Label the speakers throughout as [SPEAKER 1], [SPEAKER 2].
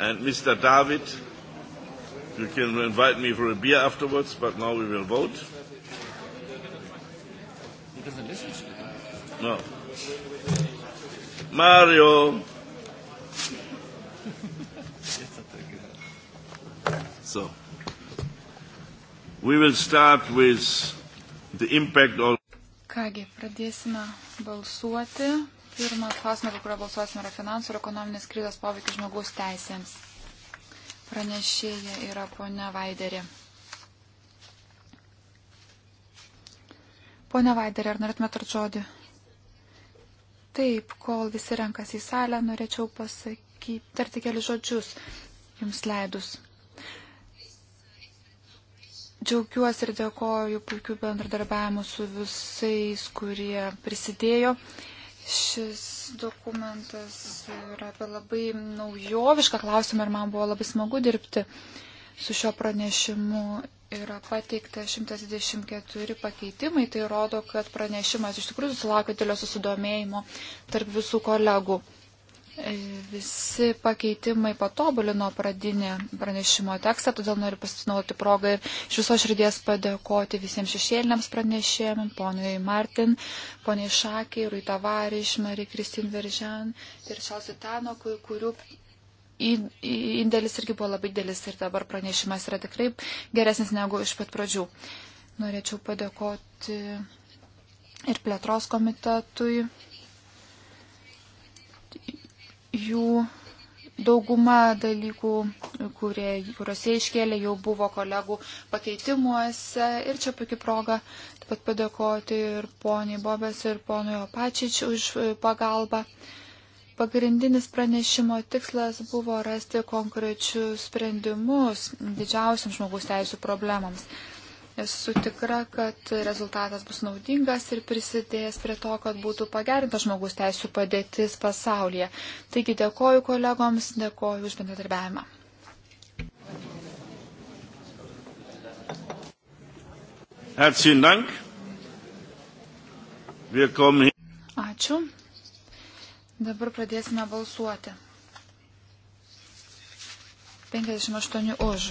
[SPEAKER 1] And Mr. David, you can invite me for a beer afterwards, but now we will vote.
[SPEAKER 2] He doesn't listen to you. No.
[SPEAKER 1] Mario. so, we will start with the impact of.
[SPEAKER 3] Kągi, pradėsime balsuoti Pirmas klausimas, apie kurio balsuosime, yra finansų ir ekonominės krizės poveikis žmogaus teisėms. Pranešėja yra ponia Vaiderė. Pone Vaiderė, ar norėtumėte žodį? Taip, kol visi renkasi į salę, norėčiau pasakyti, tarti kelius žodžius jums leidus. Džiaugiuosi ir dėkoju puikiu bendradarbiavimu su visais, kurie prisidėjo. Uh, Šis dokumentas yra apie labai naujovišką klausimą ir man buvo labai smagu dirbti su šio pranešimu. Yra pateikta 124 pakeitimai, tai rodo, kad pranešimas iš tikrųjų susilaukė dėlio susidomėjimo tarp visų kolegų. Visi pakeitimai patobulino pradinį pranešimo tekstą, todėl noriu pasinaudoti progą ir iš viso širdies padėkoti visiems šešėliniams pranešėjams, ponui Martin, poniai Šakiai, Rui Tavariš, Marie Kristin Veržan ir Šalsi Tano, kurių indėlis irgi buvo labai didelis ir dabar pranešimas yra tikrai geresnis negu iš pat pradžių. Norėčiau padėkoti ir plėtros komitetui jų dauguma dalykų, kurie, kuriuose iškėlė, jau buvo kolegų pakeitimuose. Ir čia puikia proga taip pat padėkoti ir poniai Bobės, ir ponui Opačič už pagalbą. Pagrindinis pranešimo tikslas buvo rasti konkrečius sprendimus didžiausiams žmogus teisų problemams. Esu tikra, kad rezultatas bus naudingas ir prisidės prie to, kad būtų pagerinta žmogus teisų padėtis pasaulyje. Taigi dėkoju kolegoms, dėkoju už bendradarbiavimą. Ačiū. Dabar pradėsime balsuoti. 58 už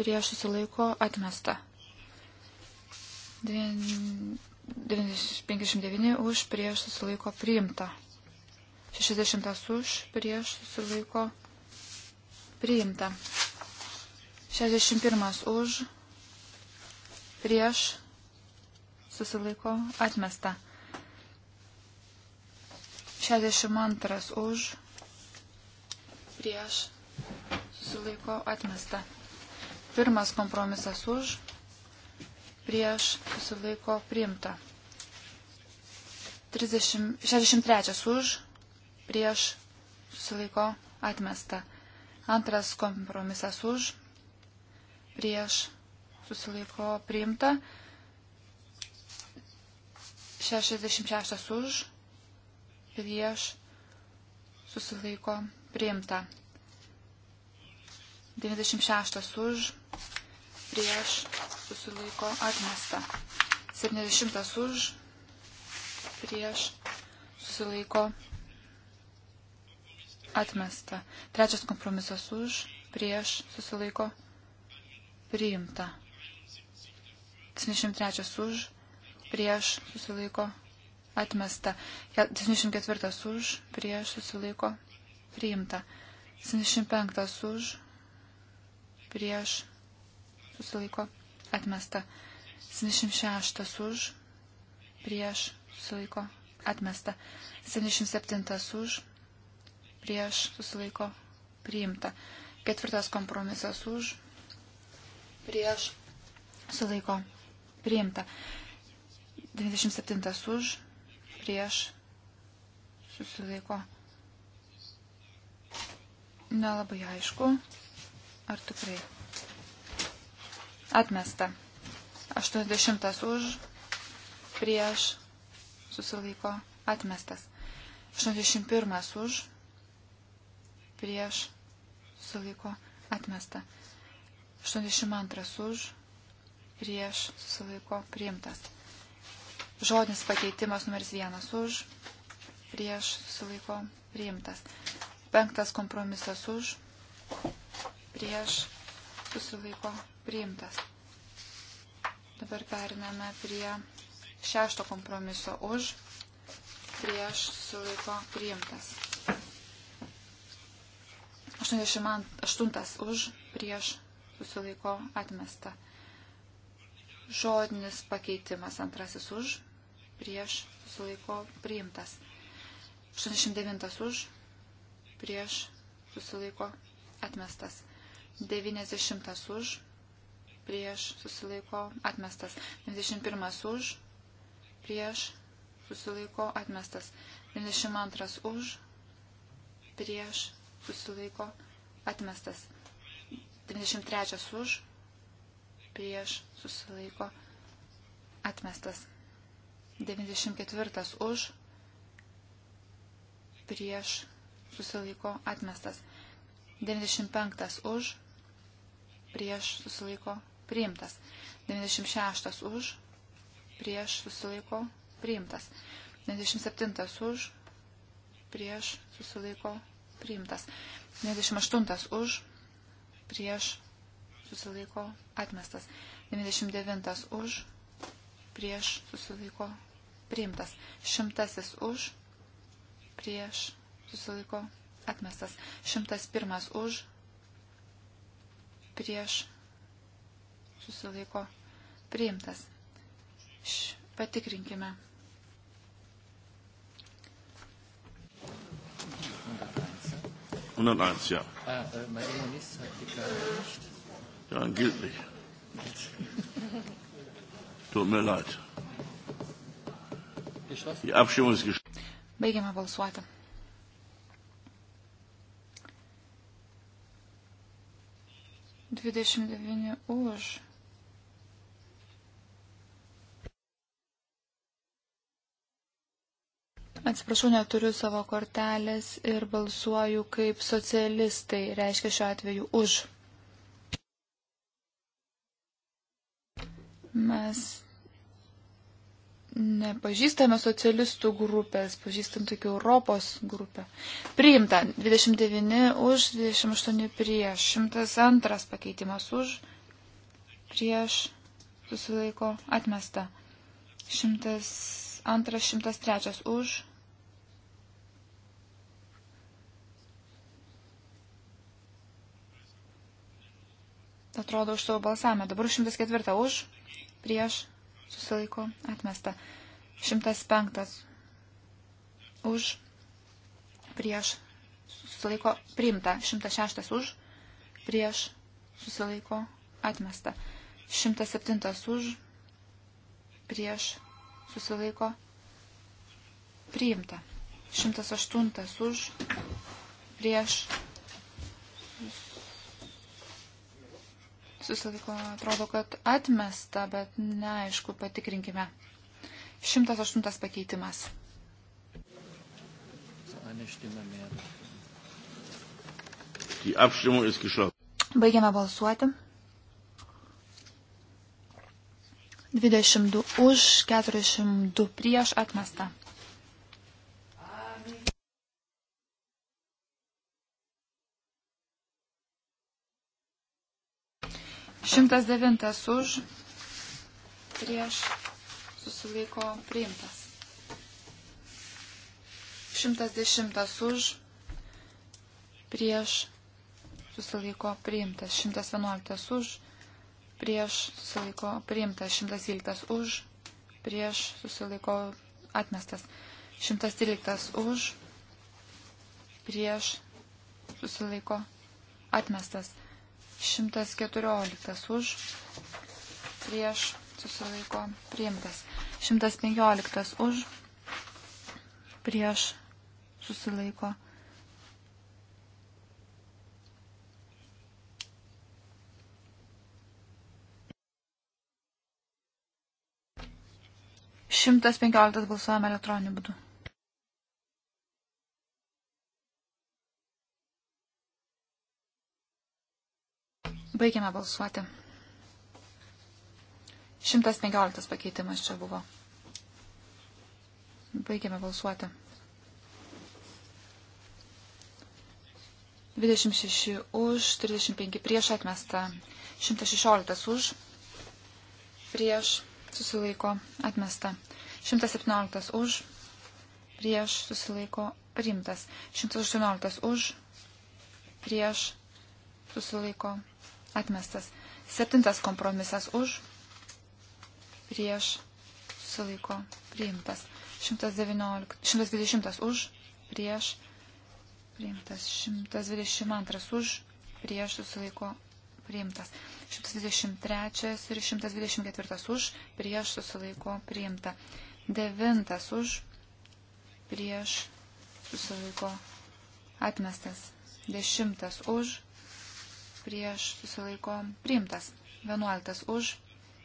[SPEAKER 3] prieš susilaiko atmesta. 59 už prieš susilaiko priimta. 60 už prieš susilaiko priimta. 61 už prieš susilaiko atmesta. 62 už prieš susilaiko atmesta. Pirmas kompromisas už, prieš susilaiko priimta. 30, 63 už, prieš susilaiko atmesta. Antras kompromisas už, prieš susilaiko priimta. 66 už, prieš susilaiko priimta. 96 už, prieš susilaiko atmesta. 70 už prieš susilaiko atmesta. Trečias kompromisas už prieš susilaiko priimta. 73 už prieš susilaiko atmesta. 94 už prieš susilaiko priimta. 75 už prieš susilaiko atmesta. 76 už, prieš susilaiko atmesta. 77 už, prieš susilaiko priimta. Ketvirtas kompromisas už, prieš susilaiko priimta. 27 už, prieš susilaiko. Nelabai aišku, ar tikrai. Atmesta. 80 už, prieš, susilaiko, atmestas. 81 už, prieš, susilaiko, atmesta. 82 už, prieš, susilaiko, priimtas. Žodinis pakeitimas numeris 1 už, prieš, susilaiko, priimtas. Penktas kompromisas už, prieš, susilaiko, priimtas priimtas. Dabar periname prie šešto kompromiso už, prieš sulaiko priimtas. 88 už, prieš susilaiko atmesta. Žodinis pakeitimas antrasis už, prieš susilaiko priimtas. 89 už, prieš susilaiko atmestas. 90 už, prieš susilaiko atmestas. 91 už, prieš susilaiko atmestas. 92 už, prieš susilaiko atmestas. 93 už, prieš susilaiko atmestas. 94 už, prieš susilaiko atmestas. 95 už, prieš susilaiko priimtas. 96 už, prieš susilaiko priimtas. 97 už, prieš susilaiko priimtas. 98 už, prieš susilaiko atmestas. 99 už, prieš susilaiko priimtas. Šimtasis už, prieš susilaiko atmestas. Šimtas pirmas už, prieš susilaiko priimtas. Š, patikrinkime.
[SPEAKER 1] Und dann eins, ja.
[SPEAKER 2] Ah, äh, mein Immunist hat die Karte nicht.
[SPEAKER 1] Ja, dann gilt nicht. Tut mir leid. Die Abstimmung ist geschlossen.
[SPEAKER 3] Baigiame balsuoti. Dvidešimt devyni už. Atsiprašau, neturiu savo kortelės ir balsuoju kaip socialistai, reiškia šiuo atveju už. Mes nepažįstame socialistų grupės, pažįstam tokių Europos grupę. Priimta 29 už, 28 prieš, 102 pakeitimas už, prieš, susilaiko, atmesta. 102, 103 už, atrodo, už savo balsavimą. Dabar 104 už, prieš, susilaiko, atmesta. 105 už, prieš, susilaiko, priimta. 106 už, prieš, susilaiko, atmesta. 107 už, prieš, susilaiko, priimta. 108 už, prieš, susilaiko, atrodo, kad atmesta, bet neaišku, patikrinkime. 108 pakeitimas. Baigiame balsuoti. 22 už, 42 prieš atmestą. 109 už, prieš, susilaiko priimtas. 110 už, prieš, susilaiko priimtas. 111 už, prieš, susilaiko priimtas. 112 už, prieš, susilaiko atmestas. 113 už, prieš, susilaiko atmestas. 114 už, prieš susilaiko priimtas. 115 už, prieš susilaiko priimtas. Šimtas penkioliktas balsuojame elektroniniu būdu. Baigiame balsuoti. 115 pakeitimas čia buvo. Baigiame balsuoti. 26 už, 35 prieš atmesta, 116 už, prieš susilaiko atmesta, 117 už, prieš susilaiko priimtas, 118 už, prieš susilaiko Atmestas. Septintas kompromisas už. Prieš. Susilaiko. Priimtas. 119, 120 už. Prieš. Priimtas. 122 už. Prieš. Susilaiko. Priimtas. 123 ir 124 už. Prieš. Susilaiko. Priimta. 9 už. Prieš. Susilaiko. Atmestas. 10 už prieš susilaiko priimtas. 11 už,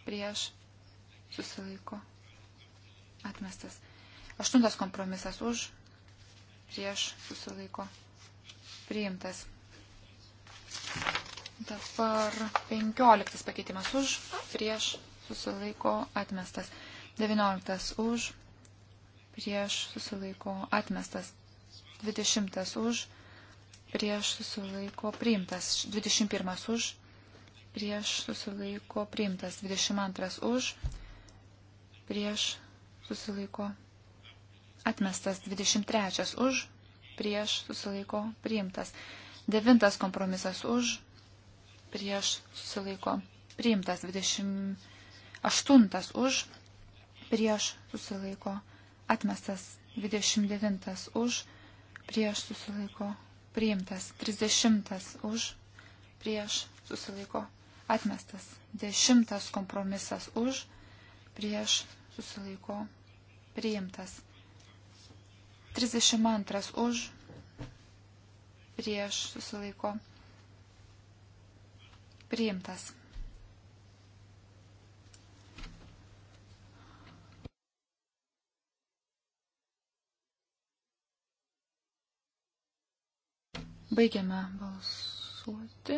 [SPEAKER 3] prieš susilaiko atmestas. 8 kompromisas už, prieš susilaiko priimtas. Dabar 15 pakeitimas už, prieš susilaiko atmestas. 19 už, prieš susilaiko atmestas. 20 už, prieš susilaiko priimtas, 21 už, prieš susilaiko priimtas, 22 už, prieš susilaiko atmestas, 23 už, prieš susilaiko priimtas, 9 kompromisas už, prieš susilaiko priimtas, 28 už, prieš susilaiko atmestas, 29 už, prieš susilaiko priimtas. 30 už, prieš, susilaiko, atmestas. 10 kompromisas už, prieš, susilaiko, priimtas. 32 už, prieš, susilaiko, priimtas. Baigiame balsuoti.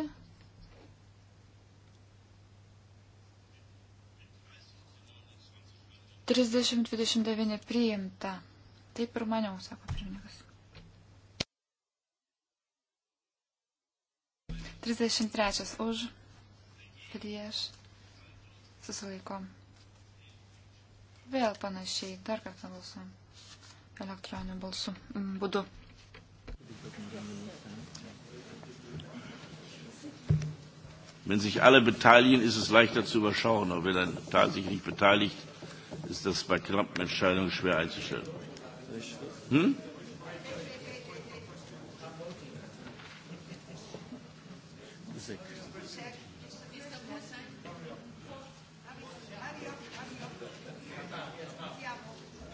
[SPEAKER 3] Trisdešimt dvidešimt devyni priimta. Taip ir maniau, sako pirmininkas. 33 už, prieš, susilaikom. Vėl panašiai, dar kartą balsuojam elektroniniu balsu, būdu.
[SPEAKER 2] Yes, yes.
[SPEAKER 1] Wenn sich alle beteiligen, ist es leichter zu überschauen. Aber wenn ein Teil sich nicht beteiligt, ist das bei knappen Entscheidungen schwer einzustellen. Hm?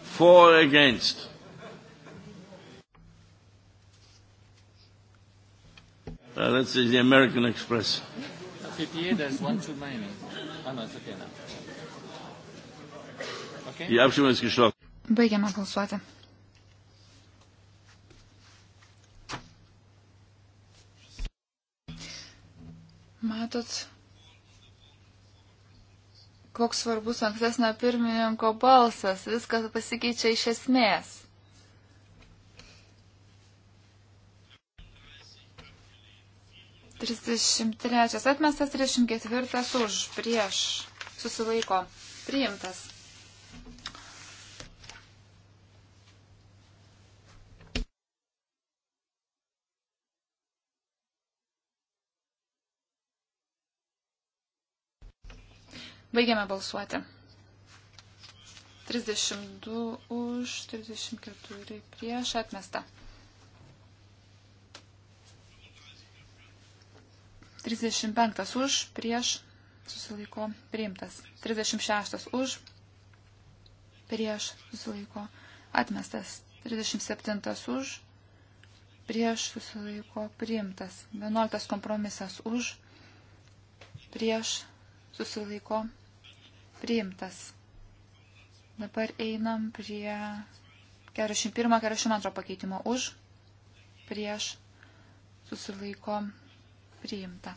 [SPEAKER 1] For or against? Uh, that's the American Express.
[SPEAKER 2] PPA, there's one too many. Oh, no, it's okay now.
[SPEAKER 3] Okay? Die
[SPEAKER 1] Abstimmung ist geschlossen.
[SPEAKER 3] Baigiame balsuoti. Matot, koks svarbus ankstesnio pirmininko balsas, viskas pasikeičia iš esmės. 33 atmestas, 34 už, prieš, susilaiko, priimtas. Baigiame balsuoti. 32 už, 34 prieš atmestą. 35 už, prieš, susilaiko priimtas. 36 už, prieš, susilaiko atmestas. 37 už, prieš, susilaiko priimtas. 11 kompromisas už, prieš, susilaiko priimtas. Dabar einam prie 41-42 pakeitimo už, prieš, susilaiko priimtas priimta.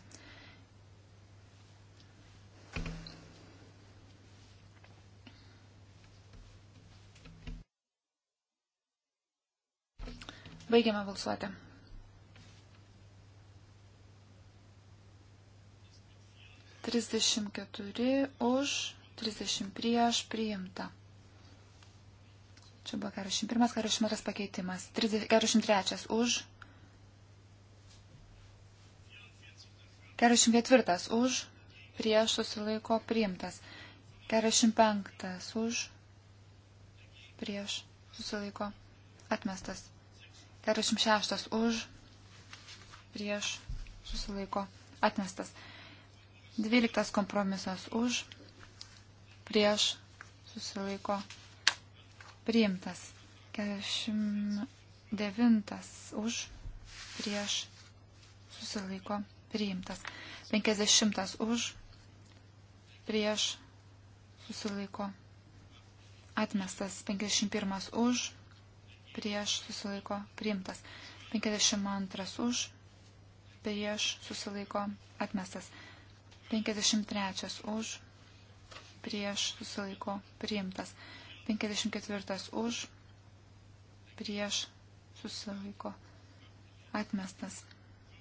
[SPEAKER 3] Baigiame balsuoti. Trisdešimt keturi už, trisdešimt prieš priimta. Čia buvo 41, 42 pakeitimas. 43 už, 44 už, prieš susilaiko priimtas. 45 už, prieš susilaiko atmestas. 46 už, prieš susilaiko atmestas. 12 kompromisas už, prieš susilaiko priimtas. 49 už, prieš susilaiko atmestas priimtas. 50 už, prieš, susilaiko, atmestas. 51 už, prieš, susilaiko, priimtas. 52 už, prieš, susilaiko, atmestas. 53 už, prieš, susilaiko, priimtas. 54 už, prieš, susilaiko, atmestas.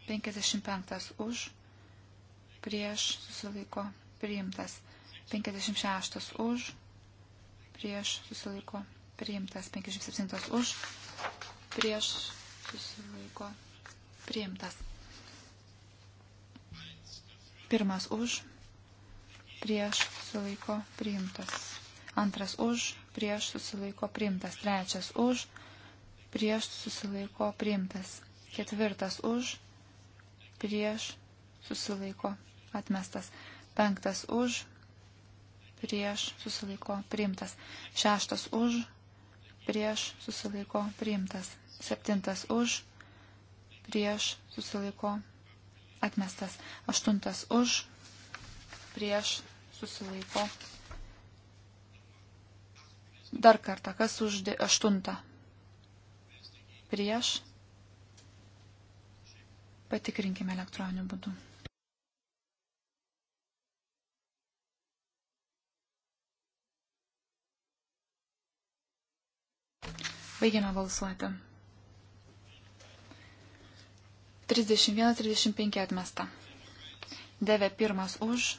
[SPEAKER 3] 55 už, prieš susilaiko priimtas. 56 už, prieš susilaiko priimtas. 57 už, prieš susilaiko priimtas. Pirmas už, prieš susilaiko priimtas. Antras už, prieš susilaiko priimtas. Trečias už, prieš susilaiko priimtas. Ketvirtas už, prieš, susilaiko, atmestas. Penktas už, prieš, susilaiko, priimtas. Šeštas už, prieš, susilaiko, priimtas. Septintas už, prieš, susilaiko, atmestas. Aštuntas už, prieš, susilaiko. Dar kartą, kas už aštuntą? Prieš, Patikrinkime elektroniniu būdu. Baigiame balsuoti. 31-35 atmesta. Deve pirmas už,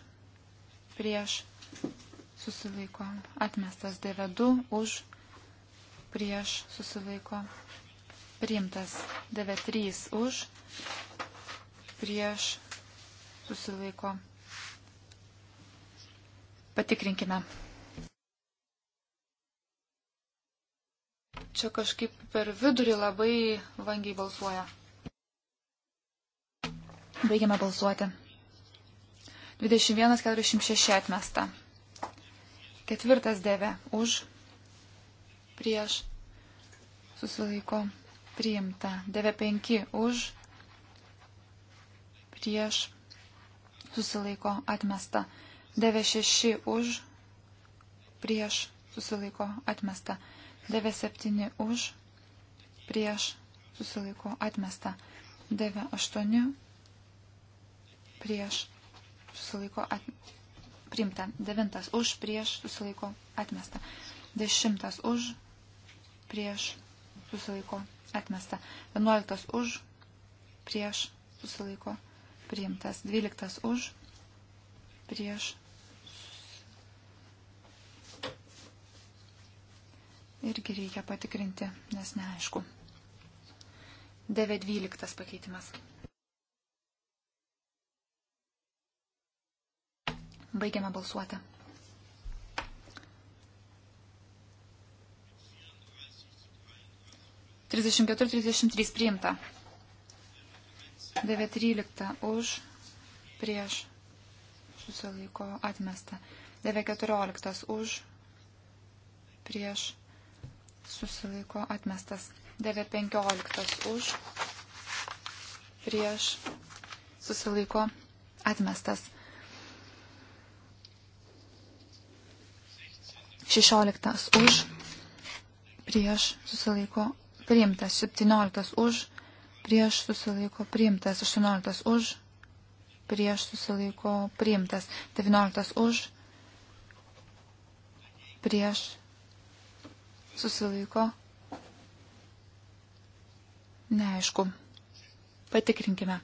[SPEAKER 3] prieš, susilaiko. Atmestas deve du už, prieš, susilaiko. Priimtas. DV3 už. Prieš. Susilaiko. Patikrinkime. Čia kažkaip per vidurį labai vangiai balsuoja. Baigiame balsuoti. 21.46 atmesta. Ketvirtas dėvė už, prieš, susilaiko, priimta. 95 už, prieš, susilaiko atmesta. 96 už, prieš, susilaiko atmesta. 97 už, prieš, susilaiko atmesta. 98 prieš, susilaiko atmesta. Priimta. Devintas už, prieš, susilaiko atmesta. Dešimtas už, prieš, susilaiko atmesta atmesta. 11 už, prieš, susilaiko, priimtas. 12 už, prieš. Irgi reikia patikrinti, nes neaišku. 9.12 pakeitimas. Baigiame balsuoti. 34-33 priimta. 9-13 už, prieš, susilaiko atmesta. 9-14 už, prieš, susilaiko atmestas. 9-15 už, prieš, susilaiko atmestas. 16 už, prieš, susilaiko atmestas priimtas, 17 už, prieš susilaiko priimtas, 18 už, prieš susilaiko priimtas, 19 už, prieš susilaiko neaišku. Patikrinkime.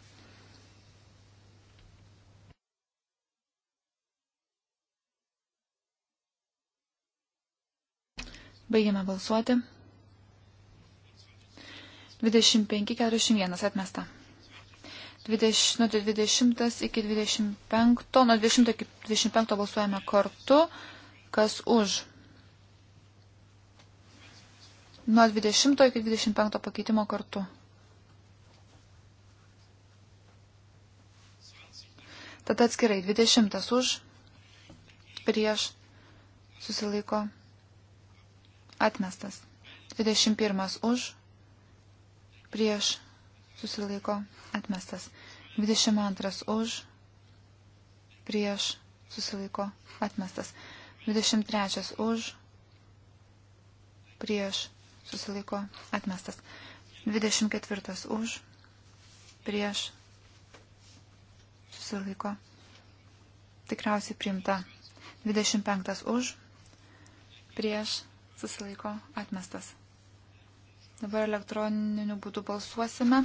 [SPEAKER 3] Baigiame balsuoti. 25-41 atmesta. 20, nuo 20 iki 25, nuo 20 iki 25 balsuojame kartu, kas už. Nuo 20 iki 25 pakeitimo kartu. Tada atskirai 20 už, prieš, susilaiko, atmestas. 21 už, prieš susilaiko atmestas. 22 už, prieš susilaiko atmestas. 23 už, prieš susilaiko atmestas. 24 už, prieš susilaiko tikriausiai priimta. 25 už, prieš susilaiko atmestas. Dabar elektroniniu būdu balsuosime.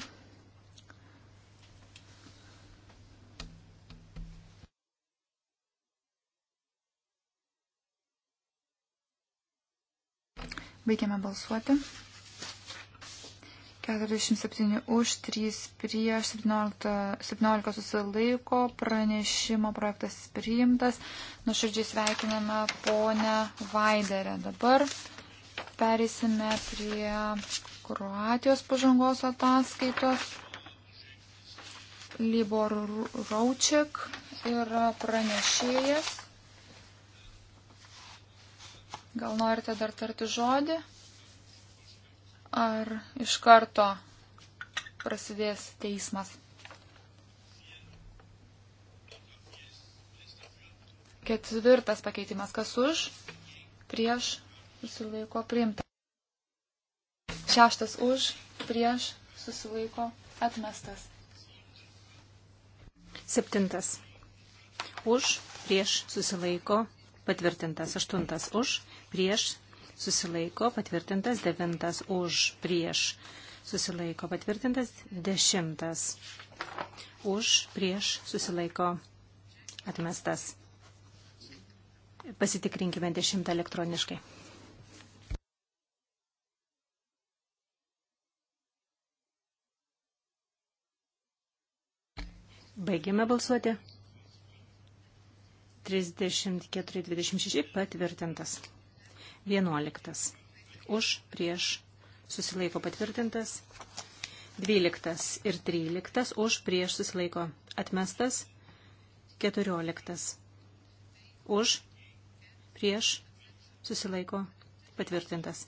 [SPEAKER 3] Baigiame balsuoti. 47 už, 3 prieš, 17, 17 susilaiko, pranešimo projektas priimtas. Nuširdžiai sveikiname ponę Vaiderę dabar. Perėsime prie Kroatijos pažangos ataskaitos. Libor Rauček yra pranešėjas. Gal norite dar tarti žodį? Ar iš karto prasidės teismas? Ketvirtas pakeitimas. Kas už? Prieš susilaiko priimta. Šeštas už, prieš, susilaiko atmestas. Septintas.
[SPEAKER 4] Už, prieš, susilaiko patvirtintas. Aštuntas už, prieš, susilaiko patvirtintas. Devintas už, prieš, susilaiko patvirtintas. Dešimtas. Už, prieš, susilaiko atmestas. Pasitikrinkime dešimtą elektroniškai. Baigiame balsuoti. 34-26 patvirtintas. 11. Už, prieš, susilaiko patvirtintas. 12 ir 13 už, prieš, susilaiko atmestas. 14. Už, prieš, susilaiko patvirtintas.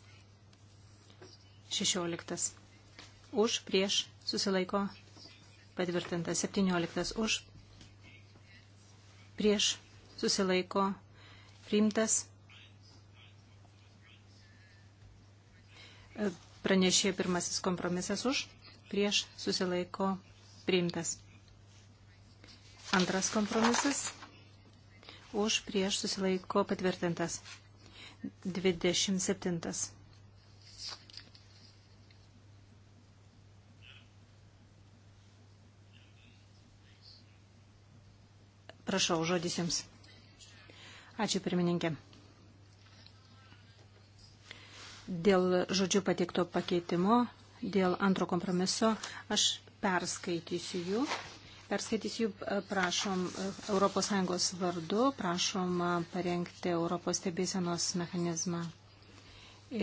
[SPEAKER 4] 16. Už, prieš, susilaiko patvirtinta 17 už, prieš susilaiko priimtas. E, pranešė pirmasis kompromisas už, prieš susilaiko priimtas. Antras kompromisas už, prieš susilaiko patvirtintas. 27 Prašau, žodis jums. Ačiū, pirmininkė. Dėl žodžių pateikto pakeitimo, dėl antro kompromiso, aš perskaitysiu jų. Perskaitysiu jų, prašom, ES vardu, prašom parengti Europos stebėsenos mechanizmą.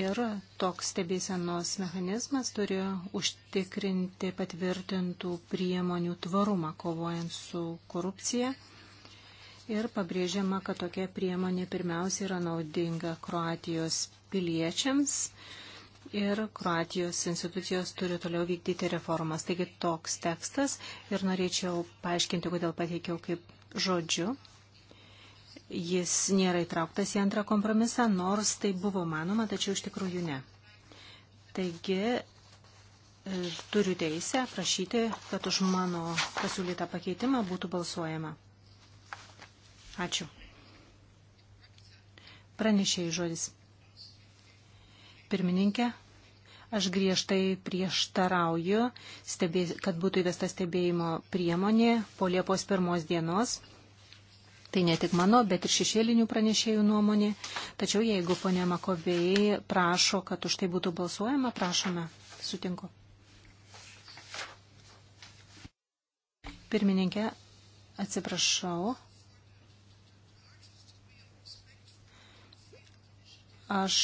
[SPEAKER 4] Ir toks stebėsenos mechanizmas turi užtikrinti patvirtintų priemonių tvarumą, kovojant su korupcija ir pabrėžiama, kad tokia priemonė pirmiausia yra naudinga Kroatijos piliečiams ir Kroatijos institucijos turi toliau vykdyti reformas. Taigi toks tekstas ir norėčiau paaiškinti, kodėl pateikiau kaip žodžiu. Jis nėra įtrauktas į antrą kompromisą, nors tai buvo manoma, tačiau iš tikrųjų ne. Taigi e, turiu teisę prašyti, kad už mano pasiūlytą pakeitimą būtų balsuojama. Ačiū. Pranešėjai žodis. Pirmininkė, aš griežtai prieštarauju, stebė, kad būtų įvesta stebėjimo priemonė po Liepos pirmos dienos. Tai ne tik mano, bet ir šešėlinių pranešėjų nuomonė. Tačiau jeigu ponė Makovėjai prašo, kad už tai būtų balsuojama, prašome. Sutinku. Pirmininkė, atsiprašau. Aš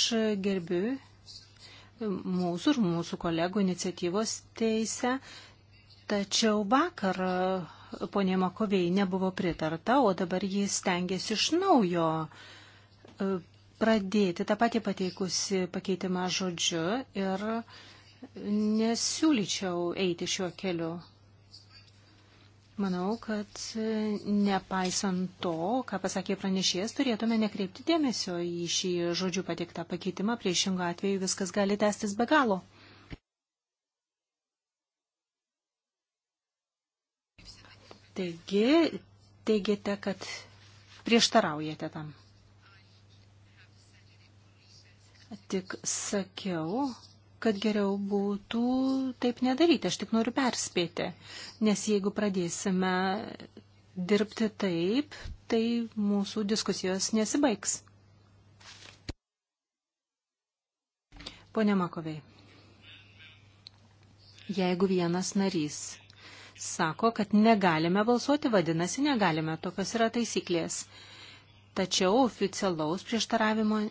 [SPEAKER 4] gerbiu mūsų ir mūsų kolegų iniciatyvos teisę, tačiau vakar e, ponė Makovei nebuvo pritarta, o dabar jis tengiasi iš naujo e, pradėti tą patį pateikusi pakeitimą žodžiu ir nesiūlyčiau eiti šiuo keliu. Manau, kad e, nepaisant to, ką pasakė pranešėjas, turėtume nekreipti dėmesio į šį žodžių patiktą pakeitimą, priešingų atveju viskas gali tęstis be galo. Taigi, teigiate, kad prieštaraujate tam. Tik sakiau, kad geriau būtų taip nedaryti. Aš tik noriu perspėti, nes jeigu pradėsime dirbti taip, tai mūsų diskusijos nesibaigs. Pone Makovei, jeigu vienas narys sako, kad negalime balsuoti, vadinasi, negalime, tokios yra taisyklės. Tačiau oficialaus prieštaravimo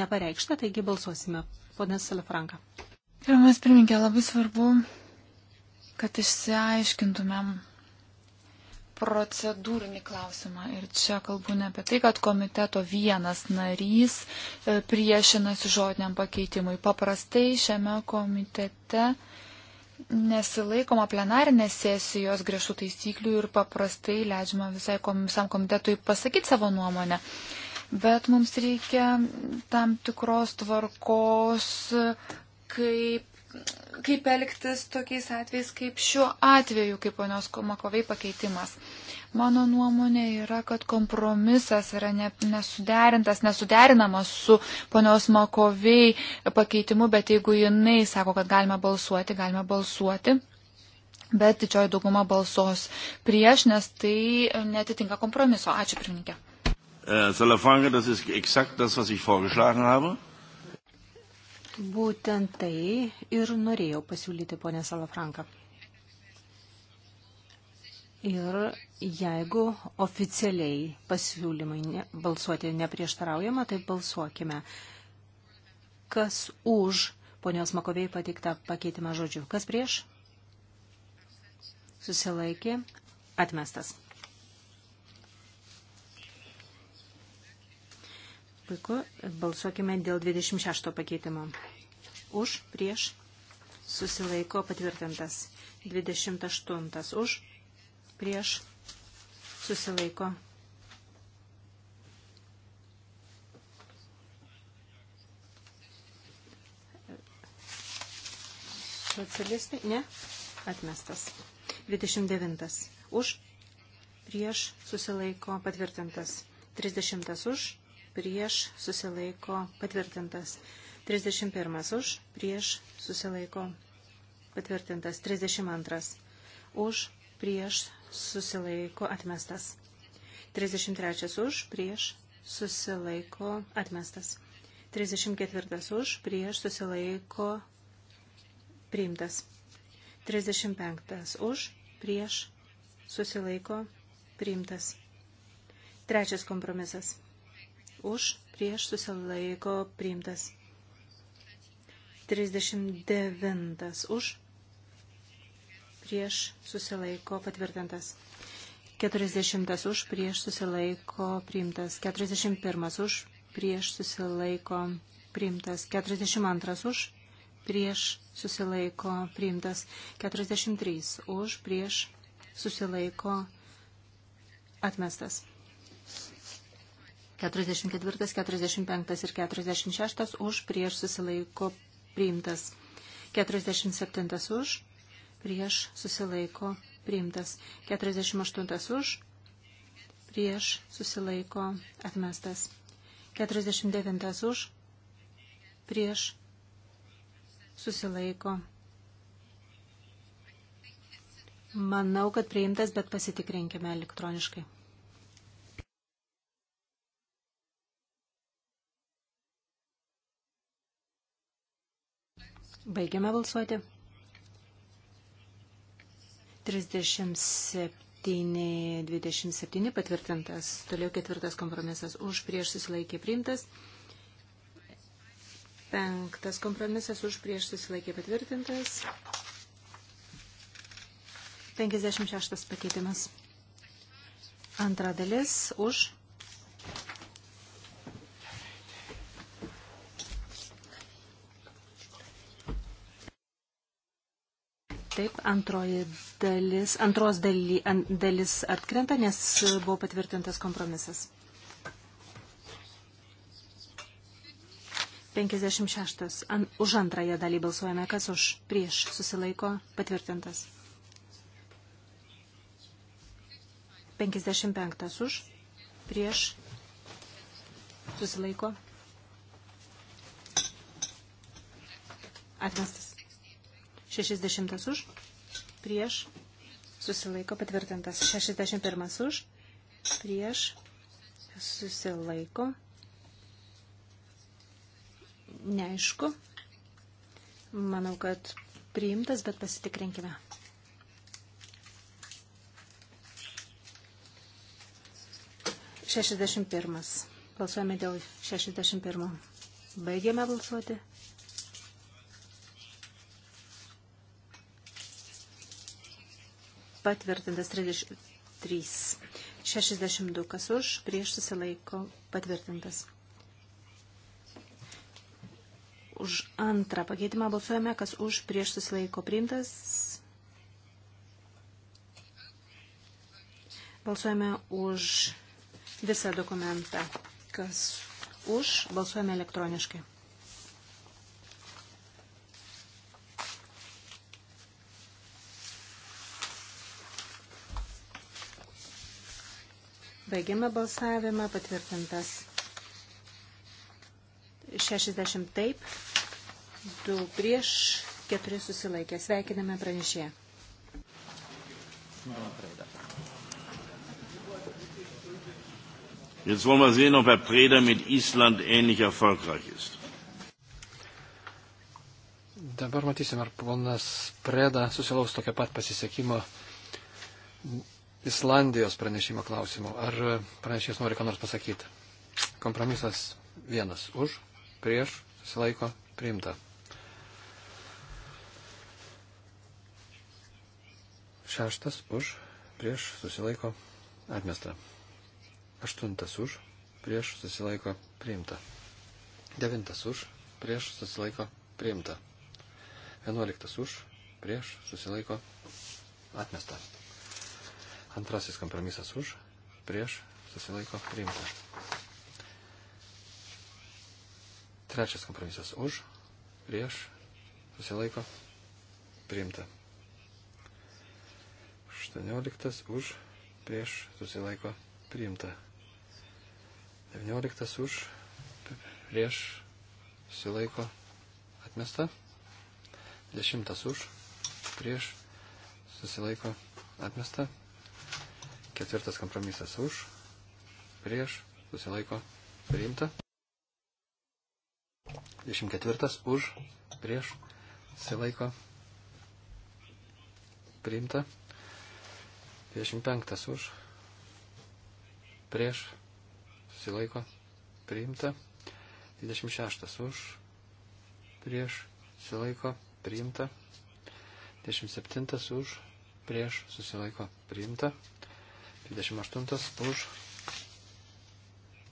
[SPEAKER 4] nepareikšta, taigi balsuosime Ponas Salafranka.
[SPEAKER 3] Pirmas pirmininkė, labai svarbu, kad išsiaiškintumėm procedūrinį klausimą. Ir čia kalbu ne apie tai, kad komiteto vienas narys e, priešinasi žodiniam pakeitimui. Paprastai šiame komitete nesilaikoma plenarinės sesijos griežtų taisyklių ir paprastai leidžiama visai kom, visam komitetui pasakyti savo nuomonę bet mums reikia tam tikros tvarkos, kaip, kaip elgtis tokiais atvejais, kaip šiuo atveju, kaip ponios Makovei pakeitimas. Mano nuomonė yra, kad kompromisas yra ne, nesuderintas, nesuderinamas su ponios Makovei pakeitimu, bet jeigu jinai sako, kad galime balsuoti, galime balsuoti. Bet didžioji dauguma balsos prieš, nes tai netitinka kompromiso. Ačiū, pirmininkė.
[SPEAKER 1] Äh, Salafranca, das ist exakt das, was ich vorgeschlagen habe.
[SPEAKER 4] Būtent tai ir norėjau pasiūlyti, ponė Salafranka. Ir jeigu oficialiai pasiūlymai ne, balsuoti neprieštaraujama, tai balsuokime. Kas už ponios Makovėjai pateiktą pakeitimą žodžių? Kas prieš? Susilaikė. Atmestas. Puiku, balsuokime dėl 26 pakeitimo. Už, prieš, susilaiko patvirtintas. 28 už, prieš, susilaiko. Socialistai, ne, atmestas. 29 už, prieš, susilaiko patvirtintas. 30 už, prieš susilaiko patvirtintas. 31 už, prieš susilaiko patvirtintas. 32 už, prieš susilaiko atmestas. 33 už, prieš susilaiko atmestas. 34 už, prieš susilaiko priimtas. 35 už, prieš susilaiko priimtas. Trečias kompromisas už, prieš susilaiko priimtas. 39 už, prieš susilaiko patvirtintas. 40 už, prieš susilaiko priimtas. 41 už, prieš susilaiko priimtas. 42 už, prieš susilaiko priimtas. 43 už, prieš susilaiko atmestas. 44, 45 ir 46 už prieš susilaiko priimtas. 47 už prieš susilaiko priimtas. 48 už prieš susilaiko atmestas. 49 už prieš susilaiko. Manau, kad priimtas, bet pasitikrinkime elektroniškai. Baigiame balsuoti. 37, 27 patvirtintas. Toliau ketvirtas kompromisas už prieš susilaikė priimtas. Penktas kompromisas už prieš susilaikė patvirtintas. 56 pakeitimas. Antra dalis už Taip, antroji dalis, antros daly, dalis atkrenta, nes buvo patvirtintas kompromisas. 56. An, už antrąją dalį balsuojame, kas už prieš susilaiko patvirtintas. 55. Už prieš susilaiko atmestas. 60 už, prieš, susilaiko patvirtintas. 61 už, prieš, susilaiko. Neaišku. Manau, kad priimtas, bet pasitikrinkime. Šešiasdešimt pirmas. Balsuojame dėl šešiasdešimt pirmo. Baigėme balsuoti. patvirtintas 33. 62 kas už, prieš susilaiko patvirtintas. Už antrą pakeitimą balsuojame, kas už, prieš susilaiko priimtas. Balsuojame už visą dokumentą, kas už, balsuojame elektroniškai. Baigiame balsavimą. Patvirtintas 60 taip, 2 prieš, 4 susilaikė. Sveikiname pranešėją.
[SPEAKER 1] Jetzt wollen wir sehen, ob Herr Preda mit Island ähnlich erfolgreich ist.
[SPEAKER 2] Dabar matysime, ar ponas Preda susilaus tokio pat pasisekimo Islandijos pranešimo klausimų. Ar pranešėjas nori ką nors pasakyti? Kompromisas vienas. Už, prieš, susilaiko, priimta. Šeštas už, prieš, susilaiko, atmesta. Aštuntas už, prieš, susilaiko, priimta. Devintas už, prieš, susilaiko, priimta. Vienuoliktas už, prieš, susilaiko, atmesta. Antrasis kompromisas už, prieš, susilaiko priimta. Trečias kompromisas už, prieš, susilaiko priimta. 18 už, prieš, susilaiko priimta. 19 už, prieš, susilaiko atmesta. 10 už, prieš, susilaiko atmesta. Ketvirtas kompromisas už, prieš, susilaiko, priimta. 24 už, prieš, susilaiko, priimta. 25 už, prieš, susilaiko, priimta. 26 už, prieš, susilaiko, priimta. 27 už, prieš, susilaiko, priimta. 28 už,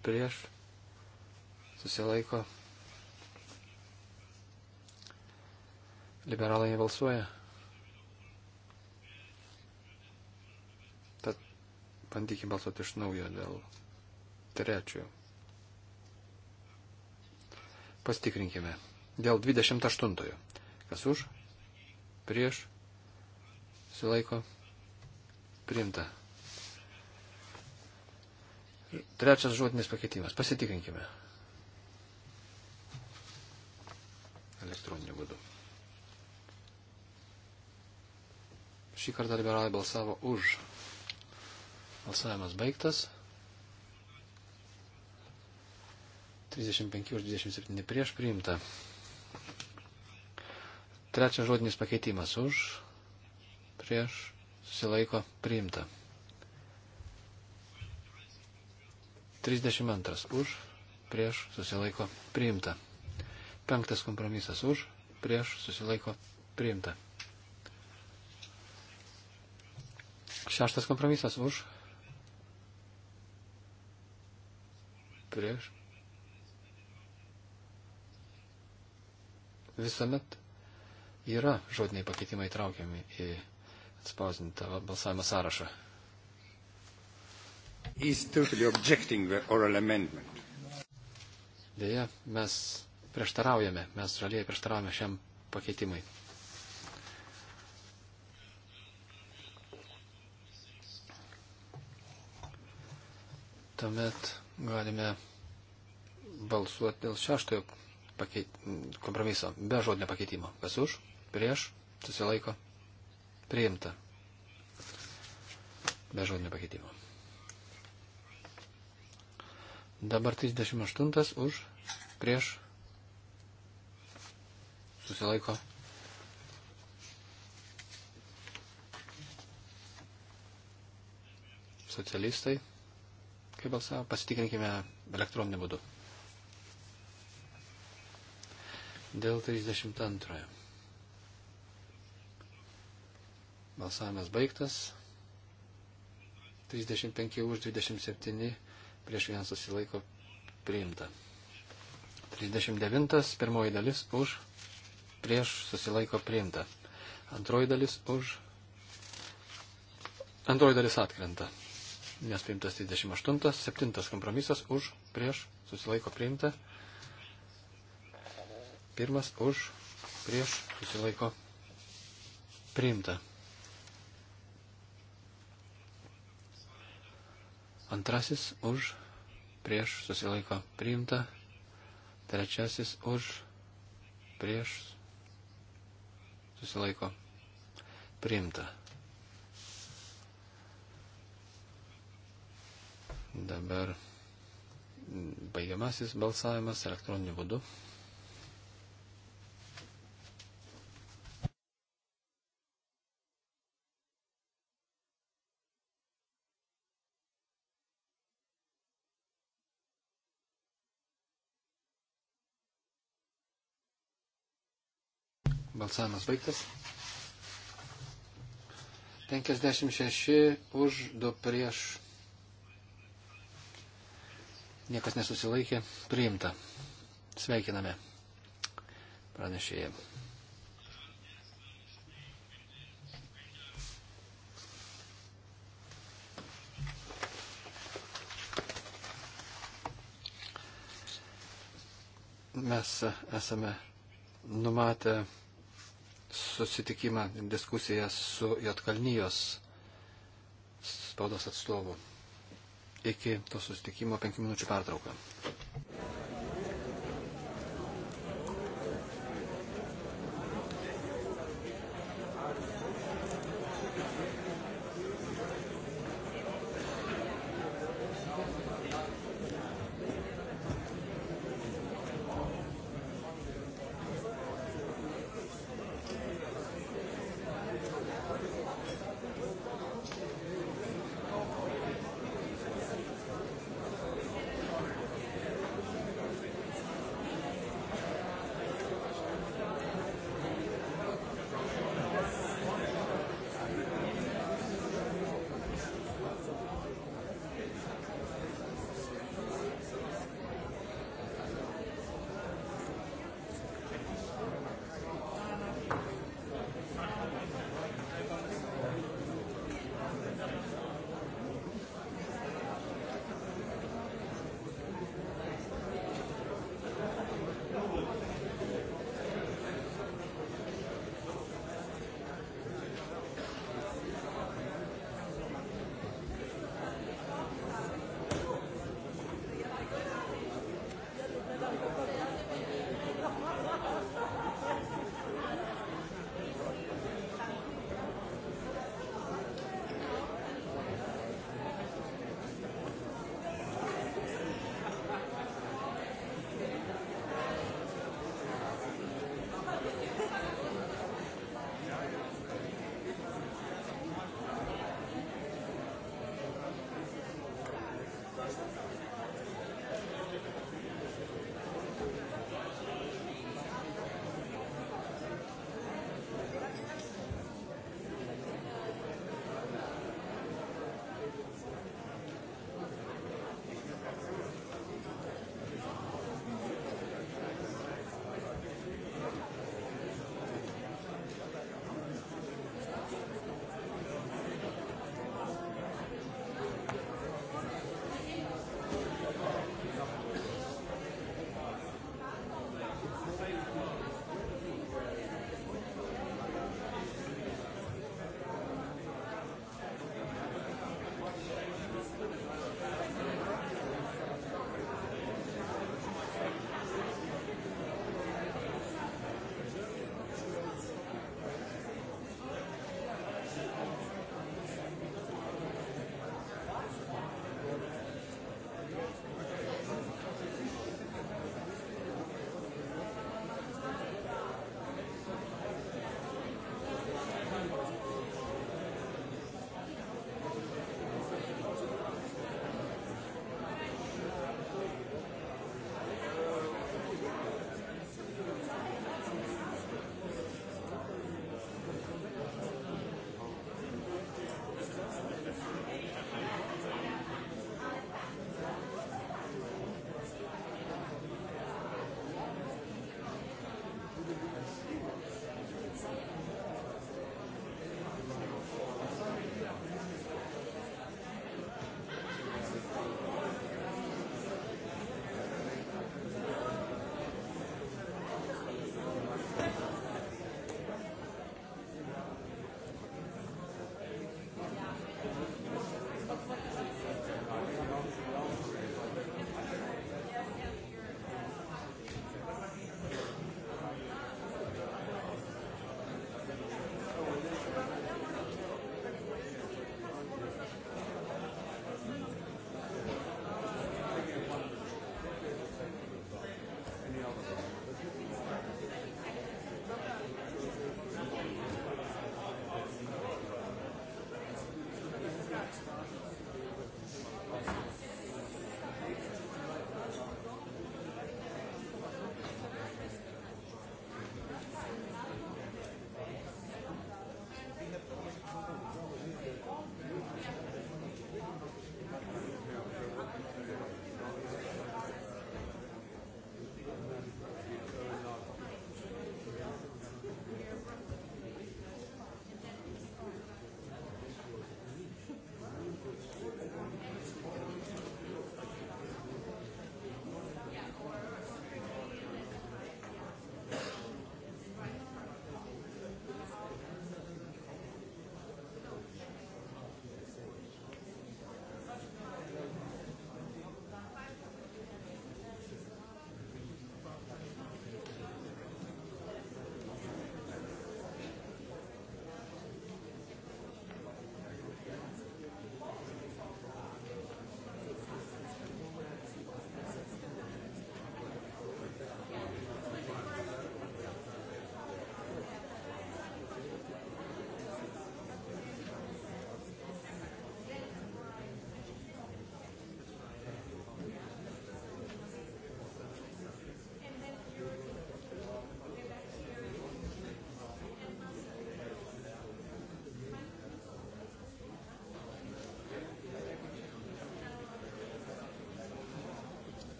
[SPEAKER 2] prieš, susilaiko. Liberalai nebalsuoja. Tad bandykime balsuoti iš naujo dėl trečiojo. Pastikrinkime. Dėl 28. Kas už? Prieš? Silaiko? Priimta. Trečias žodinis pakeitimas. Pasitikrinkime. Elektroniniu būdu. Šį kartą liberalai balsavo už. Balsavimas baigtas. 35 už 27 prieš priimta. Trečias žodinis pakeitimas už, prieš, susilaiko, priimta. 32 už, prieš susilaiko priimta. Penktas kompromisas už, prieš susilaiko priimta. Šeštas kompromisas už, prieš. Visuomet yra žodiniai pakeitimai traukiami į atspausdintą balsavimo sąrašą. Totally Deja, mes prieštaraujame, mes žalieji prieštaraujame šiam pakeitimui. Tuomet galime balsuoti dėl šeštojo pakeit... kompromiso, be žodinio pakeitimo. Kas už, prieš, susilaiko, priimta. Be žodinio pakeitimo. Dabar 38 už, prieš, susilaiko. Socialistai, kaip balsavo, pasitikrinkime elektroninį būdu. Dėl 32. Balsavimas baigtas. 35 už 27 prieš vieną susilaiko priimta. 39. Pirmoji dalis už prieš susilaiko priimta. Antroji dalis už. Antroji dalis atkrenta. Nes priimtas 38. Septintas kompromisas už prieš susilaiko priimta. Pirmas už prieš susilaiko priimta. Antrasis už, prieš susilaiko priimta. Trečiasis už, prieš susilaiko priimta. Dabar baigiamasis balsavimas elektroniniu būdu. Balsavimas baigtas. 56 už 2 prieš. Niekas nesusilaikė. Priimta. Sveikiname. Pranešėjai. Mes esame numatę susitikimą, diskusiją su Jotkalnyjos spaudos atstovu. Iki to susitikimo penkių minučių pertrauką.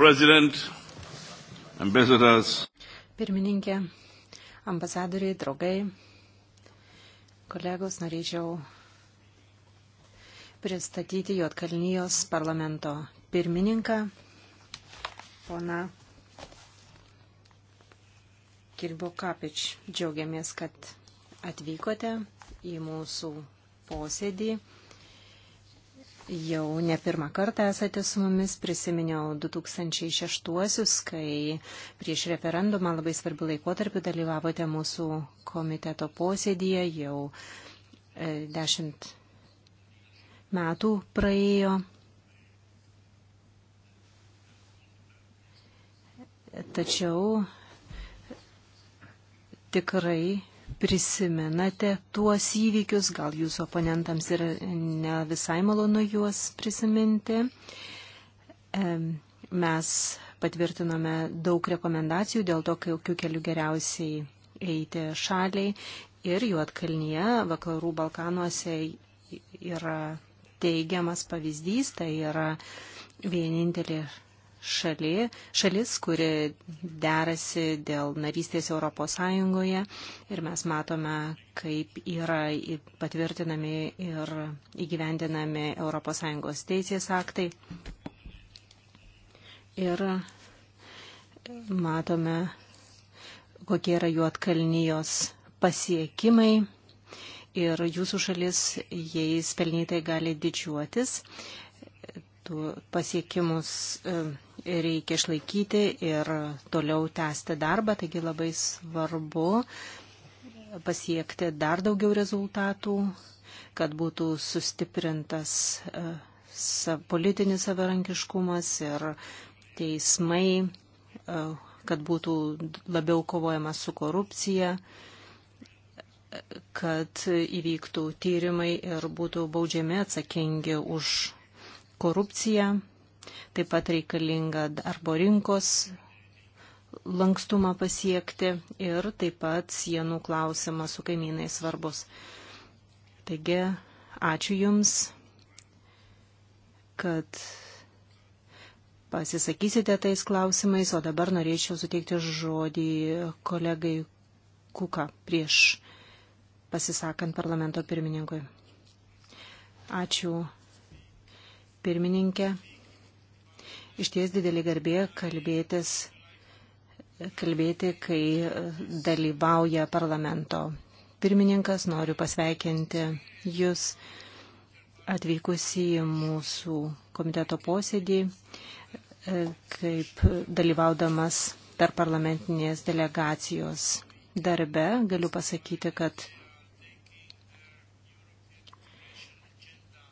[SPEAKER 1] President, Ambassadors.
[SPEAKER 4] Pirmininkė, ambasadoriai, draugai, kolegos, norėčiau pristatyti Jotkalnyjos parlamento pirmininką, pona Kilbo Kapič. Džiaugiamės, kad atvykote į mūsų posėdį jau ne pirmą kartą esate su mumis. Prisiminiau 2006-uosius, kai prieš referendumą labai svarbių laikotarpių dalyvavote mūsų komiteto posėdėje. Jau e, dešimt metų praėjo. Tačiau tikrai prisimenate tuos įvykius, gal jūsų oponentams yra ne visai malonu juos prisiminti. Mes patvirtinome daug rekomendacijų dėl to, kokiu keliu geriausiai eiti šaliai ir Juotkalnyje, vakarų Balkanuose yra teigiamas pavyzdys, tai yra vienintelė šali, šalis, kuri derasi dėl narystės Europos Sąjungoje ir mes matome, kaip yra patvirtinami ir įgyvendinami Europos Sąjungos teisės aktai. Ir matome, kokie yra juotkalnyjos pasiekimai ir jūsų šalis jais pelnytai gali didžiuotis metų pasiekimus e, reikia išlaikyti ir toliau tęsti darbą, taigi labai svarbu pasiekti dar daugiau rezultatų, kad būtų sustiprintas e, politinis savarankiškumas ir teismai, e, kad būtų labiau kovojama su korupcija, kad įvyktų tyrimai ir būtų baudžiami atsakingi už korupciją, taip pat reikalinga darbo rinkos lankstumą pasiekti ir taip pat sienų klausimas su kaimynai svarbus. Taigi, ačiū Jums, kad pasisakysite tais klausimais, o dabar norėčiau suteikti žodį kolegai Kuka prieš pasisakant parlamento pirmininkui. Ačiū pirmininkė. Iš ties didelį garbė kalbėtis, kalbėti, kai dalyvauja parlamento pirmininkas. Noriu pasveikinti Jūs atvykusi į mūsų komiteto posėdį, kaip dalyvaudamas tarp parlamentinės delegacijos darbe. Galiu pasakyti, kad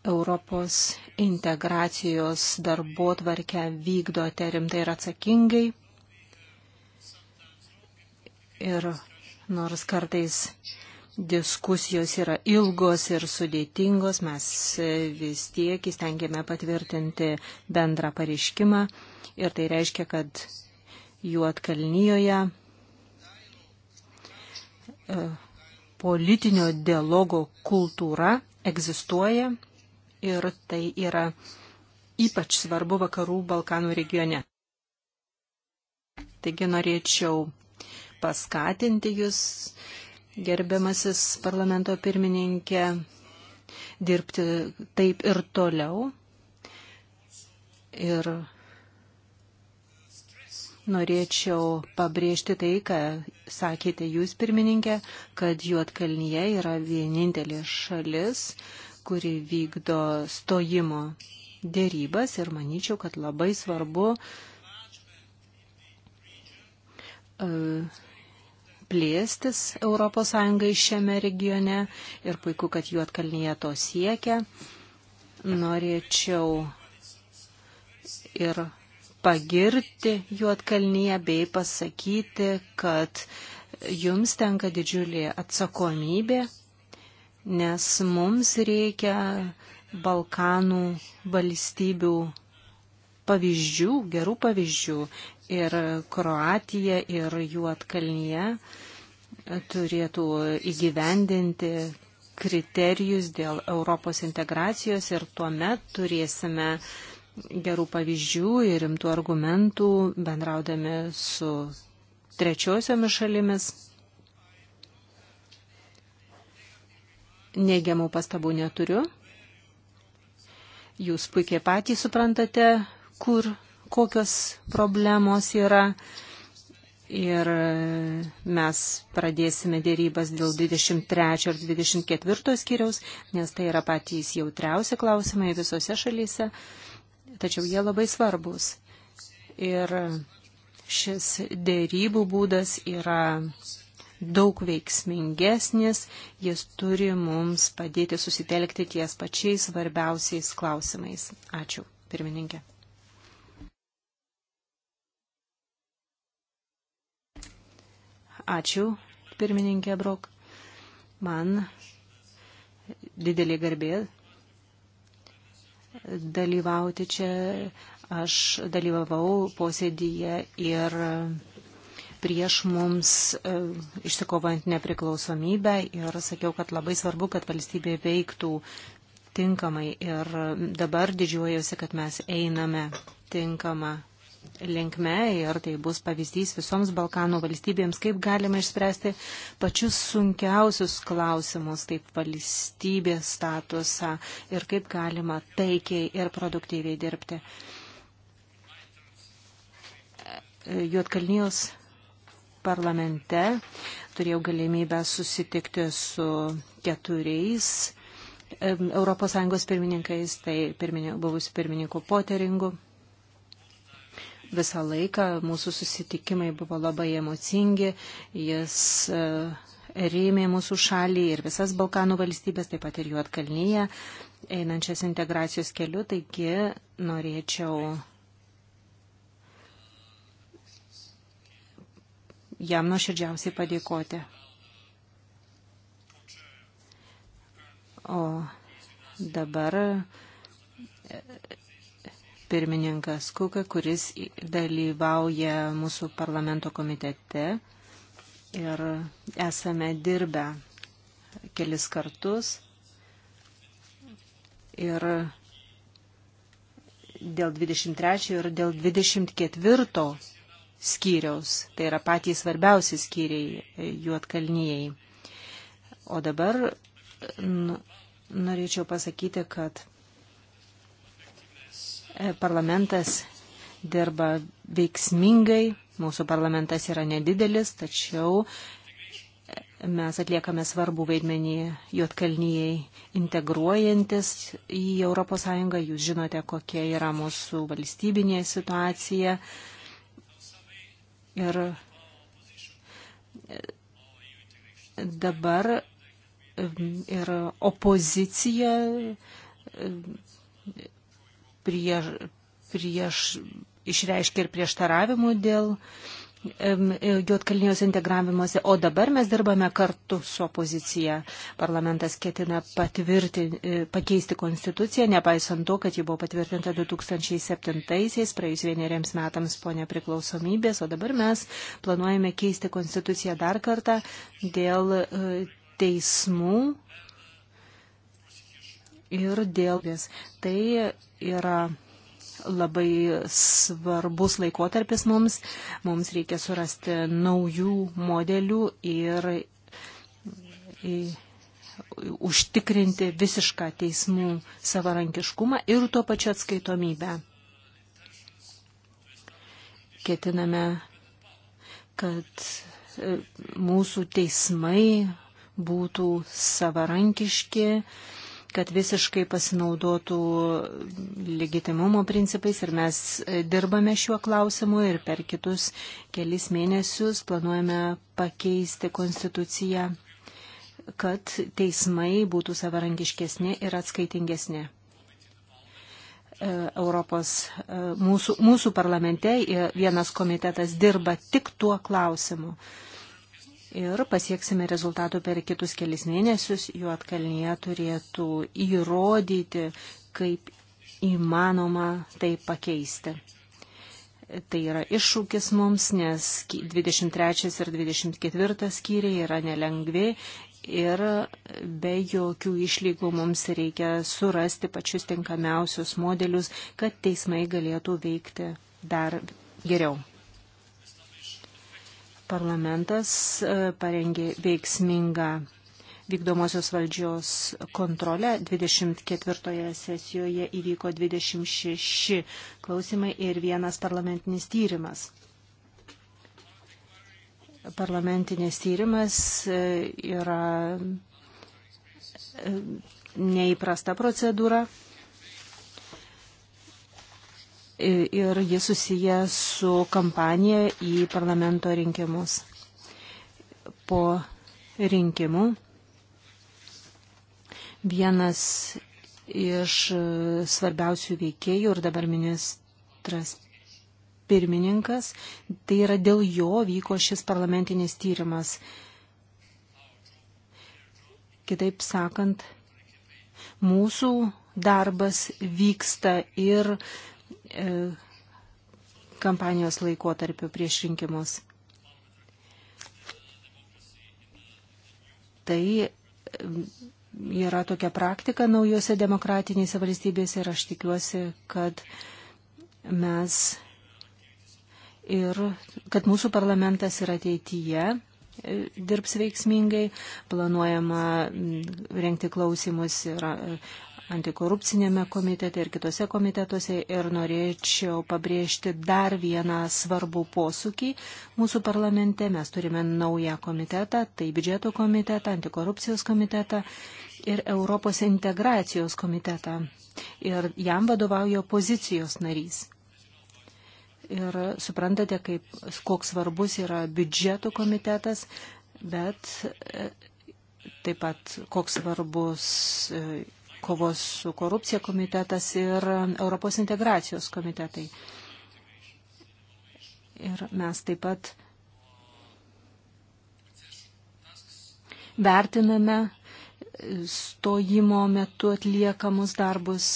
[SPEAKER 4] Europos integracijos darbo tvarkę vykdote rimtai ir atsakingai. Ir nors kartais diskusijos yra ilgos ir sudėtingos, mes vis tiek įstengėme patvirtinti bendrą pareiškimą ir tai reiškia, kad jų atkalnyjoje e, politinio dialogo kultūra egzistuoja ir tai yra ypač svarbu vakarų Balkanų regione. Taigi norėčiau paskatinti jūs, gerbiamasis parlamento pirmininkė, dirbti taip ir toliau. Ir norėčiau pabrėžti tai, ką sakėte jūs, pirmininkė, kad Juotkalnyje yra vienintelė šalis, kuri vykdo stojimo dėrybas ir manyčiau, kad labai svarbu e, plėstis ES šiame regione ir puiku, kad Juotkalnyje to siekia. Norėčiau ir pagirti Juotkalnyje bei pasakyti, kad jums tenka didžiulė atsakomybė nes mums reikia Balkanų valstybių pavyzdžių, gerų pavyzdžių. Ir Kroatija ir Juotkalnyje turėtų įgyvendinti kriterijus dėl Europos integracijos ir tuomet turėsime gerų pavyzdžių ir rimtų argumentų bendraudami su trečiosiomis šalimis. Neigiamų pastabų neturiu. Jūs puikiai patys suprantate, kur, kokios problemos yra. Ir mes pradėsime dėrybas dėl 23 ir 24 skyriaus, nes tai yra patys jautriausi klausimai visose šalyse, tačiau jie labai svarbus. Ir šis dėrybų būdas yra daug veiksmingesnės, jis turi mums padėti susitelkti ties pačiais svarbiausiais klausimais. Ačiū, pirmininkė. Ačiū, pirmininkė Brok. Man didelį garbė dalyvauti čia. Aš dalyvavau posėdyje ir prieš mums e, išsikovant nepriklausomybę ir sakiau, kad labai svarbu, kad valstybė veiktų tinkamai ir dabar didžiuojuosi, kad mes einame tinkamą linkme ir tai bus pavyzdys visoms Balkanų valstybėms, kaip galima išspręsti pačius sunkiausius klausimus, kaip valstybės statusą ir kaip galima taikiai ir produktyviai dirbti. Juotkalnijos parlamente turėjau galimybę susitikti su keturiais ES pirmininkais, tai pirmini, buvusiu pirmininku Poteringu. Visą laiką mūsų susitikimai buvo labai emocingi, jis e, rėmė mūsų šalį ir visas Balkanų valstybės, taip pat ir Juotkalnyje, einančias integracijos keliu, taigi norėčiau jam nuoširdžiausiai padėkoti. O dabar e, pirmininkas Kuka, kuris dalyvauja mūsų parlamento komitete ir esame dirbę kelis kartus ir dėl 23 ir dėl 24 skyriaus. Tai yra patys svarbiausi skyriai e, juotkalnyjei. O dabar norėčiau pasakyti, kad e, parlamentas dirba veiksmingai. Mūsų parlamentas yra nedidelis, tačiau e, mes atliekame svarbų vaidmenį Jotkalnyjei integruojantis į ES. Jūs žinote, kokia yra mūsų valstybinė situacija. Ir dabar ir opozicija prieš, prieš išreiškia ir prieštaravimų dėl uh, Jotkalnijos integravimuose, o dabar mes dirbame kartu su opozicija. Parlamentas ketina e, pakeisti konstituciją, nepaisant to, kad ji buvo patvirtinta 2007-aisiais, praėjus vieneriems metams po nepriklausomybės, o dabar mes planuojame keisti konstituciją dar kartą dėl e, teismų ir dėl vis. Tai yra labai svarbus laikotarpis mums. Mums reikia surasti naujų modelių ir užtikrinti visišką teismų savarankiškumą ir tuo pačiu atskaitomybę. Ketiname, kad e, mūsų teismai būtų savarankiški kad visiškai pasinaudotų legitimumo principais ir mes e, dirbame šiuo klausimu ir per kitus kelis mėnesius planuojame pakeisti konstituciją, kad teismai būtų savarankiškesni ir atskaitingesni. E, Europos e, mūsų, mūsų parlamente vienas komitetas dirba tik tuo klausimu ir pasieksime rezultatų per kitus kelis mėnesius. Juotkalnyje turėtų įrodyti, kaip įmanoma tai pakeisti. Tai yra iššūkis mums, nes 23 ir 24 skyriai yra nelengvi ir be jokių išlygų mums reikia surasti pačius tinkamiausius modelius, kad teismai galėtų veikti dar geriau. Parlamentas e, parengė veiksmingą vykdomosios valdžios kontrolę. 24 sesijoje įvyko 26 klausimai ir vienas parlamentinis tyrimas. Parlamentinis tyrimas e, yra e, neįprasta procedūra ir jis susiję su kampanija į parlamento rinkimus. Po rinkimų vienas iš svarbiausių veikėjų ir dabar ministras pirmininkas, tai yra dėl jo vyko šis parlamentinis tyrimas. Kitaip sakant, mūsų darbas vyksta ir E, kampanijos laikotarpiu prieš rinkimus. Tai e, yra tokia praktika naujose demokratinėse valstybėse ir aš tikiuosi, kad mes ir kad mūsų parlamentas ir ateityje e, dirbs veiksmingai, planuojama rengti klausimus ir antikorupcinėme komitete ir kitose komitetuose ir norėčiau pabrėžti dar vieną svarbų posūkį. Mūsų parlamente mes turime naują komitetą, tai biudžeto komitetą, antikorupcijos komitetą ir Europos integracijos komitetą. Ir jam vadovauja pozicijos narys. Ir suprantate, kaip, koks svarbus yra biudžeto komitetas, bet e, taip pat koks svarbus e, kovos su korupcija komitetas ir Europos integracijos komitetai. Ir mes taip pat vertiname stojimo metu atliekamus darbus.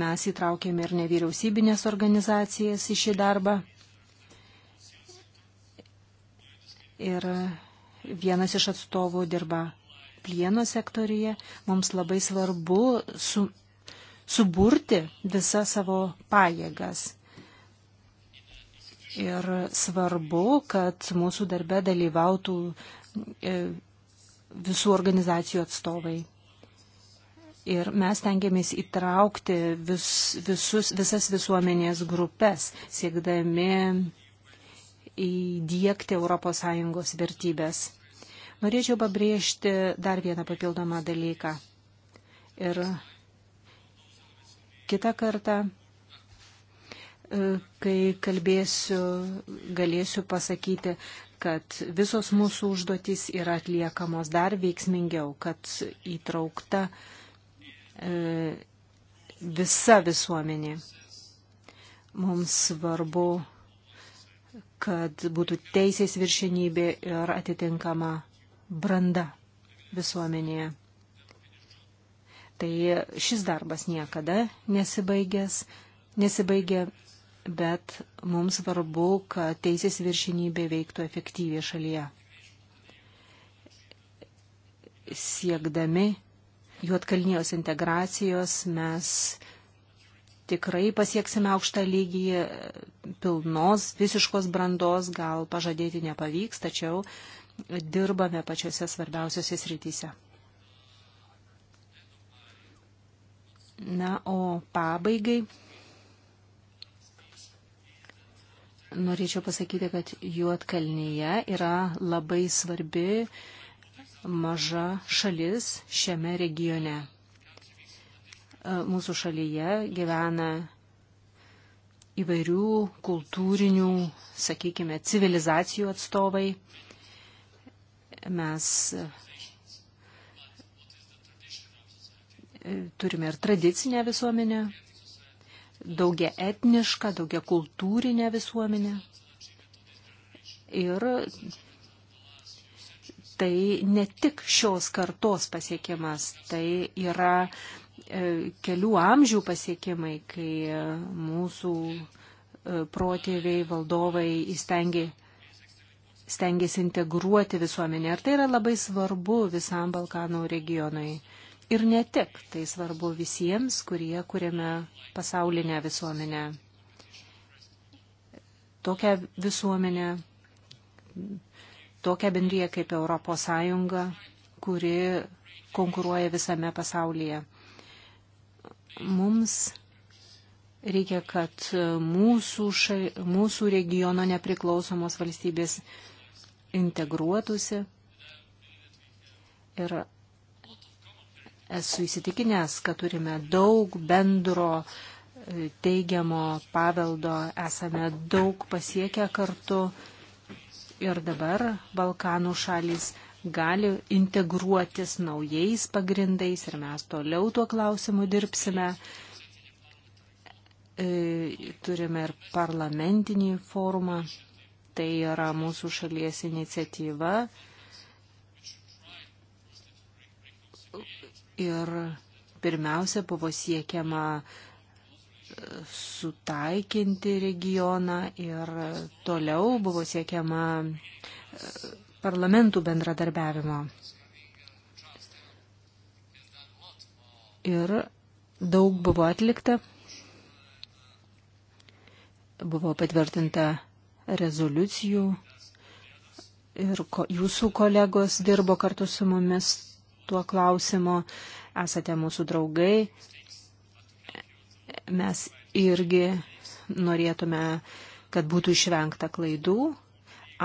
[SPEAKER 4] Mes įtraukėme ir nevyriausybinės organizacijas į šį darbą. Ir vienas iš atstovų dirba plieno sektorija, mums labai svarbu su, suburti visą savo pajėgas. Ir svarbu, kad mūsų darbe dalyvautų e, visų organizacijų atstovai. Ir mes tengiamės įtraukti vis, visus, visas visuomenės grupės, siekdami įdėkti ES vertybės. Norėčiau pabrėžti dar vieną papildomą dalyką. Ir kitą kartą, e, kai kalbėsiu, galėsiu pasakyti, kad visos mūsų užduotys yra atliekamos dar veiksmingiau, kad įtraukta e, visa visuomenė. Mums svarbu, kad būtų teisės viršenybė ir atitinkama branda visuomenėje. Tai šis darbas niekada nesibaigęs, nesibaigė, bet mums svarbu, kad teisės viršinybė veiktų efektyviai šalyje. Siekdami juotkalnijos integracijos mes tikrai pasieksime aukštą lygį pilnos, visiškos brandos, gal pažadėti nepavyks, tačiau dirbame pačiose svarbiausiose srityse. Na, o pabaigai norėčiau pasakyti, kad Juotkalnyje yra labai svarbi maža šalis šiame regione. E, mūsų šalyje gyvena įvairių kultūrinių, sakykime, civilizacijų atstovai mes e, turime ir tradicinę visuomenę, daugia etnišką, daugia kultūrinę visuomenę. Ir tai ne tik šios kartos pasiekimas, tai yra e, kelių amžių pasiekimai, kai mūsų e, protėviai, valdovai įstengė stengiasi integruoti visuomenę. Ir tai yra labai svarbu visam Balkanų regionui. Ir ne tik, tai svarbu visiems, kurie kuriame pasaulinę visuomenę. Tokią visuomenę, tokią bendryje kaip Europos Sąjunga, kuri konkuruoja visame pasaulyje. Mums reikia, kad mūsų, šai, mūsų regiono nepriklausomos valstybės integruotųsi. Ir esu įsitikinęs, kad turime daug bendro e, teigiamo paveldo, esame daug pasiekę kartu ir dabar Balkanų šalis gali integruotis naujais pagrindais ir mes toliau tuo klausimu dirbsime. E, turime ir parlamentinį forumą. Tai yra mūsų šalies iniciatyva. Ir pirmiausia buvo siekiama e, sutaikinti regioną ir toliau buvo siekiama e, parlamentų bendradarbiavimo. Ir daug buvo atlikta, buvo patvirtinta rezoliucijų ir ko, jūsų kolegos dirbo kartu su mumis tuo klausimu. Esate mūsų draugai. Mes irgi norėtume, kad būtų išvengta klaidų.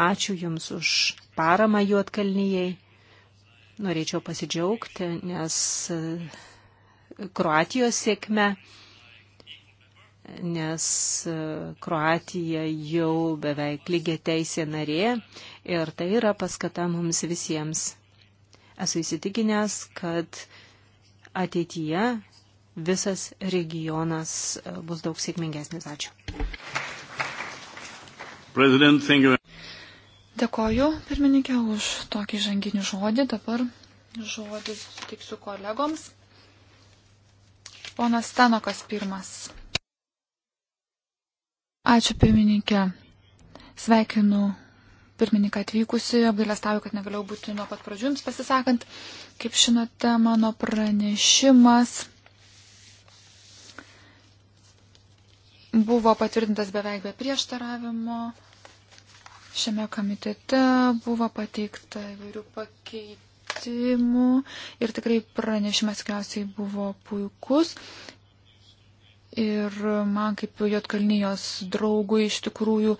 [SPEAKER 4] Ačiū Jums už paramą juotkalnyjei. Norėčiau pasidžiaugti, nes Kroatijos sėkme nes e, Kroatija jau beveik lygiai teisė narė ir tai yra paskata mums visiems. Esu įsitikinęs, kad ateityje visas regionas e, bus
[SPEAKER 3] daug sėkmingesnis. Ačiū. Dėkoju, pirmininkė, už tokį žanginį žodį. Dabar žodį sutiksiu kolegoms. Ponas Stanokas pirmas. Ačiū pirmininkė. Sveikinu pirmininką atvykusi, apgailestauju, kad negalėjau būti nuo pat pradžių jums pasisakant. Kaip žinote, mano pranešimas buvo patvirtintas beveik be prieštaravimo. Šiame komitete buvo pateikta įvairių pakeitimų ir tikrai pranešimas tikriausiai buvo puikus. Ir man kaip Jotkalnyjos draugui iš tikrųjų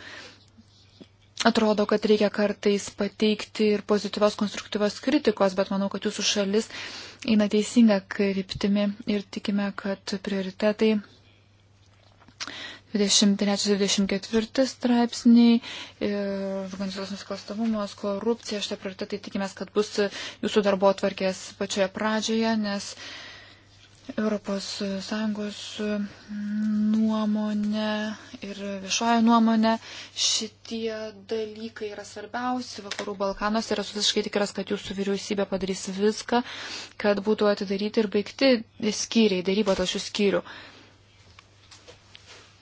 [SPEAKER 3] atrodo, kad reikia kartais pateikti ir pozityvios konstruktyvios kritikos, bet manau, kad jūsų šalis eina teisinga kryptimi ir tikime, kad prioritetai 23-24 straipsniai, organizuotas nusikalstamumas, korupcija, šitie prioritetai tikimės, kad bus jūsų darbo atvarkės pačioje pradžioje, nes uh, ES nuomonė ir viešoja nuomonė šitie dalykai yra svarbiausi vakarų Balkanos ir esu visiškai tikras, kad jūsų vyriausybė padarys viską, kad būtų atidaryti ir baigti skyriai, dėryba to šių skyrių. Uh,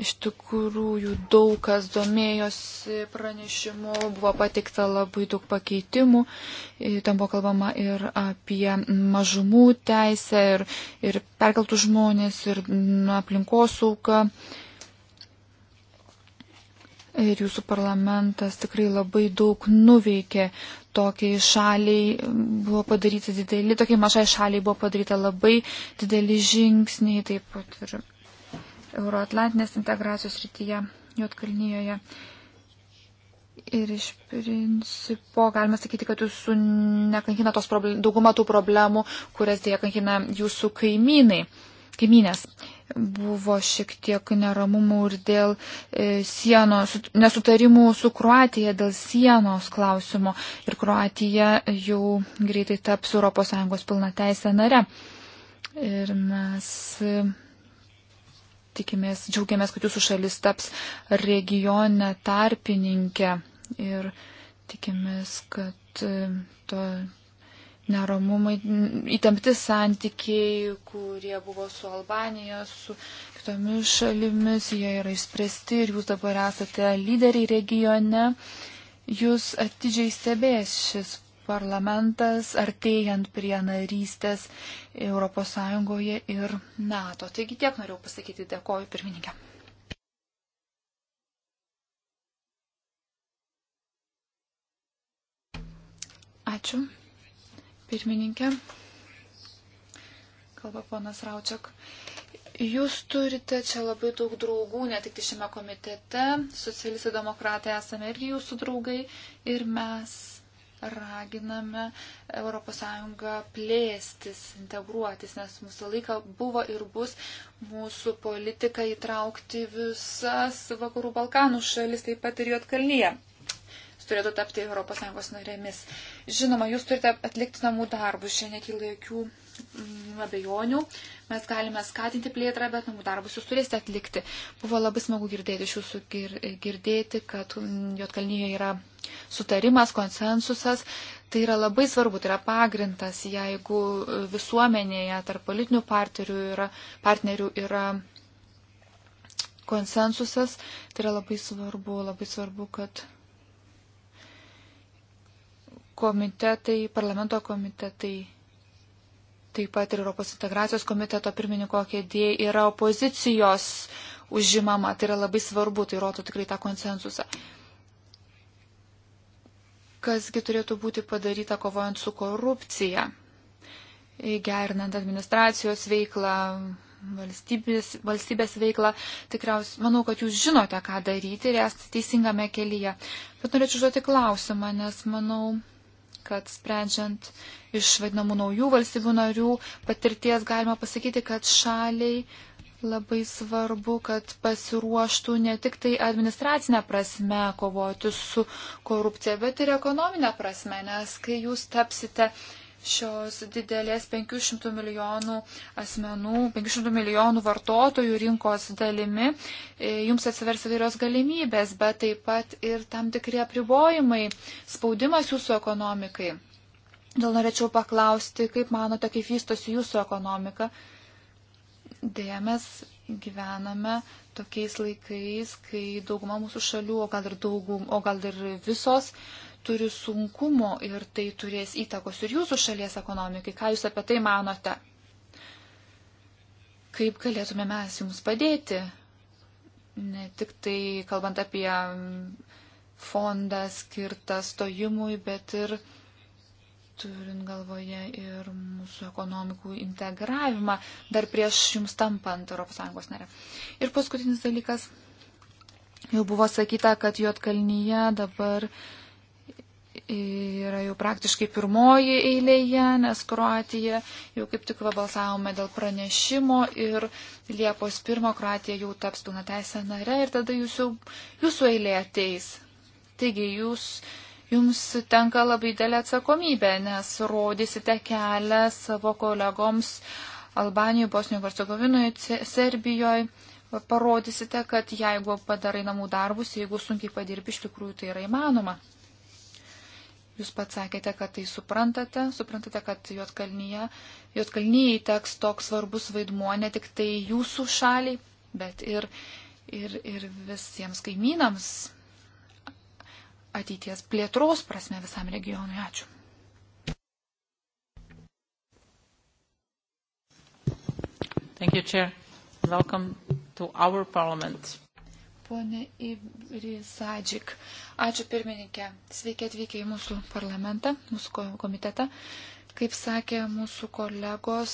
[SPEAKER 3] Iš tikrųjų daug kas domėjosi pranešimu, buvo pateikta labai daug pakeitimų, e, tam buvo kalbama ir apie mažumų teisę, ir, ir perkeltų žmonės, ir aplinkosauką. Ir jūsų parlamentas tikrai labai daug nuveikė tokiai šaliai buvo padaryti dideli, tokiai mažai šaliai buvo padaryta labai dideli žingsniai, taip pat ir Euroatlantinės integracijos rytyje Jotkalnyjoje. Ir iš principo galima sakyti, kad jūsų nekankina tos problem, dauguma tų problemų, kurias dėja kankina jūsų kaimynai, kaimynės. Buvo šiek tiek neramumų ir dėl e, sienos, nesutarimų su Kroatija dėl sienos klausimo. Ir Kroatija jau greitai taps ES pilna teisė nare. Ir mes. E, tikimės, džiaugiamės, kad jūsų šalis taps regione tarpininkę ir tikimės, kad e, to neramumai, įtempti santykiai, kurie buvo su Albanija, su kitomis šalimis, jie yra išspręsti ir jūs dabar esate lyderiai regione. Jūs atidžiai stebės šis parlamentas artėjant prie narystės ES ir NATO. Taigi tiek norėjau pasakyti. Dėkoju, pirmininkė. Ačiū, pirmininkė. Kalba ponas Raučiak. Jūs turite čia labai daug draugų, ne tik tai šiame komitete, socialistai demokratai esame irgi jūsų draugai ir mes raginame ES plėstis, integruotis, nes mūsų laiką buvo ir bus mūsų politika įtraukti visas Vakarų Balkanų šalis, taip pat ir Jotkalnyje. Jūs turėtų tapti ES narėmis. Žinoma, jūs turite atlikti namų darbus, šiandien kyla jokių mm, abejonių. Mm, Mes galime skatinti plėtrą, bet namų darbus jūs turėsite atlikti. Buvo labai smagu girdėti iš jūsų, gir, girdėti, kad Jotkalnyje yra sutarimas, konsensusas. Tai yra labai svarbu, tai yra pagrindas, jeigu visuomenėje tarp politinių partnerių yra, partnerių yra konsensusas, tai yra labai svarbu, labai svarbu, kad komitetai, parlamento komitetai Taip pat ir Europos integracijos komiteto pirmininko kėdė yra opozicijos užimama. Tai yra labai svarbu, tai rodo tikrai tą konsensusą. Kasgi turėtų būti padaryta kovojant su korupcija, gerinant administracijos veiklą, valstybės, valstybės veiklą. Tikriausiai, manau, kad jūs žinote, ką daryti ir esate teisingame kelyje. Bet norėčiau žodį klausimą, nes manau, kad sprendžiant iš vadinamų naujų valstybių narių patirties galima pasakyti, kad šaliai labai svarbu, kad pasiruoštų ne tik tai administracinę prasme kovoti su korupcija, bet ir ekonominę prasme, nes kai jūs tapsite šios didelės 500 milijonų asmenų, 500 milijonų vartotojų rinkos dalimi, e, jums atsivers įvairios galimybės, bet taip pat ir tam tikri apribojimai, spaudimas jūsų ekonomikai. Dėl norėčiau paklausti, kaip manote, kaip vystosi jūsų ekonomika. Dėja, mes gyvename tokiais laikais, kai dauguma mūsų šalių, o gal ir, daugum, o gal ir visos, uh, turi sunkumų ir tai turės įtakos ir jūsų šalies ekonomikai. Ką jūs apie tai manote? Kaip galėtume mes jums padėti? Ne tik tai kalbant apie fondą skirtą stojimui, bet ir turint galvoje ir mūsų ekonomikų integravimą dar prieš jums tampant ES nare. Ir paskutinis dalykas. Jau buvo sakyta, kad Juotkalnyje dabar yra jau praktiškai pirmoji eilėje, nes Kroatija jau kaip tik balsavome dėl pranešimo ir Liepos 1 Kroatija jau taps pilna teisė nare ir tada jūsų, jūsų eilė ateis. Taigi jūs, jums tenka labai dėlė atsakomybė, nes rodysite kelią savo kolegoms Albanijoje, Bosnijoje, Varsogovinoje, Serbijoje parodysite, kad jeigu padarai namų darbus, jeigu sunkiai padirbi, iš tikrųjų tai yra įmanoma. Jūs pats sakėte, kad tai suprantate, suprantate, kad Jotkalnyje, Jotkalnyje teks toks svarbus vaidmuo ne tik tai jūsų šaliai, bet ir, ir, ir visiems kaimynams ateities plėtros prasme visam regionui. Ačiū.
[SPEAKER 4] Thank you, Chair. Welcome to our Parliament.
[SPEAKER 3] Pone Ibrizadžik. Ačiū pirmininkė. Sveiki atvykę į mūsų parlamentą, mūsų komitetą. Kaip sakė mūsų kolegos,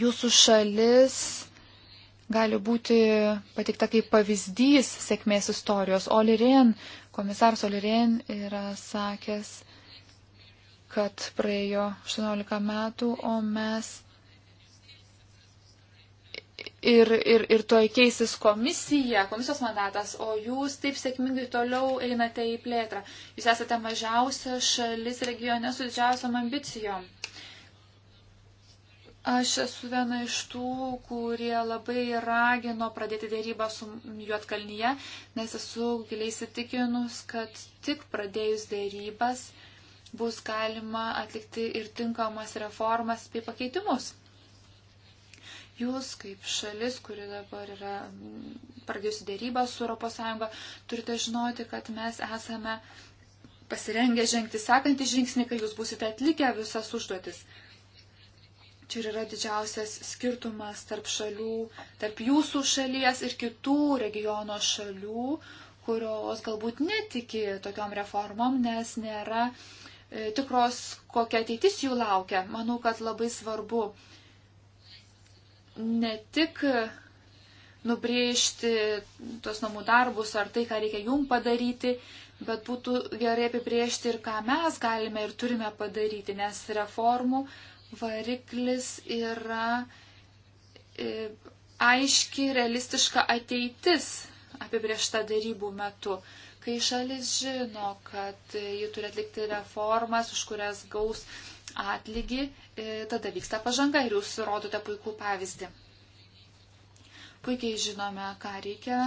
[SPEAKER 3] jūsų šalis gali būti patikta kaip pavyzdys sėkmės istorijos. Olirien, komisaras Olirien yra sakęs, kad praėjo 18 metų, o mes ir, ir, ir tuoj keisis komisija, komisijos mandatas, o jūs taip sėkmingai toliau einate į plėtrą. Jūs esate mažiausia šalis regione su didžiausiam ambicijom. Aš esu viena iš tų, kurie labai ragino pradėti dėrybą su Juotkalnyje, nes esu giliai įsitikinus, kad tik pradėjus dėrybas bus galima atlikti ir tinkamas reformas bei pakeitimus. Jūs, kaip šalis, kuri dabar yra mm, pradėjusi dėrybą su ES, turite žinoti, kad mes esame pasirengę žengti sekantį žingsnį, kai jūs būsite atlikę visas užduotis. Čia yra didžiausias skirtumas tarp šalių, tarp jūsų šalies ir kitų regiono šalių, kurios galbūt netiki tokiom reformom, nes nėra e, tikros, kokia ateitis jų laukia. Manau, kad labai svarbu ne tik nubrėžti tos namų darbus ar tai, ką reikia jum padaryti, bet būtų gerai apibriežti ir ką mes galime ir turime padaryti, nes reformų variklis yra e, aiški, realistiška ateitis apibriešta darybų metu. Kai šalis žino, kad ji turi atlikti reformas, už kurias gaus atlygį, E, tada vyksta pažanga ir jūs rodote puikų pavyzdį. Puikiai žinome, ką reikia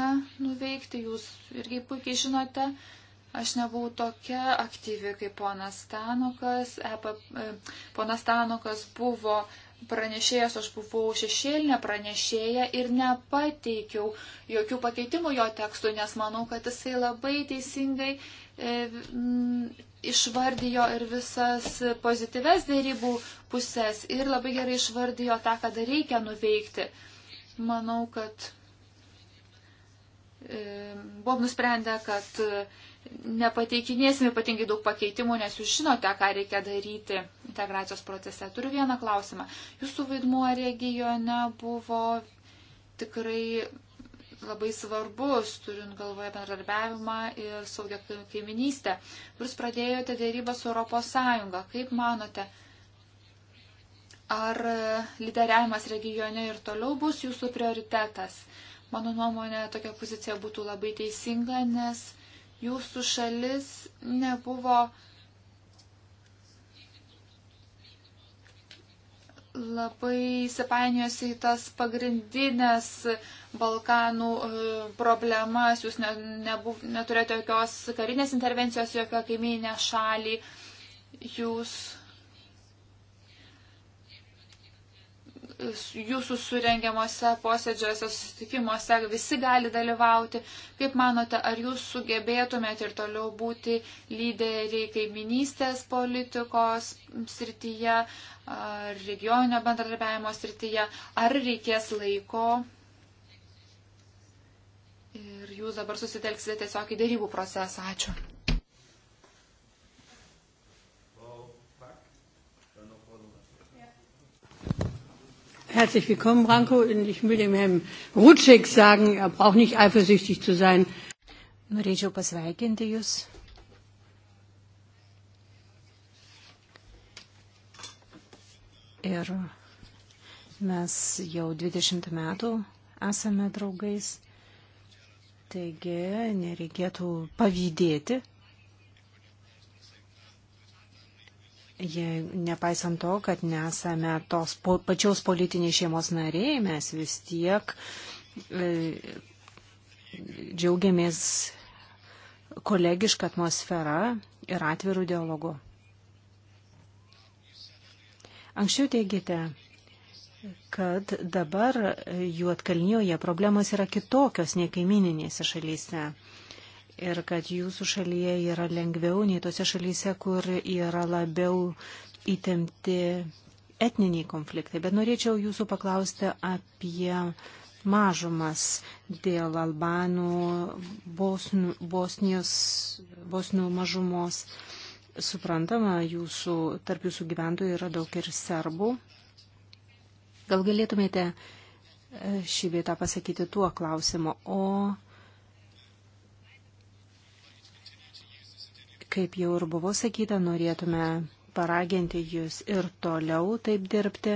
[SPEAKER 3] nuveikti, jūs irgi puikiai žinote. Aš nebuvau tokia aktyvi kaip ponas Stanukas. Epa, e, ponas Stanukas buvo pranešėjas, aš buvau šešėlinė pranešėja ir nepateikiau jokių pakeitimų jo tekstui, nes manau, kad jisai labai teisingai e, m, išvardijo ir visas pozityves dėrybų pusės ir labai gerai išvardijo tą, ką dar reikia nuveikti. Manau, kad e, buvom nusprendę, kad e, nepateikinėsim ypatingai daug pakeitimų, nes jūs žinote, ką reikia daryti integracijos procese. Turiu vieną klausimą. Jūsų vaidmuo regione buvo tikrai labai svarbus, turint galvoje bendradarbiavimą ir saugią kaiminystę. Jūs pradėjote dėrybą su ES. Kaip manote, ar e, lyderiavimas regione ir toliau bus jūsų prioritetas? Mano nuomonė, tokia pozicija būtų labai teisinga, nes jūsų šalis nebuvo labai įsipainiojusi į tas pagrindinės uh, Balkanų e, problemas, jūs ne, nebuv, neturėjote jokios karinės intervencijos, jokio kaiminę šalį, jūs, jūsų surengiamuose posėdžiuose, susitikimuose visi gali dalyvauti. Kaip manote, ar jūs sugebėtumėte ir toliau būti lyderiai kaiminystės politikos srityje, ar regioninio bendradarbiavimo srityje, ar reikės laiko? Ir jūs dabar susitelksite tiesiog į dėrybų procesą. Ačiū.
[SPEAKER 4] Herzlich willkommen, Branko. Und ich will dem Herrn Rutschek sagen, er braucht nicht eifersüchtig zu sein. Norėčiau pasveikinti Jūs. Ir mes jau 20 metų esame draugais. Taigi nereikėtų pavydėti, jei nepaisant to, kad nesame tos po, pačios politiniai šeimos nariai, mes vis tiek e, džiaugiamės kolegišką atmosferą ir atvirų dialogų. Anksčiau teigėte, kad dabar Juotkalnijoje problemos yra kitokios nei kaimininėse šalyse ir kad jūsų šalyje yra lengviau nei tose šalyse, kur yra labiau įtemti etniniai konfliktai. Bet norėčiau jūsų paklausti apie mažumas dėl albanų, bosnių, bosnijos, bosnių mažumos. Suprantama, jūsų, tarp jūsų gyventojų yra daug ir serbų, Gal galėtumėte e, šį vietą pasakyti tuo klausimu, o kaip jau ir buvo sakyta, norėtume paraginti jūs ir toliau taip dirbti,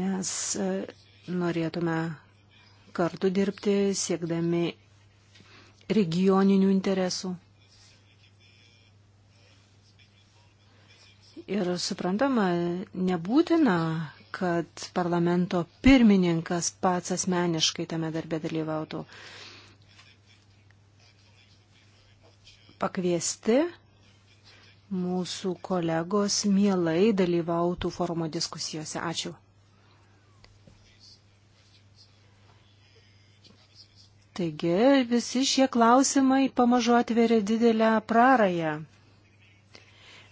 [SPEAKER 4] nes e, norėtume kartu dirbti siekdami regioninių interesų. Ir suprantama, nebūtina, kad parlamento pirmininkas pats asmeniškai tame darbe dalyvautų. Pakviesti mūsų kolegos mielai dalyvautų forumo diskusijose. Ačiū. Taigi visi šie klausimai pamažu atveria didelę prarąją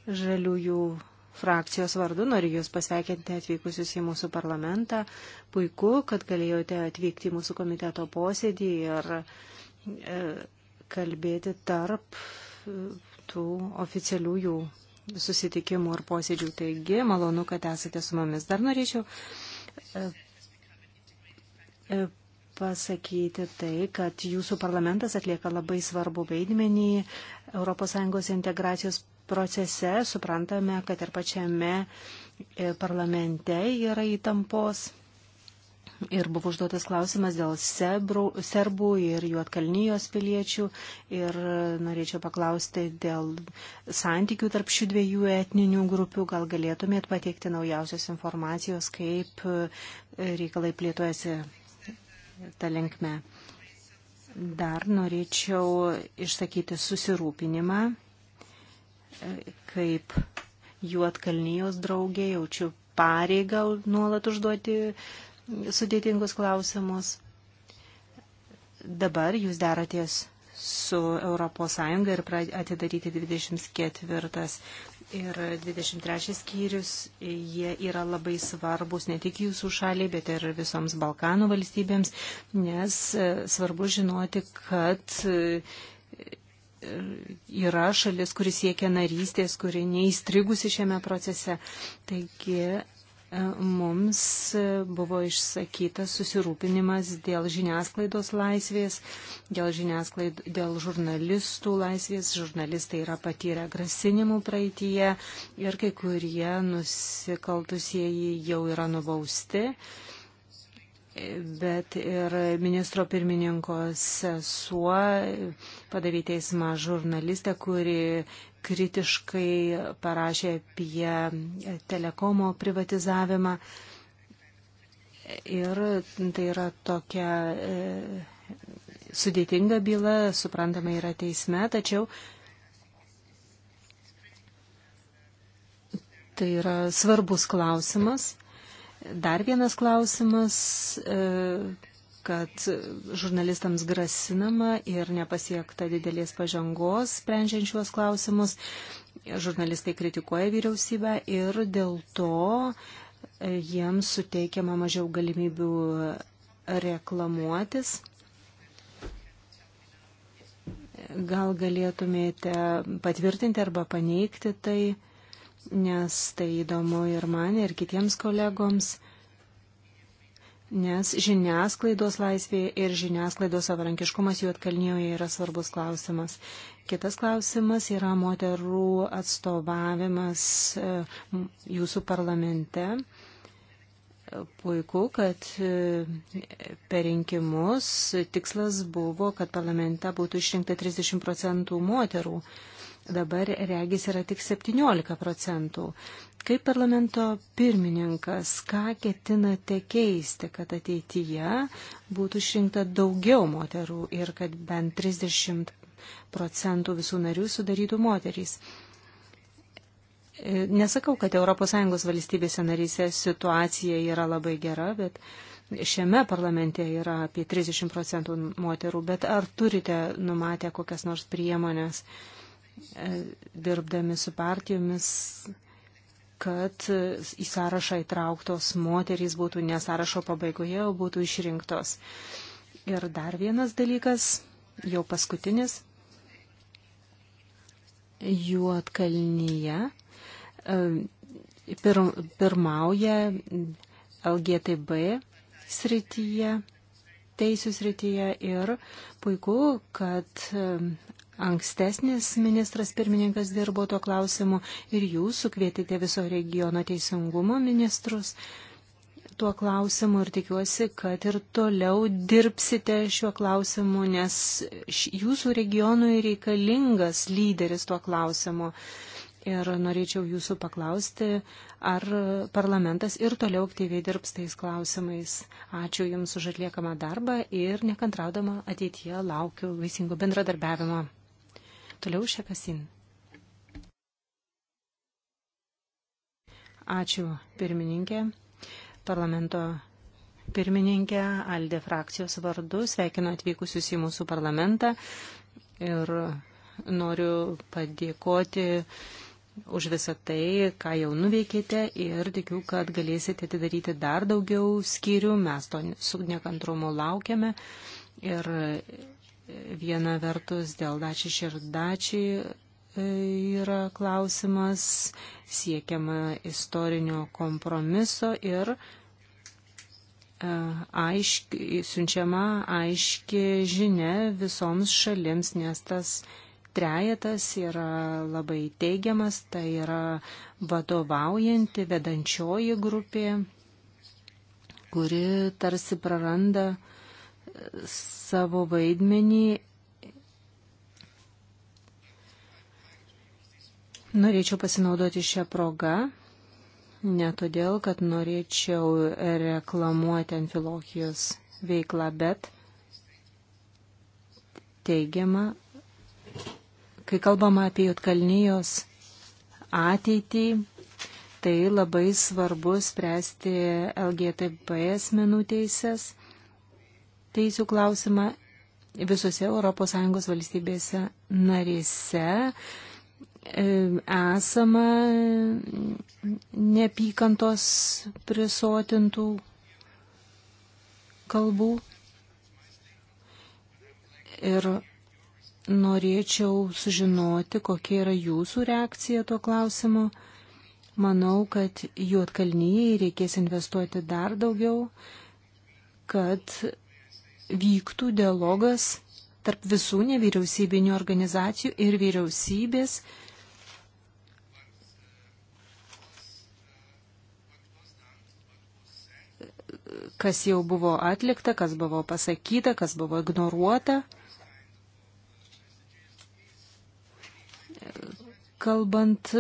[SPEAKER 4] žaliųjų frakcijos vardu noriu Jūs pasveikinti atvykusius į mūsų parlamentą. Puiku, kad galėjote atvykti į mūsų komiteto posėdį ir e, kalbėti tarp e, tų oficialiųjų susitikimų ir posėdžių. Taigi, malonu, kad esate su mumis. Dar norėčiau e, e, pasakyti tai, kad jūsų parlamentas atlieka labai svarbu vaidmenį ES integracijos procese suprantame, kad ir pačiame e, parlamente yra įtampos. Ir buvo užduotas klausimas dėl sebrų, serbų ir juotkalnyjos piliečių. Ir norėčiau paklausti dėl santykių tarp šių dviejų etninių grupių. Gal galėtumėt pateikti naujausios informacijos, kaip e, reikalai plėtojasi tą linkmę. Dar norėčiau išsakyti susirūpinimą kaip juotkalnyjos draugė, jaučiu pareigą nuolat užduoti sudėtingus klausimus. Dabar jūs deraties su ES ir atidaryti 24 ir 23 skyrius. Jie yra labai svarbus ne tik jūsų šaliai, bet ir visoms Balkanų valstybėms, nes e, svarbu žinoti, kad yra šalis, kuris siekia narystės, kuri neįstrigusi šiame procese. Taigi e, mums buvo išsakytas susirūpinimas dėl žiniasklaidos laisvės, dėl, žiniasklaid... dėl žurnalistų laisvės. Žurnalistai yra patyrę grasinimų praeitie ir kai kurie nusikaltusieji jau yra nubausti bet ir ministro pirmininko sesuo padarė teismą žurnalistę, kuri kritiškai parašė apie telekomo privatizavimą. Ir tai yra tokia e, sudėtinga byla, suprantama, yra teisme, tačiau tai yra svarbus klausimas. Dar vienas klausimas, e, kad žurnalistams grasinama ir nepasiekta didelės pažangos sprendžiančios klausimus. Žurnalistai kritikuoja vyriausybę ir dėl to e, jiems suteikiama mažiau galimybių reklamuotis. Gal galėtumėte patvirtinti arba paneigti tai? nes tai įdomu ir man, ir kitiems kolegoms, nes žiniasklaidos laisvė ir žiniasklaidos savarankiškumas jų atkalnijoje yra svarbus klausimas. Kitas klausimas yra moterų atstovavimas e, jūsų parlamente. Puiku, kad e, per rinkimus tikslas buvo, kad parlamente būtų išrinkta 30 procentų moterų. Dabar regis yra tik 17 procentų. Kaip parlamento pirmininkas, ką ketinate keisti, kad ateityje būtų išrinkta daugiau moterų ir kad bent 30 procentų visų narių sudarytų moterys? Nesakau, kad ES valstybėse naryse situacija yra labai gera, bet šiame parlamente yra apie 30 procentų moterų, bet ar turite numatę kokias nors priemonės? Uh, E, dirbdami su partijomis, kad į sąrašą įtrauktos moterys būtų ne sąrašo pabaigoje, o būtų išrinktos. Ir dar vienas dalykas, jau paskutinis, juotkalnyje e, pir, pirmauja LGTB srityje, teisų srityje ir puiku, kad e, Ankstesnis ministras pirmininkas dirbo to klausimu ir jūs sukvietėte viso regiono teisingumo ministrus tuo klausimu ir tikiuosi, kad ir toliau dirbsite šiuo klausimu, nes jūsų regionui reikalingas lyderis tuo klausimu. Ir norėčiau jūsų paklausti, ar parlamentas ir toliau aktyviai dirbs tais klausimais. Ačiū Jums už atliekamą darbą ir nekantraudama ateityje laukiu vaisingo bendradarbiavimo. Toliau Šepasin. Ačiū pirmininkė, parlamento pirmininkė Aldė frakcijos vardu. Sveikinu atvykusius į mūsų parlamentą ir noriu padėkoti už visą tai, ką jau nuveikėte ir tikiu, kad galėsite atidaryti dar daugiau skyrių. Mes to su nekantrumu laukiame ir Viena vertus dėl dačiai širdačiai e, yra klausimas, siekiama istorinio kompromiso ir e, aiški, siunčiama aiški žinia visoms šalims, nes tas trejetas yra labai teigiamas, tai yra vadovaujanti, vedančioji grupė, kuri tarsi praranda savo vaidmenį. Norėčiau pasinaudoti šią progą, ne todėl, kad norėčiau reklamuoti anfilochijos veiklą, bet teigiama, kai kalbama apie Jotkalnyjos ateitį, tai labai svarbu spręsti LGTB asmenų teisės teisų klausimą visose ES valstybėse narėse e, esama nepykantos prisotintų kalbų. Ir norėčiau sužinoti, kokia yra jūsų reakcija tuo klausimu. Manau, kad juotkalnyje reikės investuoti dar daugiau, kad vyktų dialogas tarp visų nevyriausybinių organizacijų ir vyriausybės. kas jau buvo atlikta, kas buvo pasakyta, kas buvo ignoruota. kalbant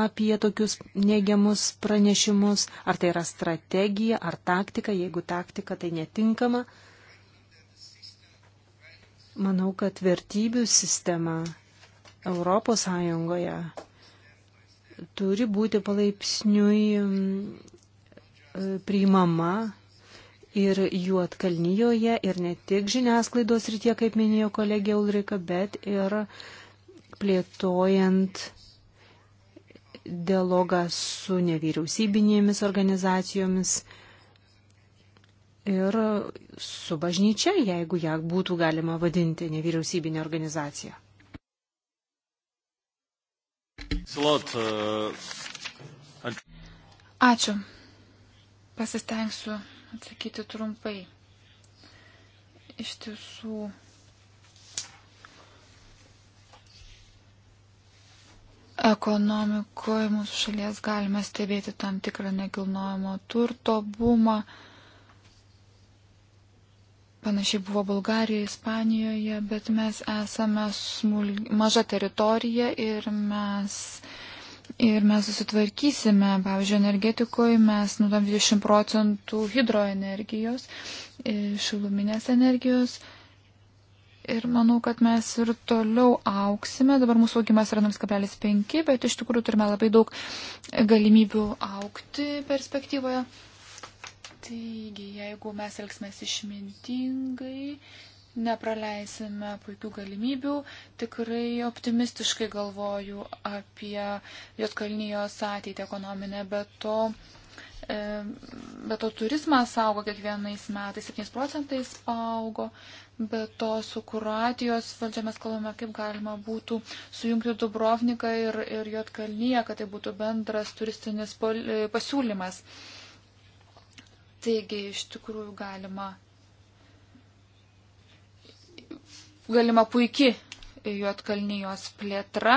[SPEAKER 4] apie tokius neigiamus pranešimus, ar tai yra strategija, ar taktika, jeigu taktika tai netinkama. Manau, kad vertybių sistema Europos Sąjungoje turi būti palaipsniui e, priimama ir juotkalnyjoje, ir ne tik žiniasklaidos rytie, kaip minėjo kolegė Ulrika, bet ir plėtojant dialogą su nevyriausybinėmis organizacijomis, ir su bažnyčia, jeigu ją būtų galima vadinti nevyriausybinė organizacija.
[SPEAKER 1] Uh,
[SPEAKER 3] Ačiū. Pasistengsiu atsakyti trumpai. Iš tiesų. Ekonomikoje mūsų šalies galime stebėti tam tikrą nekilnojamo turto bumą. Uh, Panašiai buvo Bulgarijoje, Ispanijoje, bet mes esame smulg... maža teritorija ir mes Ir mes susitvarkysime, pavyzdžiui, energetikoje mes nudam 20 procentų hidroenergijos, e, šiluminės energijos. Ir manau, kad mes ir toliau auksime. Dabar mūsų augimas yra 0,5, bet iš tikrųjų turime labai daug galimybių aukti perspektyvoje. Taigi, jeigu mes elgsimės išmintingai, nepraleisime puikių galimybių, tikrai optimistiškai galvoju apie Jotkalnyjos ateitį ekonominę, bet to e, Bet to turizmas augo kiekvienais metais, 7 procentais augo, bet to su Kuratijos valdžia mes kalbame, kaip galima būtų sujungti Dubrovniką ir, ir Jotkalnyje, kad tai būtų bendras turistinis e, pasiūlymas. Uh, Taigi iš tikrųjų galima, galima puikiai Juotkalnyjos plėtra,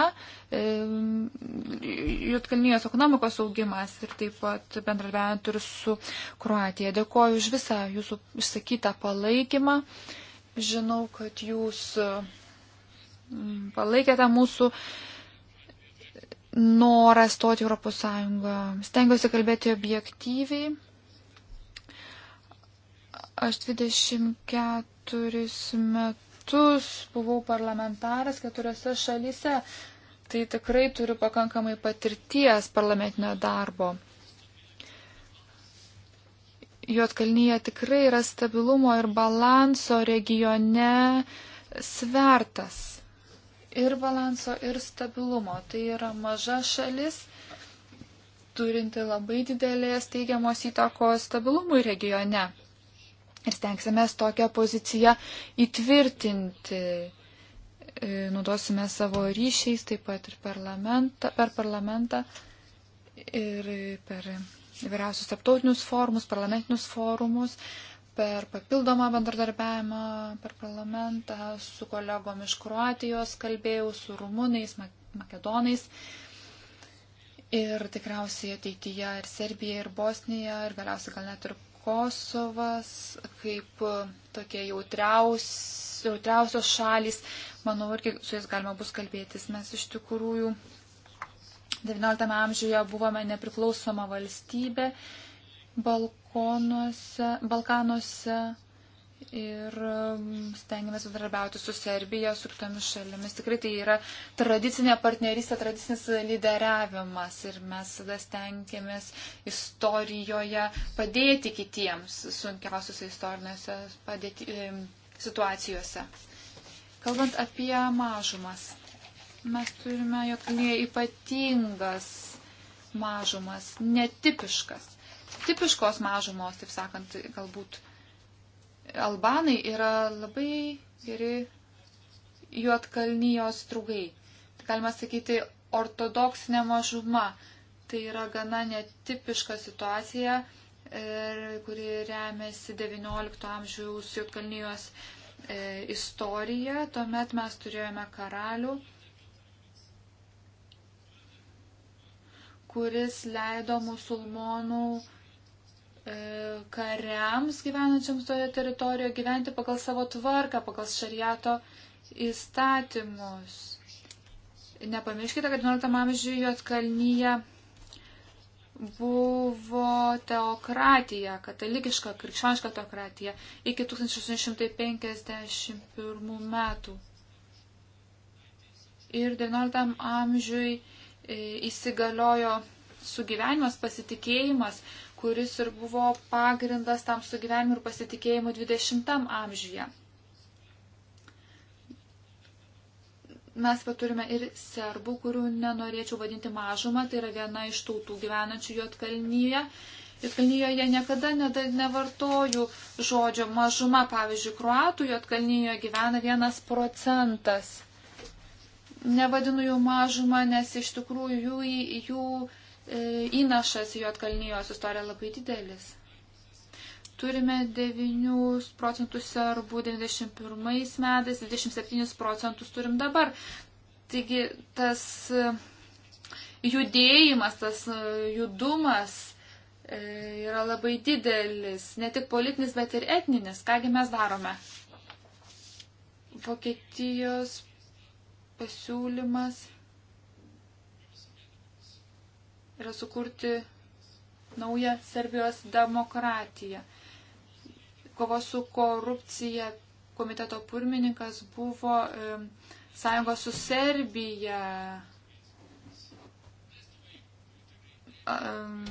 [SPEAKER 3] Juotkalnyjos ekonomikos augimas ir taip pat bendradarbiaujant ir su Kroatija. Dėkoju už visą jūsų išsakytą palaikymą. Žinau, kad jūs mm, palaikėte mūsų norą stoti Europos Sąjungą. Stengiuosi kalbėti objektyviai. Aš 24 metus buvau parlamentaras keturiose šalyse, tai tikrai turiu pakankamai patirties parlamentinio darbo. Juotkalnyje tikrai yra stabilumo ir balanso regione svertas. Ir balanso, ir stabilumo. Tai yra maža šalis, turinti labai didelės teigiamos įtakos stabilumui regione ir stengsime tokią poziciją įtvirtinti. E, naudosime savo ryšiais taip pat ir parlamentą, per parlamentą ir per įvairiausius tarptautinius forumus, parlamentinius forumus, per papildomą bendradarbiavimą per parlamentą, su kolegom iš Kroatijos kalbėjau, su rumunais, makedonais. Ir tikriausiai ateityje ir Serbija, ir Bosnija, ir galiausiai gal net ir Kosovas kaip e, tokie jautriaus, jautriausios šalys. Manau, irgi su jais galima bus kalbėtis. Mes iš tikrųjų XIX amžiuje buvome nepriklausoma valstybė. Balkonuose, Balkanuose ir um, stengiamės bendradarbiauti su Serbija, su kitomis šalimis. Tikrai tai yra tradicinė partnerystė, tradicinis lyderiavimas ir mes tada stengiamės istorijoje padėti kitiems sunkiausiose istorinėse padėti, situacijose. Kalbant apie mažumas, mes turime jokinėje ypatingas mažumas, netipiškas. Tipiškos mažumos, taip sakant, galbūt Albanai yra labai geri juotkalnyjos draugai. Tai galima sakyti, ortodoksinė mažuma. Tai yra gana netipiška situacija, e, kuri remiasi XIX amžiaus juotkalnyjos e, istorija. Tuomet mes turėjome karalių, kuris leido musulmonų E, kariams gyvenančiams toje teritorijoje gyventi pagal savo tvarką, pagal šariato įstatymus. Nepamirškite, kad 19 amžiuje Juotkalnyje buvo teokratija, katalikiška, krikščioniška teokratija iki 1851 metų. Ir XIX amžiui e, įsigaliojo sugyvenimas, pasitikėjimas, kuris ir buvo pagrindas tam sugyvenimui ir pasitikėjimui 20 amžiuje. Mes paturime ir serbų, kurių nenorėčiau vadinti mažumą, tai yra viena iš tautų gyvenančių Jotkalnyje. Jotkalnyje niekada nevartoju žodžio mažuma, pavyzdžiui, kruatų Jotkalnyje gyvena vienas procentas nevadinu jų mažumą, nes iš tikrųjų jų, jų E, įnašas Juotkalnyjos istoriją labai didelis. Turime 9 procentus serbų 91 metais, 27 procentus turim dabar. Taigi tas e, judėjimas, tas e, judumas yra labai didelis, ne tik politinis, bet ir etninis. Kągi mes darome? Vokietijos pasiūlymas yra sukurti naują Serbijos demokratiją. Kovos su korupcija komiteto pirmininkas buvo e, sąjungos su Serbija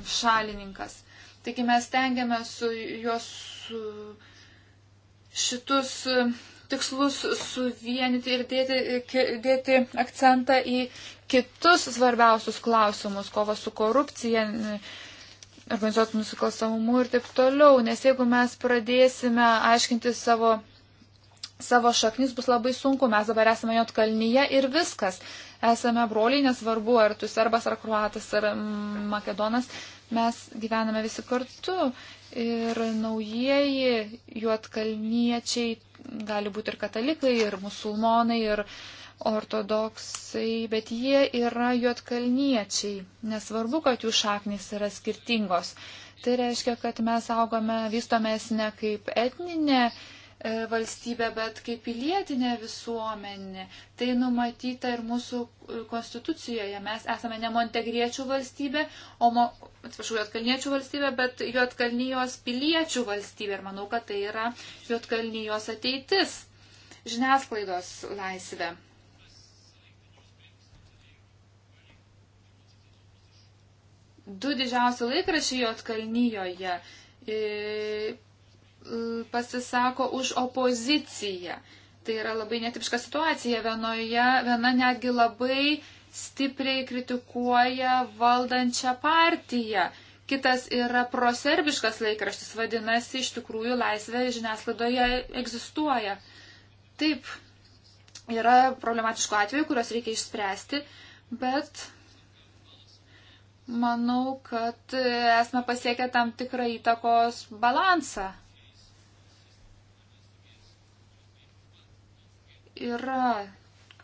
[SPEAKER 3] šalininkas. Taigi mes tengiame su juos su šitus tikslus suvienyti ir dėti, dėti akcentą į kitus svarbiausius klausimus - kova su korupcija, organizuotų nusikalstamumu ir taip toliau. Nes jeigu mes pradėsime aiškinti savo savo šaknis bus labai sunku, mes dabar esame jo kalnyje ir viskas esame broliai, nesvarbu, ar tu serbas, ar kruatas, ar makedonas, mes gyvename visi kartu. Ir naujieji juotkalniečiai gali būti ir katalikai, ir musulmonai, ir ortodoksai, bet jie yra juotkalniečiai. Nesvarbu, kad jų šaknis yra skirtingos. Tai reiškia, kad mes augame, vystomės ne kaip etninė E, valstybę, bet kaip pilietinę visuomenę. Tai numatyta ir mūsų e, konstitucijoje. Mes esame ne montegriečių valstybė, o, mo, atsiprašau, juotkalniečių valstybė, bet juotkalnyjos piliečių valstybė. Ir manau, kad tai yra juotkalnyjos ateitis. Žiniasklaidos laisvė. du didžiausi laikrašiai Jotkalnyjoje. E, pasisako už opoziciją. Tai yra labai netipiška situacija. Vienoje, viena netgi labai stipriai kritikuoja valdančią partiją. Kitas yra proserbiškas laikraštis, vadinasi, iš tikrųjų laisvė žiniasklaidoje egzistuoja. Taip, yra problematiškų atvejų, kuriuos reikia išspręsti, bet manau, kad esame pasiekę tam tikrą įtakos balansą. yra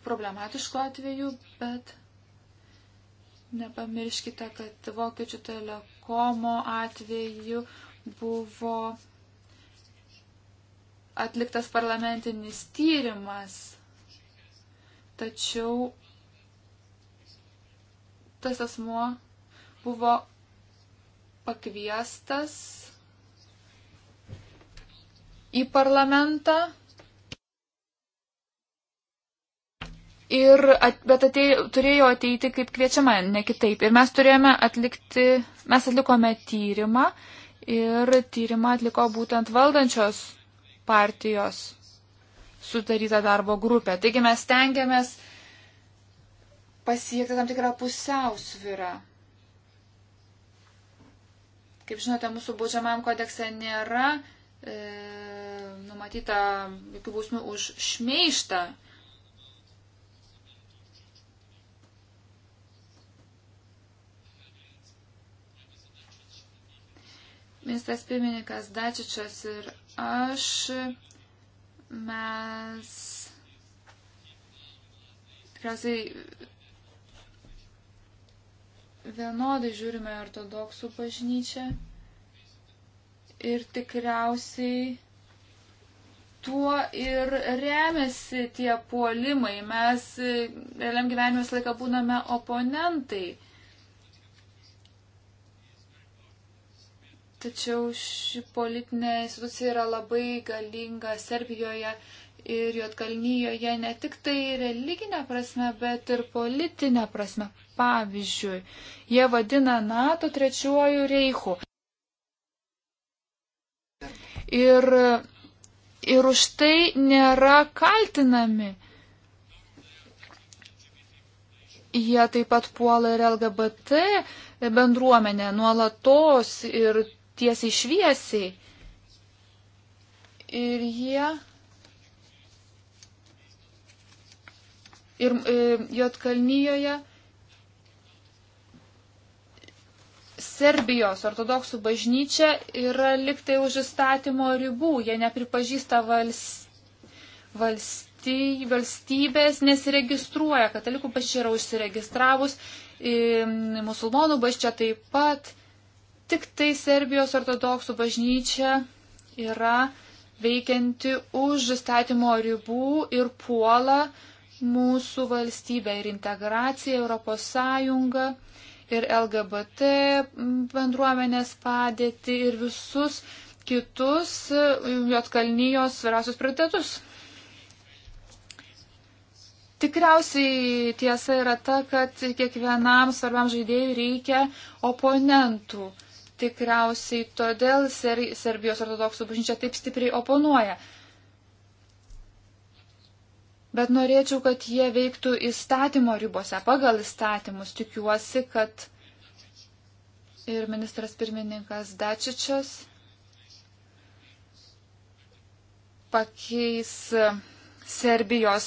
[SPEAKER 3] problematiškų atvejų, bet nepamirškite, kad Vokiečių telekomo atveju buvo atliktas parlamentinis tyrimas, tačiau tas asmuo buvo pakviestas į parlamentą Ir, at, bet atėjo, turėjo ateiti kaip kviečiama, ne kitaip. Ir mes turėjome atlikti, mes atlikome tyrimą ir tyrimą atliko būtent valdančios partijos sudaryta darbo grupė. Taigi mes tengiamės pasiekti tam tikrą pusiausvyrą. Kaip žinote, mūsų baudžiamajam kodekse nėra e, numatyta jokių bausmių už šmeištą Ministras pirmininkas Dačičias ir aš mes tikriausiai vienodai žiūrime ortodoksų bažnyčią ir tikriausiai tuo ir remiasi tie puolimai. Mes realiam gyvenime visą laiką būname oponentai. Tačiau ši politinė institucija yra labai galinga Serbijoje ir Jotkalnyjoje ne tik tai religinė prasme, bet ir politinė prasme. Pavyzdžiui, jie vadina NATO trečiuoju reichu. Ir, ir už tai nėra kaltinami. Jie taip pat puola ir LGBT bendruomenė nuolatos ir tiesiai šviesiai. Ir jie. Ir, ir e, Jotkalnyjoje Serbijos ortodoksų bažnyčia yra liktai už įstatymo ribų. Jie nepripažįsta valstybės valsty, valstybės nesiregistruoja, katalikų bažnyčia yra užsiregistravus, e, musulmonų bažnyčia taip pat. Tik tai Serbijos ortodoksų bažnyčia yra veikianti už įstatymo ribų ir puola mūsų valstybę ir integraciją Europos Sąjungą ir LGBT bendruomenės padėtį ir visus kitus Jotkalnyjos svarbiausius prioritetus. Tikriausiai tiesa yra ta, kad kiekvienam svarbiam žaidėjui reikia oponentų. Tikriausiai todėl Ser Serbijos ortodoksų bažnyčia taip stipriai oponuoja. Bet norėčiau, kad jie veiktų įstatymo ribose, pagal įstatymus. Tikiuosi, kad ir ministras pirmininkas Dačičias pakeis Serbijos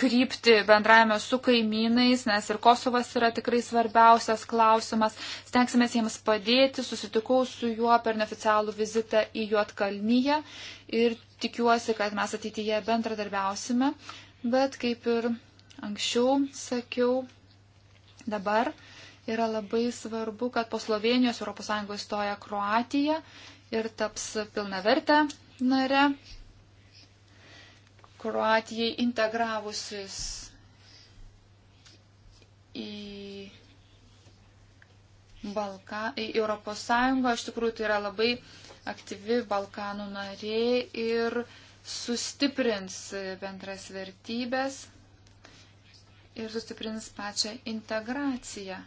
[SPEAKER 3] krypti bendravime su kaimynais, nes ir Kosovas yra tikrai svarbiausias klausimas. Stengsime jiems padėti, susitikau su juo per neoficialų vizitą į Juotkalnyje ir tikiuosi, kad mes ateityje bendradarbiausime. Bet kaip ir anksčiau sakiau, dabar yra labai svarbu, kad po Slovenijos ES stoja Kroatija ir taps pilnavertę nare Kroatijai integravusis į Balka, į Europos Sąjungą. Iš tikrųjų, tai yra labai aktyvi Balkanų narė ir sustiprins bendras vertybės ir sustiprins pačią integraciją.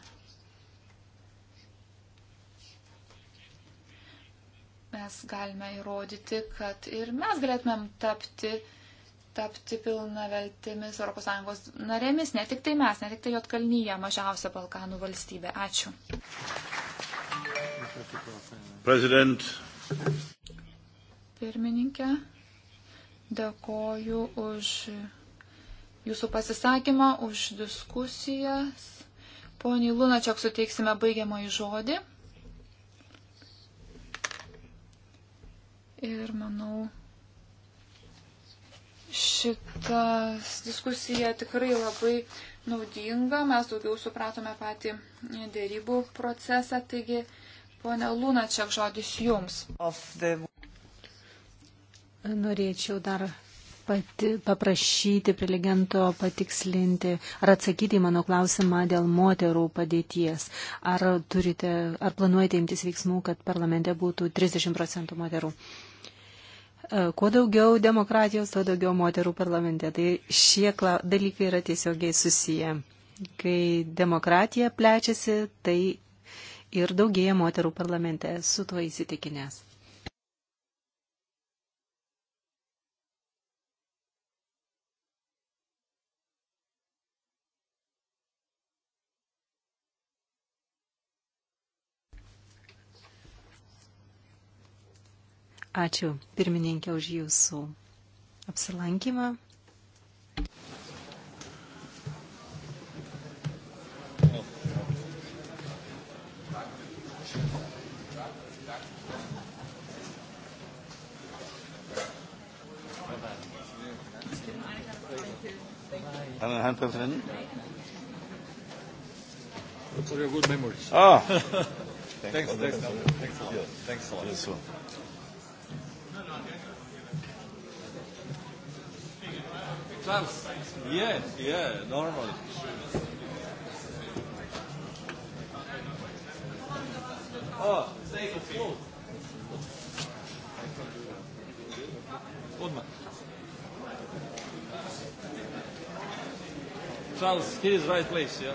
[SPEAKER 3] Mes galime įrodyti, kad ir mes galėtumėm tapti tapti pilna veltimis ES narėmis, ne tik tai mes, ne tik tai Jotkalnyje, mažiausia Balkanų valstybė. Ačiū. President. Pirmininkė, dėkoju už jūsų pasisakymą, už diskusijas. Poniai Lunačiak suteiksime baigiamą į žodį. Ir manau, Šitas diskusija tikrai labai naudinga, mes daugiau supratome patį dėrybų procesą, taigi ponia Lūna, čia žodis jums. The...
[SPEAKER 4] Norėčiau dar pati, paprašyti prelegento patikslinti ar atsakyti į mano klausimą dėl moterų padėties. Ar, turite, ar planuojate imtis veiksmų, kad parlamente būtų 30 procentų moterų? Uh, E, kuo daugiau demokratijos, tuo daugiau moterų parlamente. Tai šie dalykai yra tiesiogiai susiję. Kai demokratija plečiasi, tai ir daugėja moterų parlamente. Su tuo įsitikinęs. Ačiū pirmininkė už jūsų apsilankymą.
[SPEAKER 2] Hand in hand with Lenny? For your good memories. Ah! thanks, thanks, thanks, thanks a lot.
[SPEAKER 3] Thanks a lot. Yes, sir.
[SPEAKER 1] Charles. Yeah, yeah, normally.
[SPEAKER 2] Oh, take a float. Odmah.
[SPEAKER 1] Charles, here is right place, yeah?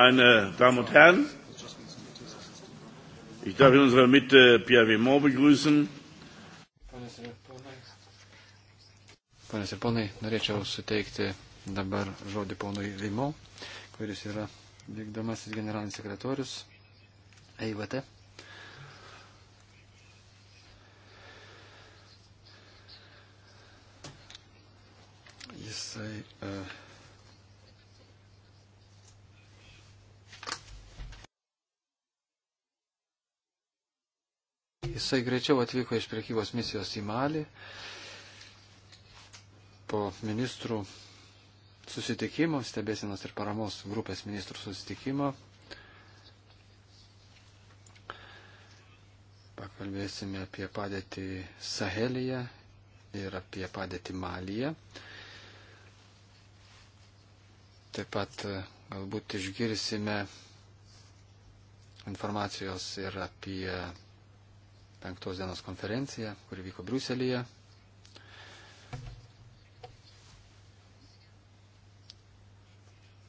[SPEAKER 1] Meine Damen und Herren, ich darf in unserer Mitte Pierre Vimont begrüßen.
[SPEAKER 2] Panas ir ponai, norėčiau suteikti dabar žodį ponui Vimont, kuris yra vykdomasis generalinis sekretorius EIVT. jisai greičiau atvyko iš priekybos misijos į Malį po ministrų susitikimo, stebėsinos ir paramos grupės ministrų susitikimo. Pakalbėsime apie padėtį Sahelyje ir apie padėtį Malyje. Taip pat e, galbūt išgirsime informacijos ir apie penktos dienos konferenciją, kuri vyko Briuselėje.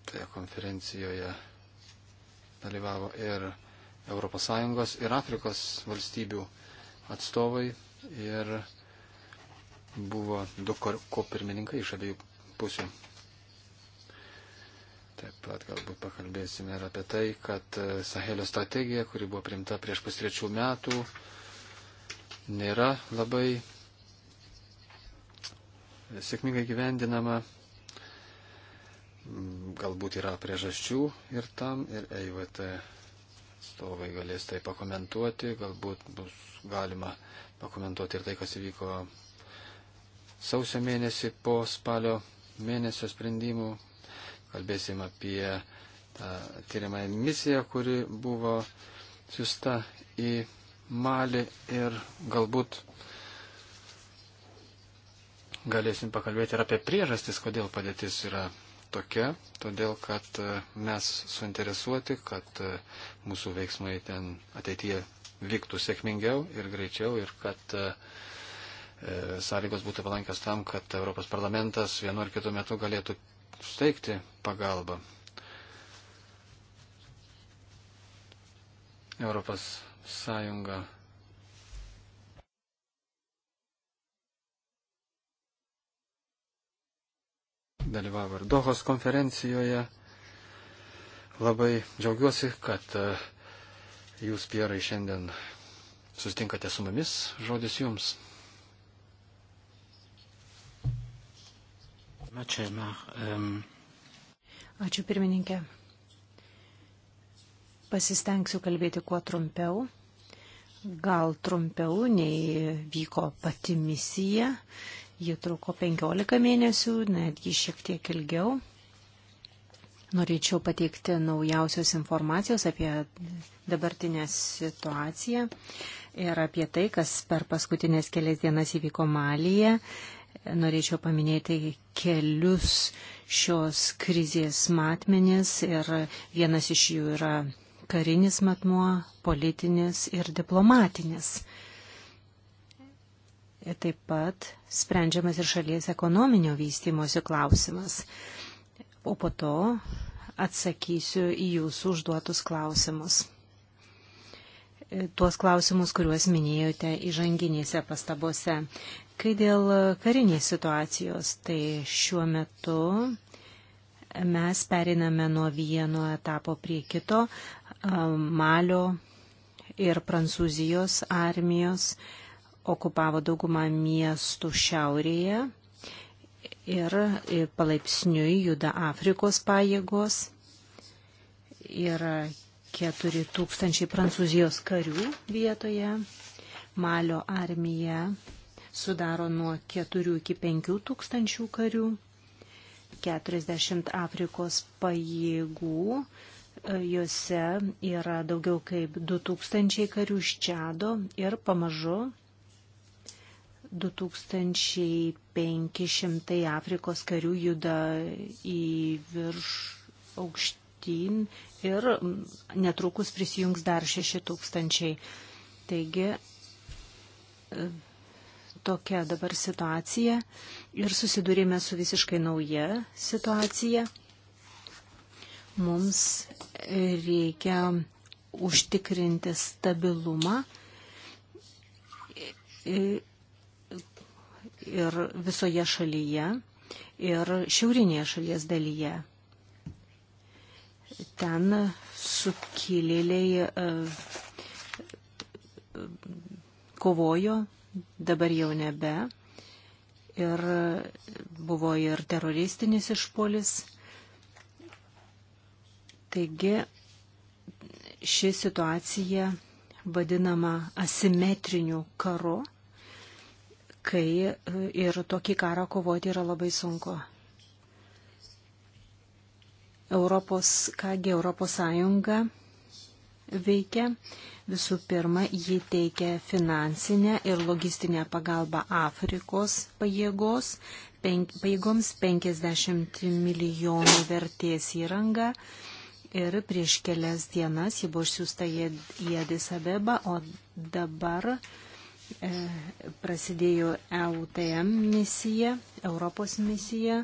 [SPEAKER 2] Toje konferencijoje dalyvavo ir ES ir Afrikos valstybių atstovai ir buvo du kopirmininkai iš abiejų pusių. Taip pat galbūt pakalbėsime ir apie tai, kad Sahelio strategija, kuri buvo primta prieš pustrečių metų, nėra labai sėkmingai gyvendinama. Galbūt yra priežasčių ir tam, ir EIVT atstovai galės tai pakomentuoti, galbūt bus galima pakomentuoti ir tai, kas įvyko sausio mėnesį po spalio mėnesio sprendimų. Kalbėsim apie tą tyriamąją misiją, kuri buvo siusta į Mali ir galbūt galėsim pakalbėti ir apie priežastis, kodėl padėtis yra tokia, todėl kad e, mes suinteresuoti, kad e, mūsų veiksmai ten ateityje vyktų sėkmingiau ir greičiau ir kad e, sąlygos būtų palankios tam, kad Europos parlamentas vienu ar kitu metu galėtų steigti pagalbą. Europos sąjunga. Dalyvavo ir Dohos konferencijoje. Labai džiaugiuosi, kad e, jūs, Pierai, šiandien sustinkate su mumis. Žodis jums.
[SPEAKER 4] Ačiū pirmininkė. Pasistengsiu kalbėti kuo trumpiau gal trumpiau nei vyko pati misija. Ji truko 15 mėnesių, netgi šiek tiek ilgiau. Norėčiau pateikti naujausios informacijos apie dabartinę situaciją ir apie tai, kas per paskutinės kelias dienas įvyko Malyje. Norėčiau paminėti kelius šios krizės matmenis ir vienas iš jų yra karinis matmuo, politinis ir diplomatinis. Ir taip pat sprendžiamas ir šalies ekonominio vystimosi klausimas. O po to atsakysiu į jūsų užduotus klausimus. E, tuos klausimus, kuriuos minėjote įžanginėse pastabose. Kai dėl karinės situacijos, tai šiuo metu mes periname nuo vieno etapo prie kito, Malio ir Prancūzijos armijos okupavo daugumą miestų šiaurėje ir palaipsniui juda Afrikos pajėgos. Yra 4 tūkstančiai Prancūzijos karių vietoje. Malio armija sudaro nuo 4 iki 5 tūkstančių karių. 40 Afrikos pajėgų Juose yra daugiau kaip 2000 karių iš Čado ir pamažu 2500 Afrikos karių juda į virš aukštyn ir netrukus prisijungs dar 6000. Taigi e, tokia dabar situacija ir susidūrėme su visiškai nauja situacija. Mums reikia užtikrinti stabilumą ir visoje šalyje, ir šiaurinėje šalies dalyje. Ten sukilėliai e, kovojo, dabar jau nebe. Ir buvo ir teroristinis išpolis. Taigi ši situacija vadinama asimetriniu karu, kai e, ir tokį karą kovoti yra labai sunku. Europos, kągi Europos Sąjunga veikia. Visų pirma, ji teikia finansinę ir logistinę pagalbą Afrikos pajėgos, penk, pajėgoms 50 milijonų vertės įrangą, ir prieš kelias dienas ji buvo išsiųsta į Adis Abebą, o dabar e, prasidėjo EUTM misija, Europos misija,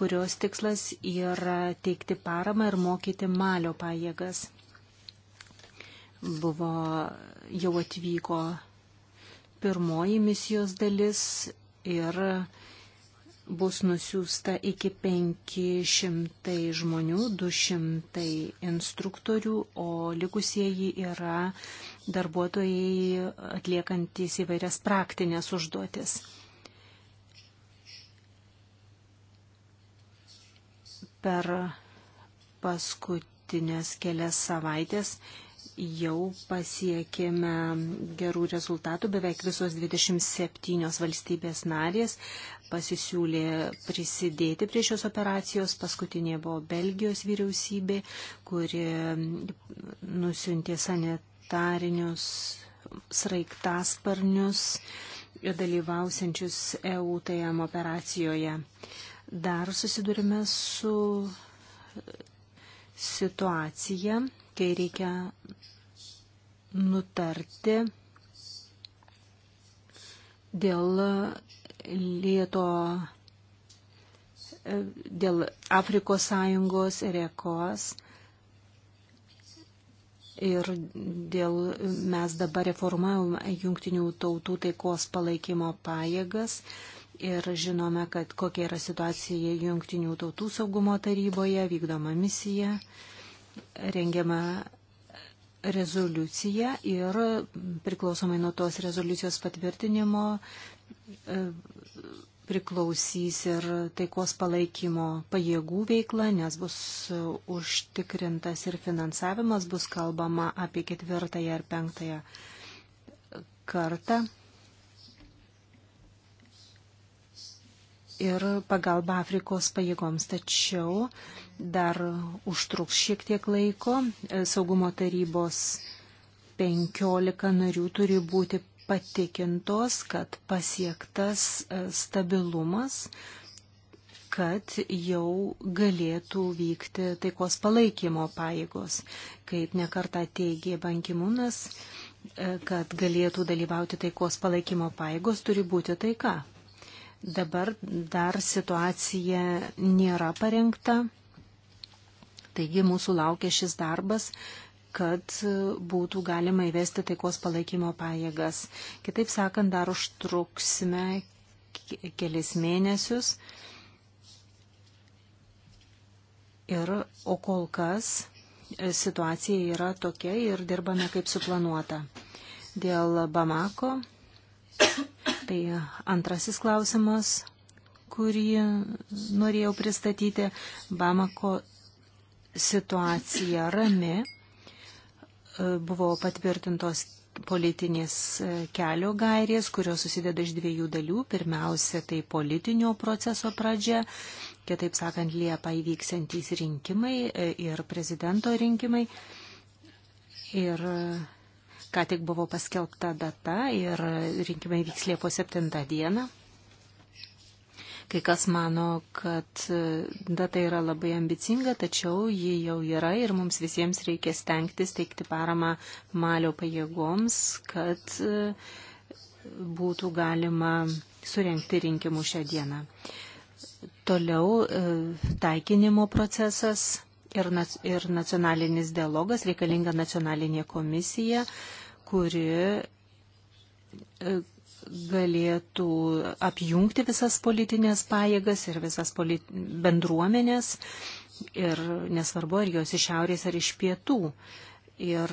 [SPEAKER 4] kurios tikslas yra teikti paramą ir mokyti malio pajėgas. Buvo, jau atvyko pirmoji misijos dalis ir e, bus nusiųsta iki 500 žmonių, 200 instruktorių, o likusieji yra darbuotojai atliekantis įvairias praktinės užduotis. Per paskutinės kelias savaitės jau pasiekėme gerų rezultatų. Beveik visos 27 valstybės narės pasisiūlė prisidėti prie šios operacijos. Paskutinė buvo Belgijos vyriausybė, kuri nusiuntė sanitarinius sraigtasparnius ir dalyvausiančius EUTM operacijoje. Dar susidurime su situacija, kai reikia nutarti dėl lieto dėl Afrikos sąjungos ir ekos. Ir dėl mes dabar reformavome jungtinių tautų taikos palaikymo pajėgas ir žinome, kad kokia yra situacija Junktinių tautų saugumo taryboje, vykdoma misija, rengiama rezoliucija ir priklausomai nuo tos rezoliucijos patvirtinimo e, priklausys ir taikos palaikymo pajėgų veikla, nes bus užtikrintas ir finansavimas, bus kalbama apie ketvirtąją ar penktąją kartą ir pagalba Afrikos pajėgoms. Tačiau dar užtruks šiek tiek laiko. E, Saugumo tarybos 15 narių turi būti patikintos, kad pasiektas e, stabilumas, kad jau galėtų vykti taikos palaikymo paėgos, kaip nekarta teigė Bankimūnas e, kad galėtų dalyvauti taikos palaikymo paėgos, turi būti taika. Dabar dar situacija nėra parengta, taigi mūsų laukia šis darbas kad būtų galima įvesti taikos palaikymo pajėgas. Kitaip sakant, dar užtruksime kelis mėnesius. Ir, o kol kas e, situacija yra tokia ir dirbame kaip suplanuota. Dėl Bamako Tai antrasis klausimas, kurį norėjau pristatyti. Bamako situacija rami. Buvo patvirtintos politinės kelio gairės, kurios susideda iš dviejų dalių. Pirmiausia, tai politinio proceso pradžia, kitaip sakant, Liepa įvyksiantys rinkimai ir prezidento rinkimai. Ir Ką tik buvo paskelbta data ir rinkimai vyks Liepos 7 dieną. Kai kas mano, kad data yra labai ambicinga, tačiau ji jau yra ir mums visiems reikia stengtis teikti paramą malio pajėgoms, kad būtų galima surenkti rinkimų šią dieną. Toliau e, taikinimo procesas ir, nac ir nacionalinis dialogas, reikalinga nacionalinė komisija, kuri e, galėtų apjungti visas politinės pajėgas ir visas polit... bendruomenės, ir nesvarbu, ar jos iš šiaurės ar iš pietų. Ir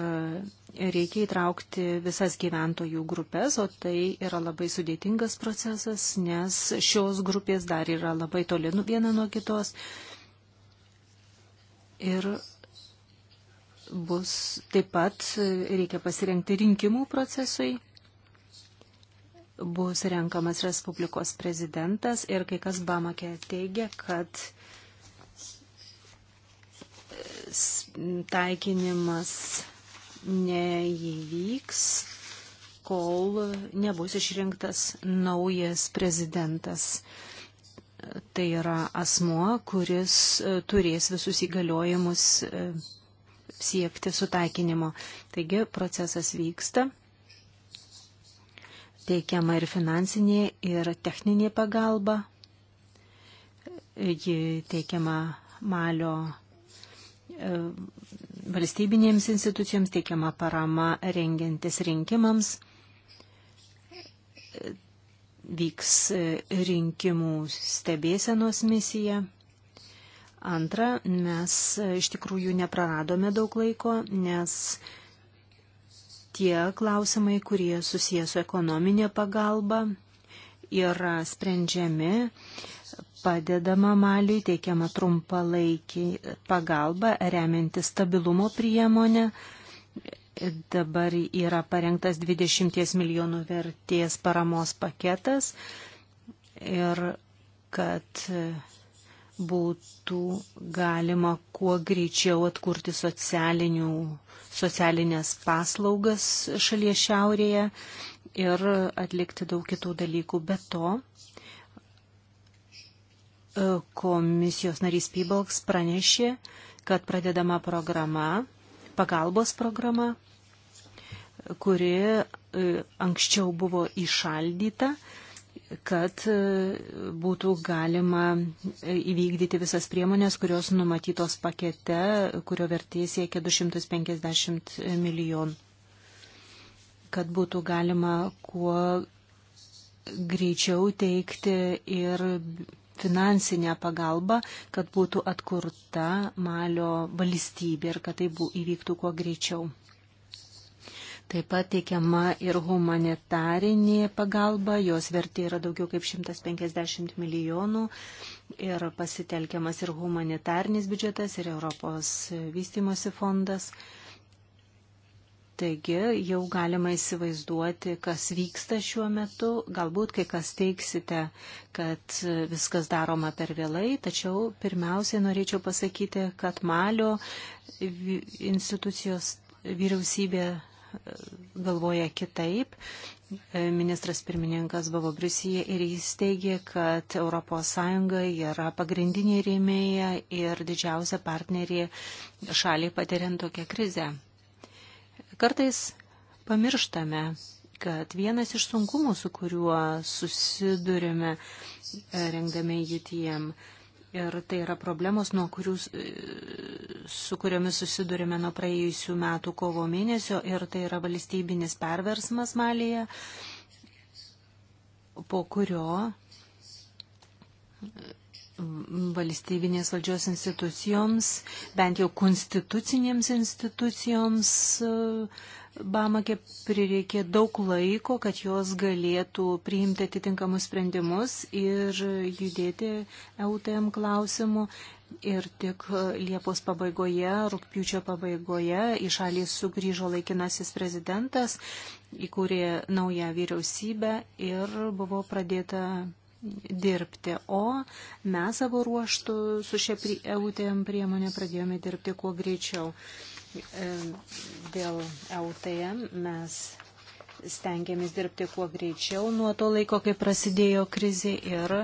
[SPEAKER 4] reikia įtraukti visas gyventojų grupės, o tai yra labai sudėtingas procesas, nes šios grupės dar yra labai toli nu, viena nuo kitos. Ir bus taip pat reikia pasirengti rinkimų procesui. Bus renkamas Respublikos prezidentas ir kai kas Bamakė teigia, kad taikinimas neįvyks, kol nebus išrinktas naujas prezidentas. Tai yra asmuo, kuris turės visus įgaliojimus e, siekti sutaikinimo. Taigi procesas vyksta, teikiama ir finansinė, ir techninė pagalba. Ji teikiama Malio e, valstybinėms institucijoms, teikiama parama rengiantis rinkimams. Vyks rinkimų stebėsenos misija. Antra, mes e, iš tikrųjų nepraradome daug laiko, nes tie klausimai, kurie susijęs su ekonominė pagalba, yra sprendžiami, padedama Maliui, teikiama trumpalaikį pagalbą, remianti stabilumo priemonę. Dabar yra parengtas 20 milijonų vertės paramos paketas ir kad būtų galima kuo greičiau atkurti socialinės paslaugas šalies šiaurėje ir atlikti daug kitų dalykų. Be to, e, komisijos narys Pybalks pranešė, kad pradedama programa, pagalbos programa, kuri e, anksčiau buvo įšaldyta kad e, būtų galima e, įvykdyti visas priemonės, kurios numatytos pakete, kurio vertė siekia 250 milijonų. Kad būtų galima kuo greičiau teikti ir finansinę pagalbą, kad būtų atkurta Malio valstybė ir kad tai bū, įvyktų kuo greičiau. Taip pat teikiama ir humanitarinė pagalba, jos vertė yra daugiau kaip 150 milijonų ir pasitelkiamas ir humanitarnis biudžetas, ir Europos vystimosi fondas. Taigi jau galima įsivaizduoti, kas vyksta šiuo metu. Galbūt kai kas teiksite, kad viskas daroma per vėlai, tačiau pirmiausiai norėčiau pasakyti, kad Malio institucijos vyriausybė galvoja kitaip. Ministras pirmininkas buvo Briusyje ir jis teigė, kad ES yra pagrindinė rėmėja ir didžiausia partnerė šaliai patiriant tokią krizę. Kartais pamirštame, kad vienas iš sunkumų, su kuriuo susidurime rengdami JTM, e Ir tai yra problemos, nuo kurių, e, su kuriomis susidurime nuo praėjusių metų kovo mėnesio. Ir tai yra valstybinis perversmas Malyje, po kurio valstybinės valdžios institucijoms, bent jau konstitucinėms institucijoms, uh, Bamakė prireikė daug laiko, kad jos galėtų priimti atitinkamus sprendimus ir judėti EUTM klausimu. Ir tik Liepos pabaigoje, rūpiučio pabaigoje į šalį sugrįžo laikinasis prezidentas, įkūrė naują vyriausybę ir buvo pradėta dirbti. O mes savo ruoštų su šia EUTM priemonė pradėjome dirbti kuo greičiau. E, dėl EUTM mes stengiamės dirbti kuo greičiau nuo to laiko, kai prasidėjo krizė ir e,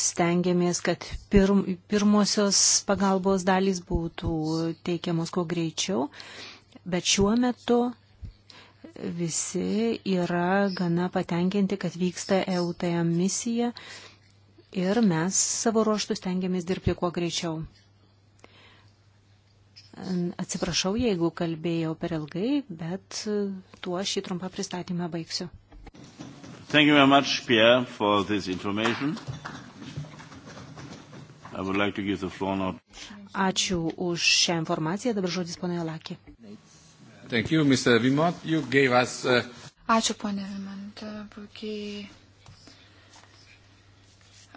[SPEAKER 4] stengiamės, kad pirm, pirmosios pagalbos dalys būtų teikiamos kuo greičiau, bet šiuo metu visi yra gana patenkinti, kad vyksta EUTM misija ir mes savo ruoštų stengiamės dirbti kuo greičiau. Atsiprašau, jeigu kalbėjau per ilgai, bet e, tuo šį trumpą pristatymą baigsiu.
[SPEAKER 1] Much, Pierre, like
[SPEAKER 4] Ačiū už šią informaciją. Dabar žodis ponai Alaki.
[SPEAKER 2] You, Vimont. You us, uh...
[SPEAKER 3] Ačiū, ponė Vimant. Puikiai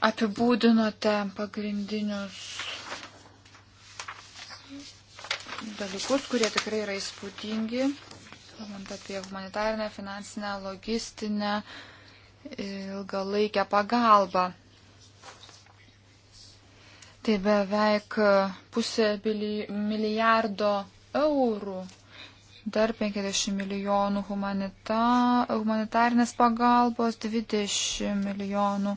[SPEAKER 3] apibūdinote pagrindinius dalykus, kurie tikrai yra įspūdingi, kalbant apie humanitarinę, finansinę, logistinę, ilgalaikę pagalbą. Tai beveik pusė milijardo eurų, dar 50 milijonų humanita, humanitarnės pagalbos, 20 milijonų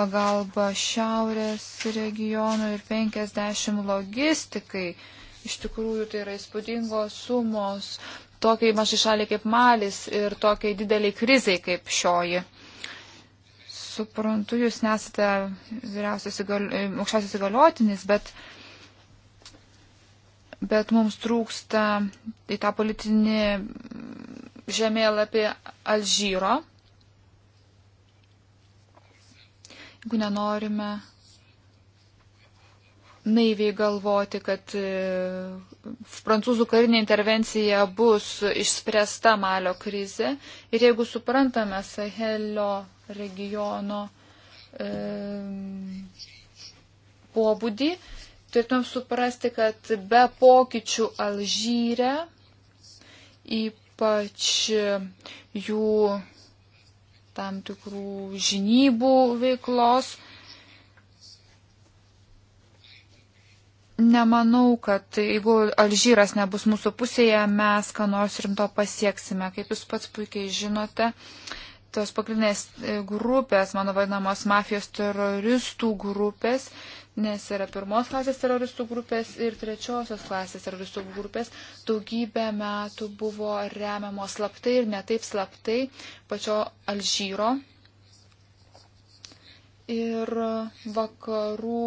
[SPEAKER 3] pagalba šiaurės regionų ir 50 logistikai Iš tikrųjų, tai yra įspūdingos sumos tokiai mažai šaliai kaip Malis ir tokiai dideliai krizai kaip šioji. Suprantu, jūs nesate aukščiausias įgaliotinis, bet, bet mums trūksta į tą politinį žemėlapį Alžyro. Jeigu nenorime naiviai galvoti, kad e, prancūzų karinė intervencija bus išspręsta malio krize. Ir jeigu suprantame Sahelio regiono e, pobūdį, turėtumėm suprasti, kad be pokyčių Alžyre, ypač jų tam tikrų žinybų veiklos, Nemanau, kad jeigu Alžyras nebus mūsų pusėje, mes ką nors rimto pasieksime. Kaip jūs pats puikiai žinote, tos pagrindinės e, grupės, mano vadinamos mafijos teroristų grupės, nes yra pirmos klasės teroristų grupės ir trečiosios klasės teroristų grupės, daugybę metų buvo remiamos slaptai ir netaip slaptai pačio Alžyro ir vakarų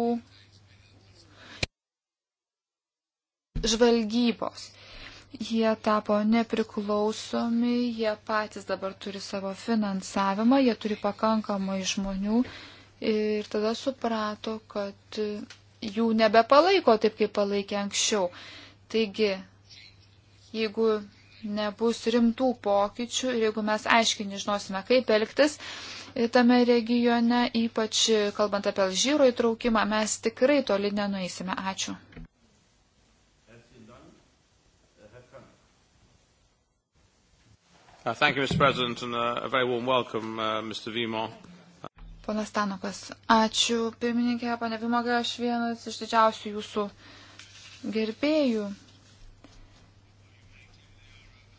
[SPEAKER 3] žvalgybos. Jie tapo nepriklausomi, jie patys dabar turi savo finansavimą, jie turi pakankamai žmonių ir tada suprato, kad jų nebepalaiko taip, kaip palaikė anksčiau. Taigi, jeigu nebus rimtų pokyčių ir jeigu mes aiškiai nežinosime, kaip elgtis tame regione, ypač kalbant apie Alžyro įtraukimą, mes tikrai toli nenueisime. Ačiū. Uh, thank you, Mr. President, and uh, a very warm welcome, uh, Mr. Vimon. Ponas Tanokas, ačiū pirmininkė, pane Vimoga, aš vienas iš didžiausių jūsų gerbėjų.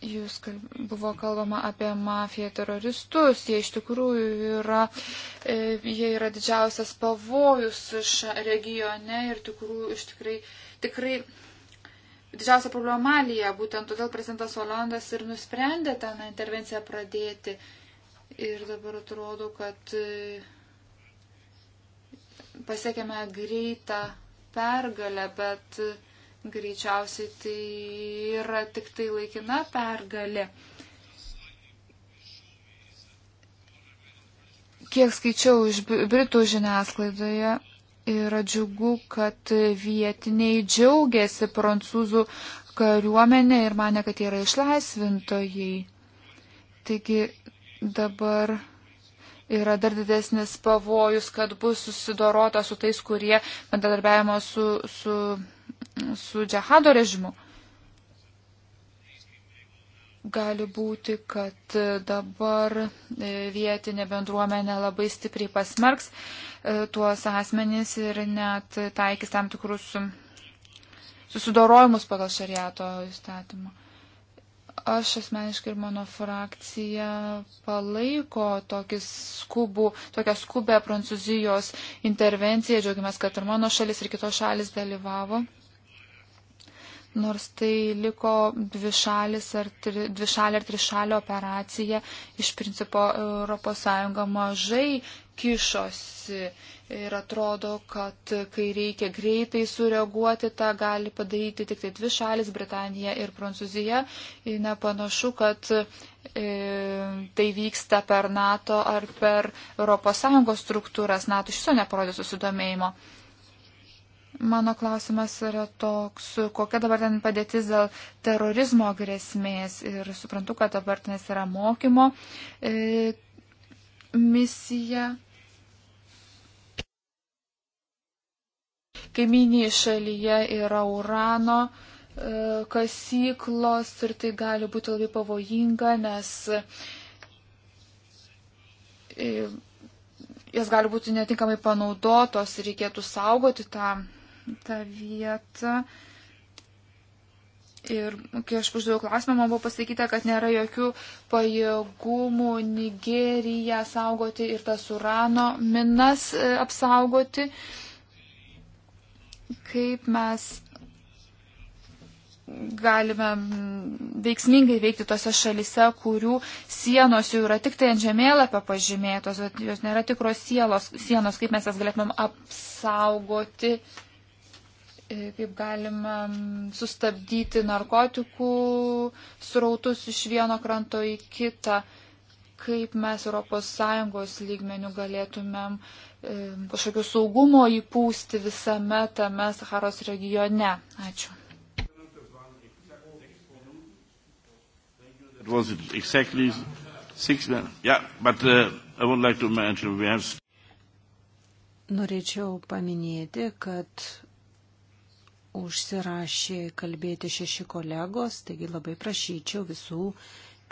[SPEAKER 3] Jūs kalb... buvo kalbama apie mafiją teroristus, jie iš tikrųjų yra, e, jie yra didžiausias pavojus regione ir tikrų, iš tikrai, tikrai didžiausia problema Malija, būtent todėl prezidentas Olandas ir nusprendė tą na, intervenciją pradėti. Ir dabar atrodo, kad e, pasiekėme greitą pergalę, bet e, greičiausiai tai yra tik tai laikina pergalė. Kiek skaičiau iš Britų žiniasklaidoje, Yra džiugu, kad vietiniai džiaugiasi prancūzų kariuomenė ir mane, kad jie yra išlaisvintojai. Taigi dabar yra dar didesnis pavojus, kad bus susidorota su tais, kurie bendradarbiavimo su, su, su džihado režimu gali būti, kad dabar e, vietinė bendruomenė labai stipriai pasmerks e, tuos asmenys ir net taikys tam tikrus susidorojimus pagal šariato įstatymą. Aš asmeniškai ir mano frakcija palaiko skubų, tokią skubę Prancūzijos intervenciją. Džiaugiamės, kad ir mano šalis, ir kitos šalis dalyvavo nors tai liko dvišalis ar tri, dvišalė ar trišalė operacija, iš principo ES mažai kišosi ir atrodo, kad kai reikia greitai sureaguoti, tą gali padaryti tik tai dvi šalis - Britanija ir Prancūzija. Ir nepanašu, kad e, tai vyksta per NATO ar per ES struktūras. NATO iš viso neparodė susidomėjimo. E, Mano klausimas yra toks, kokia dabar ten padėtis dėl terorizmo grėsmės ir suprantu, kad dabar ten yra mokymo e, misija. Kaiminiai šalyje yra urano e, kasyklos ir tai gali būti labai pavojinga, nes. E, jas gali būti netinkamai panaudotos ir reikėtų saugoti tą tą vietą. Ir kai aš uždaviau klausimą, man buvo pasakyta, kad nėra jokių pajėgumų Nigeriją saugoti ir tas urano minas e, apsaugoti. Kaip mes galime veiksmingai veikti tose šalise, kurių sienos jau yra tik tai ant žemėlapio pažymėtos, jos nėra tikros sielos, sienos, kaip mes jas galėtumėm apsaugoti E, kaip galima sustabdyti narkotikų srautus iš vieno kranto į kitą, kaip mes ES lygmenių galėtumėm e, kažkokio saugumo įpūsti visame tame Saharos regione. Ačiū.
[SPEAKER 1] It was exactly six men. Uh, yeah, but uh, I would like to mention we have.
[SPEAKER 4] Norėčiau paminėti, kad užsirašė kalbėti šeši kolegos, taigi labai prašyčiau visų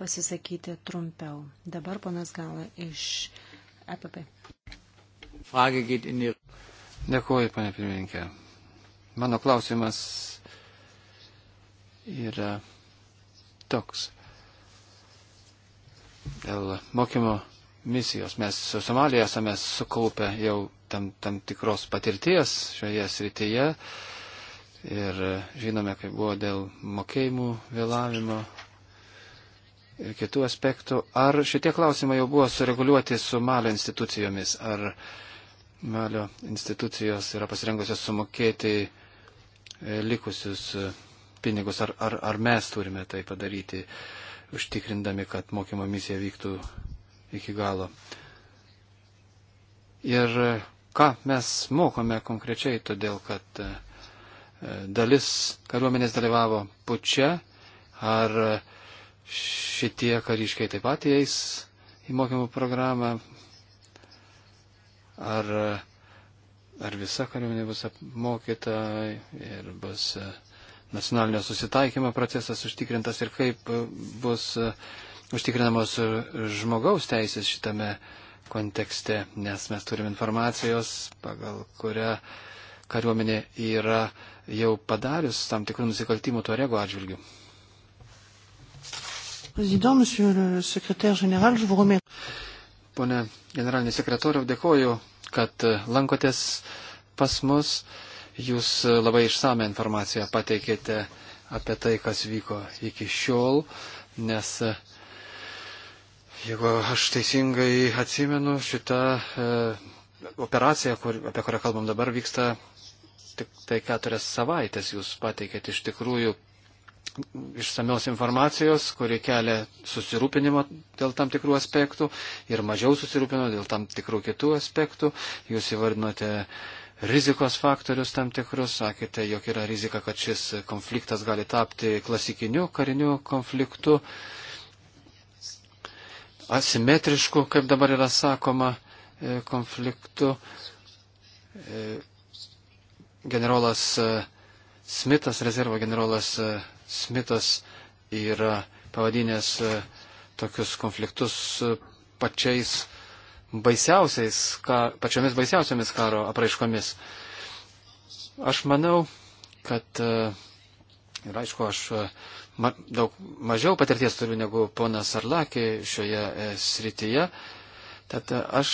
[SPEAKER 4] pasisakyti trumpiau. Dabar ponas Gala iš EPP.
[SPEAKER 2] Dėkuoju, panė pirmininkė. Mano klausimas yra toks. Dėl mokymo misijos. Mes su Somalija esame sukaupę jau tam, tam tikros patirties šioje srityje. Uh, ir e, žinome, kaip buvo dėl mokėjimų vėlavimo ir kitų aspektų. Ar šitie klausimai jau buvo sureguliuoti su Malio institucijomis? Ar Malio institucijos yra pasirengusios sumokėti e, likusius e, pinigus? Ar, ar, ar mes turime tai padaryti, užtikrindami, kad mokymo misija vyktų iki galo? Ir ką mes mokome konkrečiai, todėl kad uh, dalis kariuomenės dalyvavo pučia, ar šitie kariškiai taip pat eis į mokymų programą, ar, ar visa kariuomenė bus apmokyta ir bus e, nacionalinio susitaikymo procesas užtikrintas ir kaip bus e, užtikrinamos žmogaus teisės šitame kontekste, nes mes turim informacijos, pagal kurią uh, kariuomenė yra jau padarius tam tikrų nusikaltimų Tuarego atžvilgių. Pone generalinė sekretoriau, dėkoju, kad lankotės pas mus. Jūs labai išsame informaciją pateikėte apie tai, kas vyko iki šiol, nes jeigu aš teisingai atsimenu, šita e, operacija, kur, apie kurią kalbam dabar, vyksta tik tai keturias savaitės jūs pateikėt iš tikrųjų išsamios informacijos, kuri kelia susirūpinimo dėl tam tikrų aspektų ir mažiau susirūpino dėl tam tikrų kitų aspektų. Jūs įvardinote rizikos faktorius tam tikrus, sakėte, jog yra rizika, kad šis konfliktas gali tapti klasikiniu kariniu konfliktu, asimetrišku, kaip dabar yra sakoma, e, konfliktu e, generolas e, Smithas, rezervo generolas e, Smithas yra pavadinęs e, tokius konfliktus pačiais baisiausiais, ka, pačiomis baisiausiamis karo apraiškomis. Aš manau, kad ir aišku, aš ma, daug mažiau patirties turiu negu ponas Arlakė šioje srityje, tad aš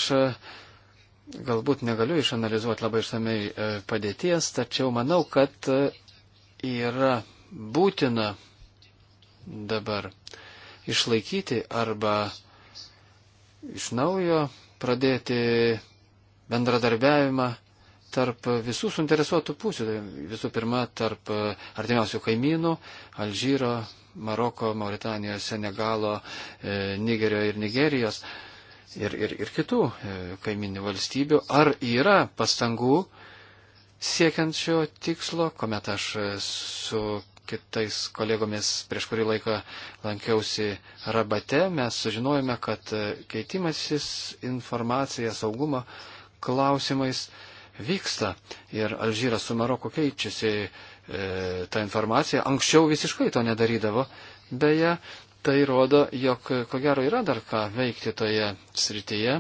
[SPEAKER 2] galbūt negaliu išanalizuoti labai išsamei e, padėties, tačiau manau, kad e, yra būtina dabar išlaikyti arba iš naujo pradėti bendradarbiavimą tarp visų suinteresuotų pusių. Tai visų pirma, tarp e, artimiausių kaimynų - Alžyro, Maroko, Mauritanijos, Senegalo, Nigerio ir Nigerijos. E, ir, ir, ir kitų e, kaiminių valstybių. Ar yra pastangų siekiant šio tikslo, kuomet aš e, su kitais kolegomis prieš kurį laiką lankiausi rabate, mes sužinojome, kad e, keitimasis informacija saugumo klausimais vyksta ir Alžyras su Maroku keičiasi e, tą informaciją. Anksčiau visiškai to nedarydavo, beje, tai rodo, jog ko gero yra dar ką veikti toje srityje.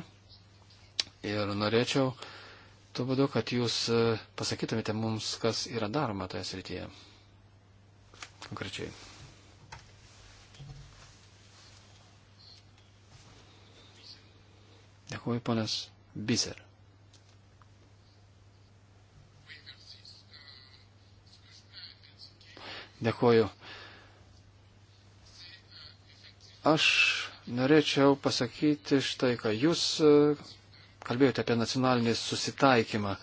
[SPEAKER 2] Ir norėčiau tuo būdu, kad jūs e, pasakytumėte mums, kas yra daroma toje srityje. Konkrečiai. Dėkuoju, ponas Biser. Dėkuoju Aš norėčiau pasakyti štai, ką jūs e, kalbėjote apie nacionalinį susitaikymą.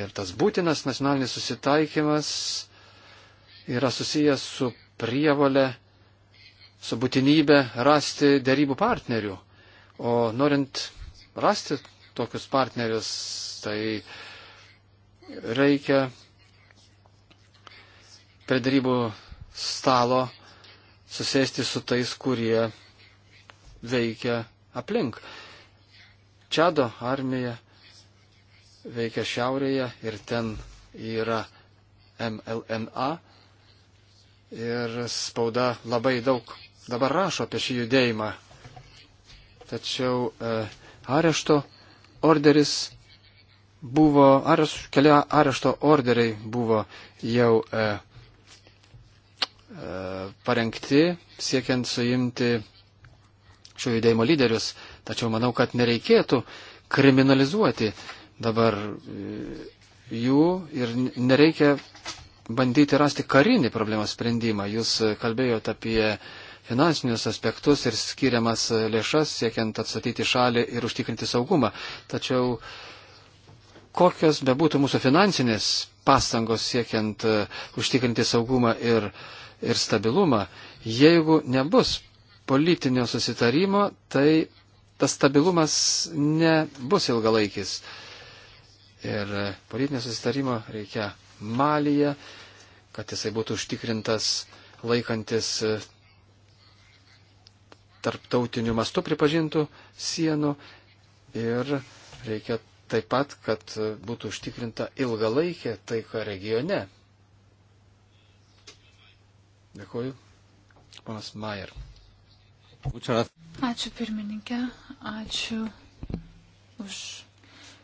[SPEAKER 2] Ir tas būtinas nacionalinis susitaikymas yra susijęs su prievalė, su būtinybė rasti dėrybų partnerių. O norint rasti tokius partnerius, tai reikia prie dėrybų stalo susėsti su tais, kurie veikia aplink. Čado armija veikia šiaurėje ir ten yra MLNA. Ir spauda labai daug dabar rašo apie šį judėjimą. Tačiau e, arešto orderis buvo, areš, keli arešto orderiai buvo jau e, parengti siekiant suimti šio judėjimo lyderius. Tačiau manau, kad nereikėtų kriminalizuoti dabar e, jų ir nereikia bandyti rasti karinį problemos sprendimą. Jūs kalbėjote apie finansinius aspektus ir skiriamas lėšas siekiant atstatyti šalį ir užtikrinti saugumą. Tačiau kokios bebūtų mūsų finansinės pastangos siekiant e, užtikrinti saugumą ir uh, ir stabilumą. Jeigu nebus politinio susitarimo, tai tas stabilumas nebus ilgalaikis. Ir politinio susitarimo reikia Malyje, kad jisai būtų užtikrintas laikantis e, tarptautiniu mastu pripažintų sienų ir reikia taip pat, kad e, būtų užtikrinta ilgalaikė taika regione. Dėkuoju. Panas Mayer. Ačiū
[SPEAKER 3] pirmininkė, ačiū už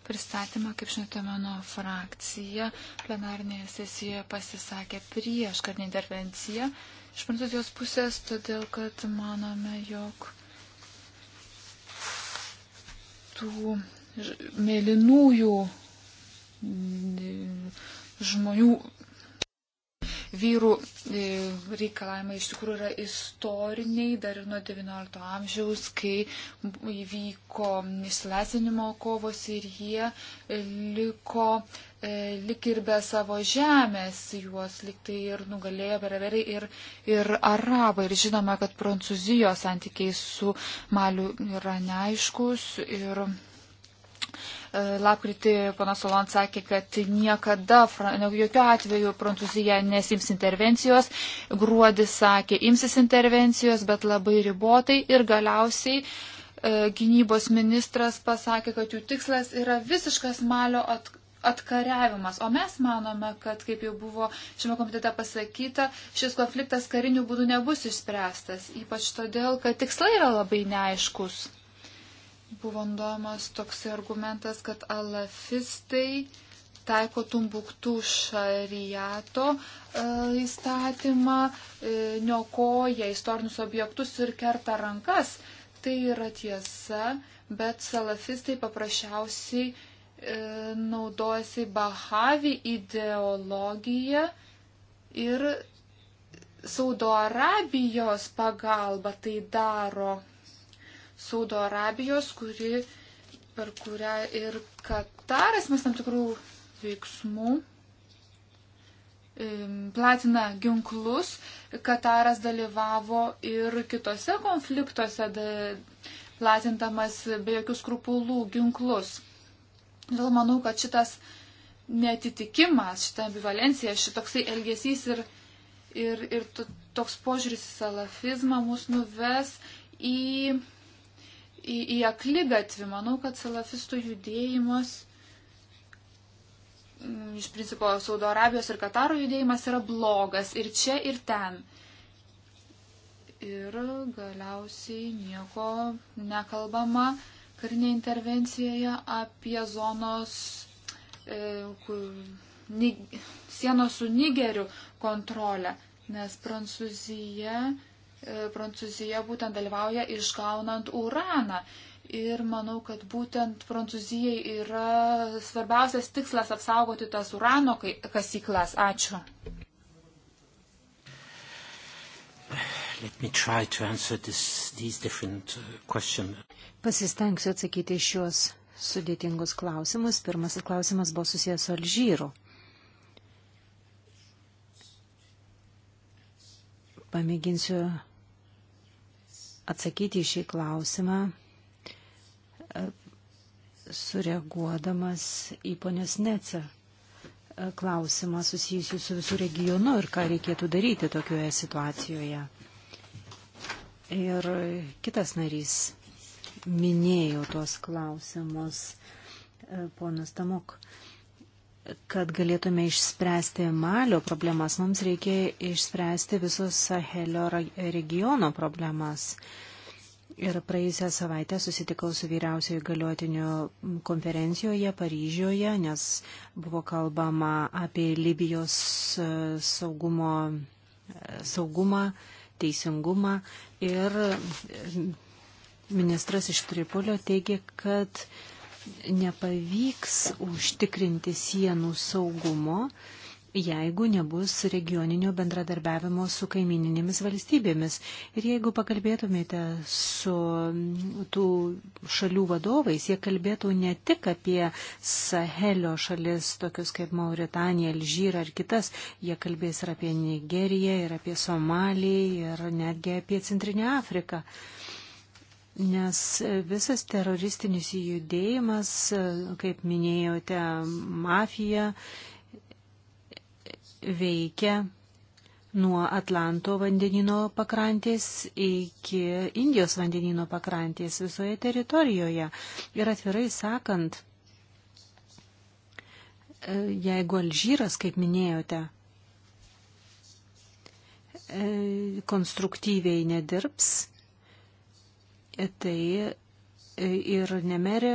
[SPEAKER 3] pristatymą, kaip žinote, mano frakcija plenarnėje sesijoje pasisakė prieš karinę intervenciją iš prancūzijos pusės, todėl kad manome, jog tų mėlynųjų žmonių vyrų e, reikalavimai iš tikrųjų yra istoriniai, dar ir nuo XIX amžiaus, kai įvyko išsilaisvinimo kovos ir jie liko e, lik ir be savo žemės, juos liktai ir nugalėjo beraveriai ir, ir arabai. Ir žinoma, kad Prancūzijos santykiai su Maliu yra neaiškus. Ir Lapkritį panas Solon sakė, kad niekada, jokių atveju Prancūzija nesims intervencijos. Gruodis sakė, imsis intervencijos, bet labai ribotai. Ir galiausiai e, gynybos ministras pasakė, kad jų tikslas yra visiškas malio atkartojimas atkariavimas. O mes manome, kad, kaip jau buvo šiame komitete pasakyta, šis konfliktas kariniu būdu nebus išspręstas, ypač todėl, kad tikslai yra labai neaiškus buvo naudojamas toks argumentas, kad alafistai taiko tumbuktų šariato e, įstatymą, e, niokoja istorinius objektus ir kerta rankas. Tai yra tiesa, bet salafistai paprasčiausiai e, naudojasi Bahavi ideologiją ir Saudo Arabijos pagalba tai daro. Saudo Arabijos, kuri, per kurią ir Kataras mes tam tikrų veiksmų platina ginklus. Kataras dalyvavo ir kitose konfliktuose, da, platintamas be jokių skrupulų ginklus. Todėl manau, kad šitas netitikimas, šita ambivalencija, šitoksai elgesys ir, ir, ir toks požiūris į salafizmą mus nuves į į, į akligatvį. Manau, kad salafistų judėjimas, mm, iš principo, Saudo Arabijos ir Kataro judėjimas yra blogas ir čia, ir ten. Ir galiausiai nieko nekalbama karinėje intervencijoje apie zonos e, kur, ni, sienos su Nigeriu kontrolę, nes Prancūzija e, E, Prancūzija būtent dalyvauja išgaunant uraną. Ir manau, kad būtent Prancūzijai yra svarbiausias tikslas apsaugoti tas urano kasyklas. Ačiū.
[SPEAKER 2] This, uh,
[SPEAKER 3] Pasistengsiu
[SPEAKER 4] atsakyti šiuos sudėtingus klausimus. Pirmasis klausimas buvo susijęs su Alžyru. Pamėginsiu atsakyti į šį klausimą, e, sureaguodamas į ponios Nece e, klausimą susijusiu su visų regionu ir ką reikėtų daryti tokioje situacijoje. Ir kitas narys minėjo tuos klausimus, e, ponas Tamok kad galėtume išspręsti Malio problemas, mums reikia išspręsti visus Sahelio regiono problemas. Ir praėjusią savaitę susitikau su vyriausiojo įgaliotiniu konferencijoje Paryžioje, nes buvo kalbama apie Libijos e, saugumo, e, saugumą, teisingumą. Ir e, ministras iš Tripolio teigia, kad uh, nepavyks užtikrinti sienų saugumo, jeigu nebus regioninio bendradarbiavimo su kaimininėmis valstybėmis. Ir jeigu pakalbėtumėte su tų šalių vadovais, jie kalbėtų ne tik apie Sahelio šalis, tokius kaip Mauritanija, Alžyra ar kitas, jie kalbės ir apie Nigeriją, ir apie Somaliją, ir netgi apie Centrinę Afriką. Uh, Nes visas teroristinis judėjimas, kaip minėjote, mafija veikia nuo Atlanto vandenino pakrantės iki Indijos vandenino pakrantės visoje teritorijoje. Ir atvirai sakant, jeigu Alžyras, kaip minėjote, konstruktyviai nedirbs, tai e, ir nemerė,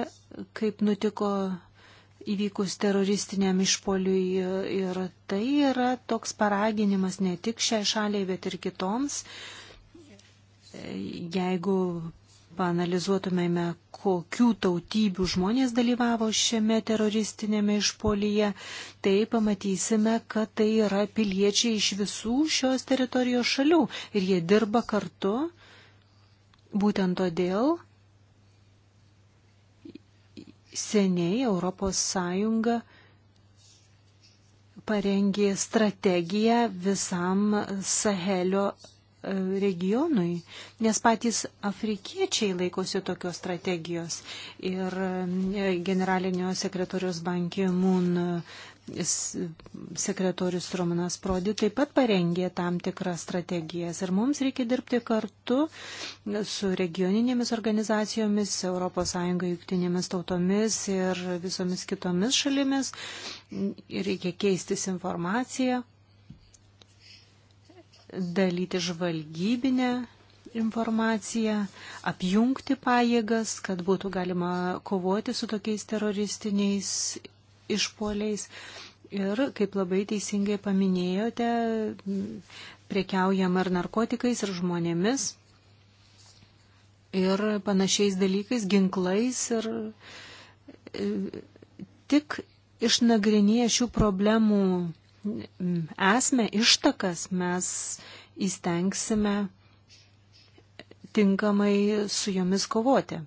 [SPEAKER 4] kaip nutiko įvykus teroristiniam išpoliui. Ir tai yra toks paraginimas ne tik šiai šaliai, bet ir kitoms. E, jeigu paanalizuotumėme, kokių tautybių žmonės dalyvavo šiame teroristinėme išpolyje, tai pamatysime, kad tai yra piliečiai iš visų šios teritorijos šalių ir jie dirba kartu Būtent todėl seniai Europos Sąjunga parengė strategiją visam Sahelio e, regionui, nes patys afrikiečiai laikosi tokios strategijos. Ir e, generalinio sekretorijos bankė Mun sekretorius Romanas Prodi taip pat parengė tam tikras strategijas ir mums reikia dirbti kartu su regioninėmis organizacijomis, ES, jungtinėmis tautomis ir visomis kitomis šalimis. Reikia keistis informaciją, dalyti žvalgybinę informaciją, apjungti pajėgas, kad būtų galima kovoti su tokiais teroristiniais išpoliais. Ir, kaip labai teisingai paminėjote, prekiaujama ir narkotikais, ir žmonėmis, ir panašiais dalykais, ginklais. Ir e, tik išnagrinėję šių problemų esmę, ištakas, mes įstengsime tinkamai su jomis kovoti.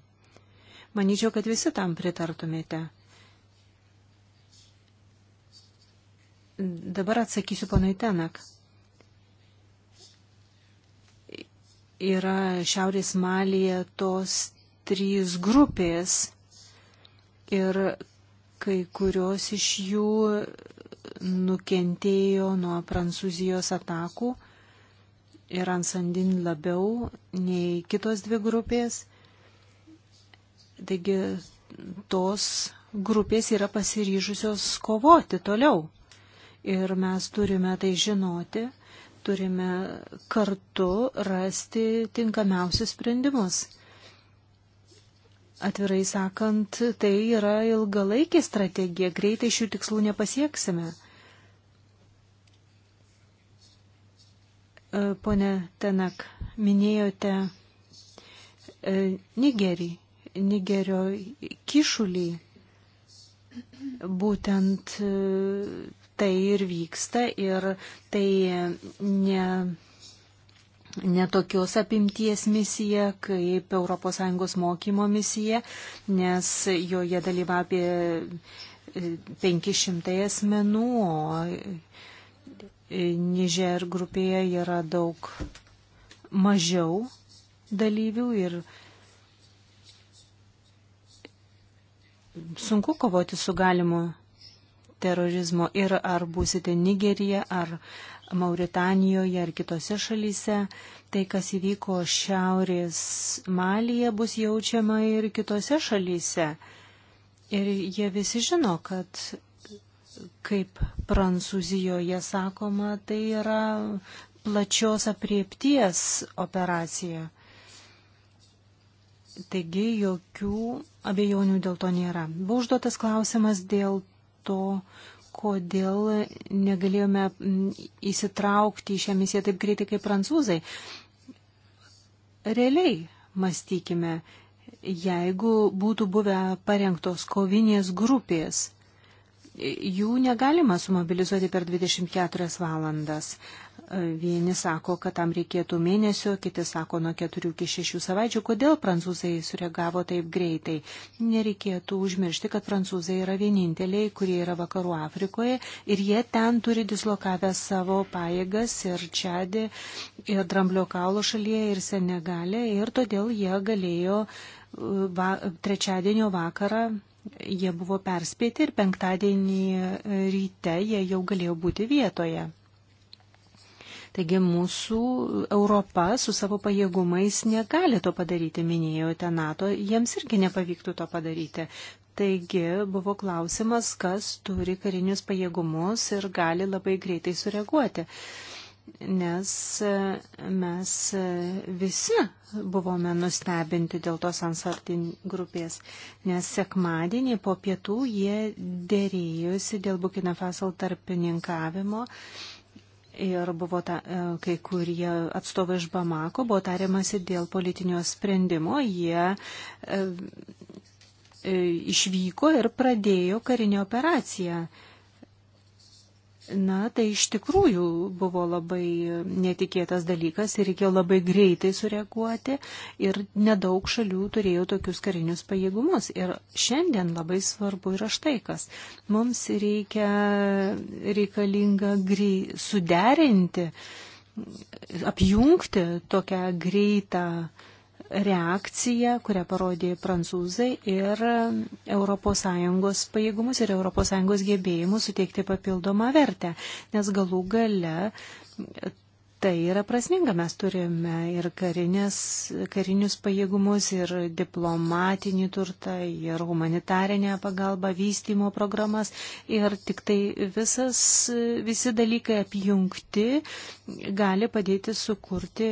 [SPEAKER 4] Manyčiau, kad visi tam pritartumėte. Dabar atsakysiu panai Tenak. Yra Šiaurės Malija tos trys grupės ir kai kurios iš jų nukentėjo nuo Prancūzijos atakų ir ansandin labiau nei kitos dvi grupės. Taigi tos grupės yra pasiryžusios kovoti toliau ir mes turime tai žinoti, turime kartu rasti tinkamiausius sprendimus. Atvirai sakant, tai yra ilgalaikė strategija, greitai šių tikslų nepasieksime. E, pone Tenak, minėjote e, Nigerį, Nigerio kišulį. Būtent e, tai ir vyksta ir tai ne, ne tokios apimties misija kaip ES mokymo misija, nes joje dalyva apie 500 asmenų, o e, Niger grupėje yra daug mažiau dalyvių ir sunku kovoti su galimu terorizmo ir ar būsite Nigerija, ar Mauritanijoje, ar kitose šalyse, tai kas įvyko šiaurės Malyje bus jaučiama ir kitose šalyse. Ir jie visi žino, kad kaip Prancūzijoje sakoma, tai yra plačios apriepties operacija. Taigi jokių abejonių dėl to nėra. Buvo užduotas klausimas dėl to, kodėl negalėjome įsitraukti į šią misiją taip greitai kaip prancūzai. Realiai mąstykime, jeigu būtų buvę parengtos kovinės grupės, jų negalima sumobilizuoti per 24 valandas. Vieni sako, kad tam reikėtų mėnesio, kiti sako nuo keturių iki šešių savaičių. Kodėl prancūzai sureagavo taip greitai? Nereikėtų užmiršti, kad prancūzai yra vieninteliai, kurie yra vakarų Afrikoje ir jie ten turi dislokavę savo pajėgas ir Čadį, ir Dramblio kaulo šalyje, ir Senegalė ir todėl jie galėjo uh, va, trečiadienio vakarą jie buvo perspėti ir penktadienį uh, ryte jie jau galėjo būti vietoje. Taigi mūsų Europa su savo pajėgumais negali to padaryti, minėjote NATO, jiems irgi nepavyktų to padaryti. Taigi buvo klausimas, kas turi karinius pajėgumus ir gali labai greitai sureaguoti nes e, mes e, visi buvome nustebinti dėl tos ansartin grupės, nes sekmadienį po pietų jie dėrėjusi dėl Bukina Fasal tarpininkavimo ir buvo ta, e, kai kurie atstovai iš Bamako, buvo tariamasi dėl politinio sprendimo, jie e, e, išvyko ir pradėjo karinę operaciją. Na, tai iš tikrųjų buvo labai netikėtas dalykas ir reikėjo labai greitai sureaguoti ir nedaug šalių turėjo tokius karinius pajėgumus. Ir šiandien labai svarbu yra štai kas. Mums reikia reikalinga grei, suderinti, apjungti tokią greitą uh, reakcija, kurią parodė prancūzai ir ES pajėgumus ir ES gebėjimus suteikti papildomą vertę, nes galų gale tai yra prasminga. Mes turime ir karinės, karinius pajėgumus, ir diplomatinį turtą, ir humanitarinę pagalbą, vystymo programas. Ir tik tai visas, visi dalykai apjungti gali padėti sukurti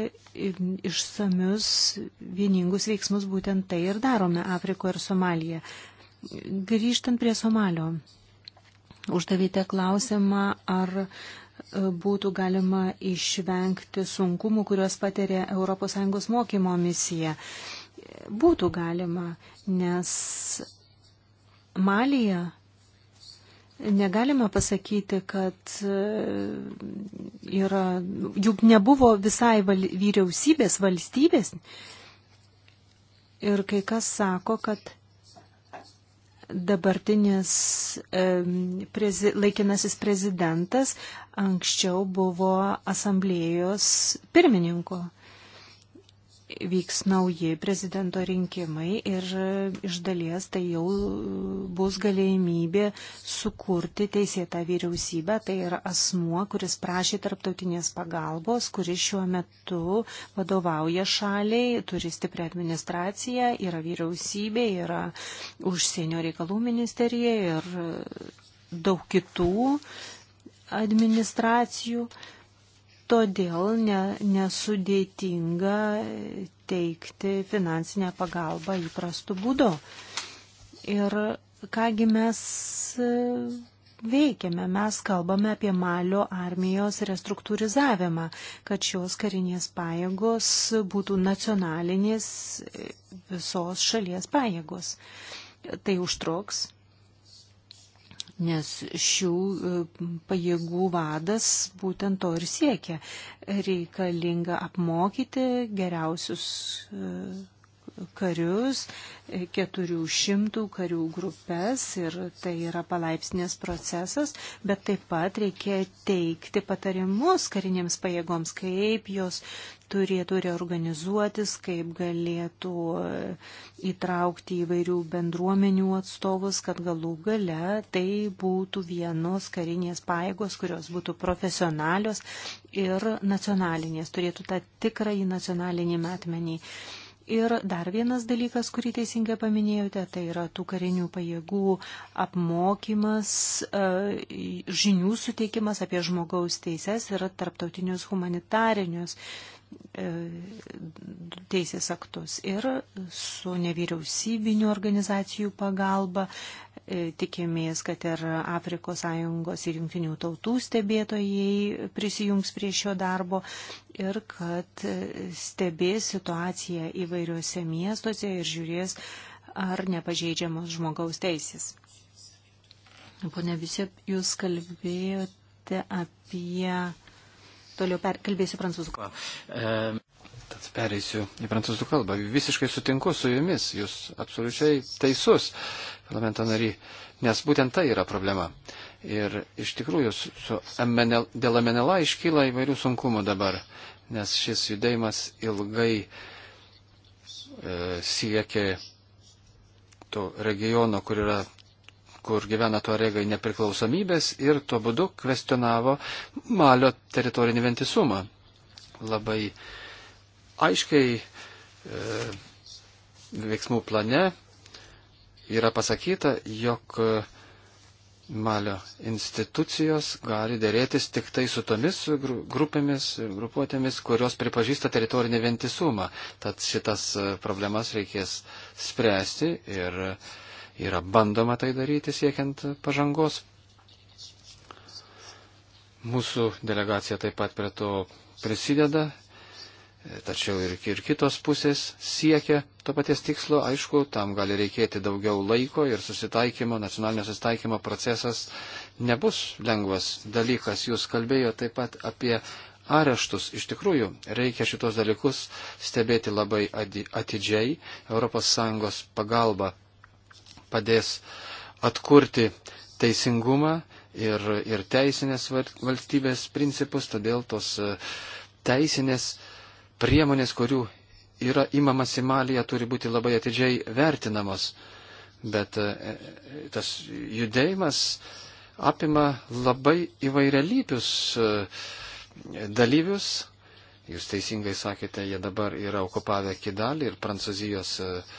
[SPEAKER 4] išsamius vieningus veiksmus. Būtent tai ir darome Afrikoje ir Somalijoje. Grįžtant prie Somalio. Uždavėte klausimą, ar būtų galima išvengti sunkumų, kuriuos patiria ES mokymo misija. Būtų galima, nes Malija negalima pasakyti, kad e, yra, juk nebuvo visai val, vyriausybės, valstybės. Ir kai kas sako, kad dabartinis prezi, laikinasis prezidentas anksčiau buvo asamblėjos pirmininko vyks nauji prezidento rinkimai ir iš dalies tai jau bus galimybė sukurti teisėtą vyriausybę. Tai yra asmuo, kuris prašė tarptautinės pagalbos, kuris šiuo metu vadovauja šaliai, turi stiprią administraciją, yra vyriausybė, yra užsienio reikalų ministerija ir daug kitų administracijų. Uh, todėl ne, nesudėtinga teikti finansinę pagalbą įprastų būdų. Ir kągi mes veikiame, mes kalbame apie Malio armijos restruktūrizavimą, kad šios karinės pajėgos būtų nacionalinės visos šalies pajėgos. Tai užtruks, nes šių e, pajėgų vadas būtent to ir siekia. Reikalinga apmokyti geriausius e, karius, 400 karių grupės ir tai yra palaipsnės procesas, bet taip pat reikia teikti patarimus karinėms pajėgoms, kaip jos turėtų reorganizuotis, kaip galėtų įtraukti įvairių bendruomenių atstovus, kad galų gale tai būtų vienos karinės pajėgos, kurios būtų profesionalios ir nacionalinės, turėtų tą tikrąjį nacionalinį metmenį. Ir dar vienas dalykas, kurį teisingai paminėjote, tai yra tų karinių pajėgų apmokymas, e, žinių suteikimas apie žmogaus teises ir tarptautinius humanitarinius E, teisės aktus ir su nevyriausybinių organizacijų pagalba e, tikėmės, kad ir Afrikos Sąjungos ir Junktinių tautų stebėtojai prisijungs prie šio darbo ir kad e, stebės situaciją įvairiuose miestuose ir žiūrės, ar nepažeidžiamos žmogaus teisės. Pone visi, jūs kalbėjote apie Toliau per, kalbėsiu prancūzų
[SPEAKER 2] kalbą. Ehm, tad pereisiu į prancūzų kalbą. Visiškai sutinku su jumis, jūs absoliučiai teisus, parlamento nary, nes būtent tai yra problema. Ir iš tikrųjų su, su MNL, dėl MNLA iškyla įvairių sunkumų dabar, nes šis judėjimas ilgai e, siekė to regiono, kur yra kur gyvena tuaregai nepriklausomybės ir tuo būdu kvestionavo Malio teritorinį ventisumą. Labai aiškiai e, veiksmų plane yra pasakyta, jog e, Malio institucijos gali dėrėtis tik tai su tomis grupėmis, grupuotėmis, kurios pripažįsta teritorinį ventisumą. Tad šitas e, problemas reikės spręsti ir uh, Yra bandoma tai daryti siekiant pažangos. Mūsų delegacija taip pat prie to prisideda, tačiau ir, ir kitos pusės siekia to paties tikslo. Aišku, tam gali reikėti daugiau laiko ir susitaikymo, nacionalinio susitaikymo procesas nebus lengvas dalykas. Jūs kalbėjote taip pat apie areštus. Iš tikrųjų, reikia šitos dalykus stebėti labai atidžiai. ES pagalba padės atkurti teisingumą ir, ir teisinės valstybės principus, todėl tos e, teisinės priemonės, kurių yra įmamas į Maliją, turi būti labai atidžiai vertinamos. Bet e, e, tas judėjimas apima labai įvairialypius dalyvius. Jūs teisingai sakėte, jie dabar yra okupavę Kidalį ir Prancūzijos uh,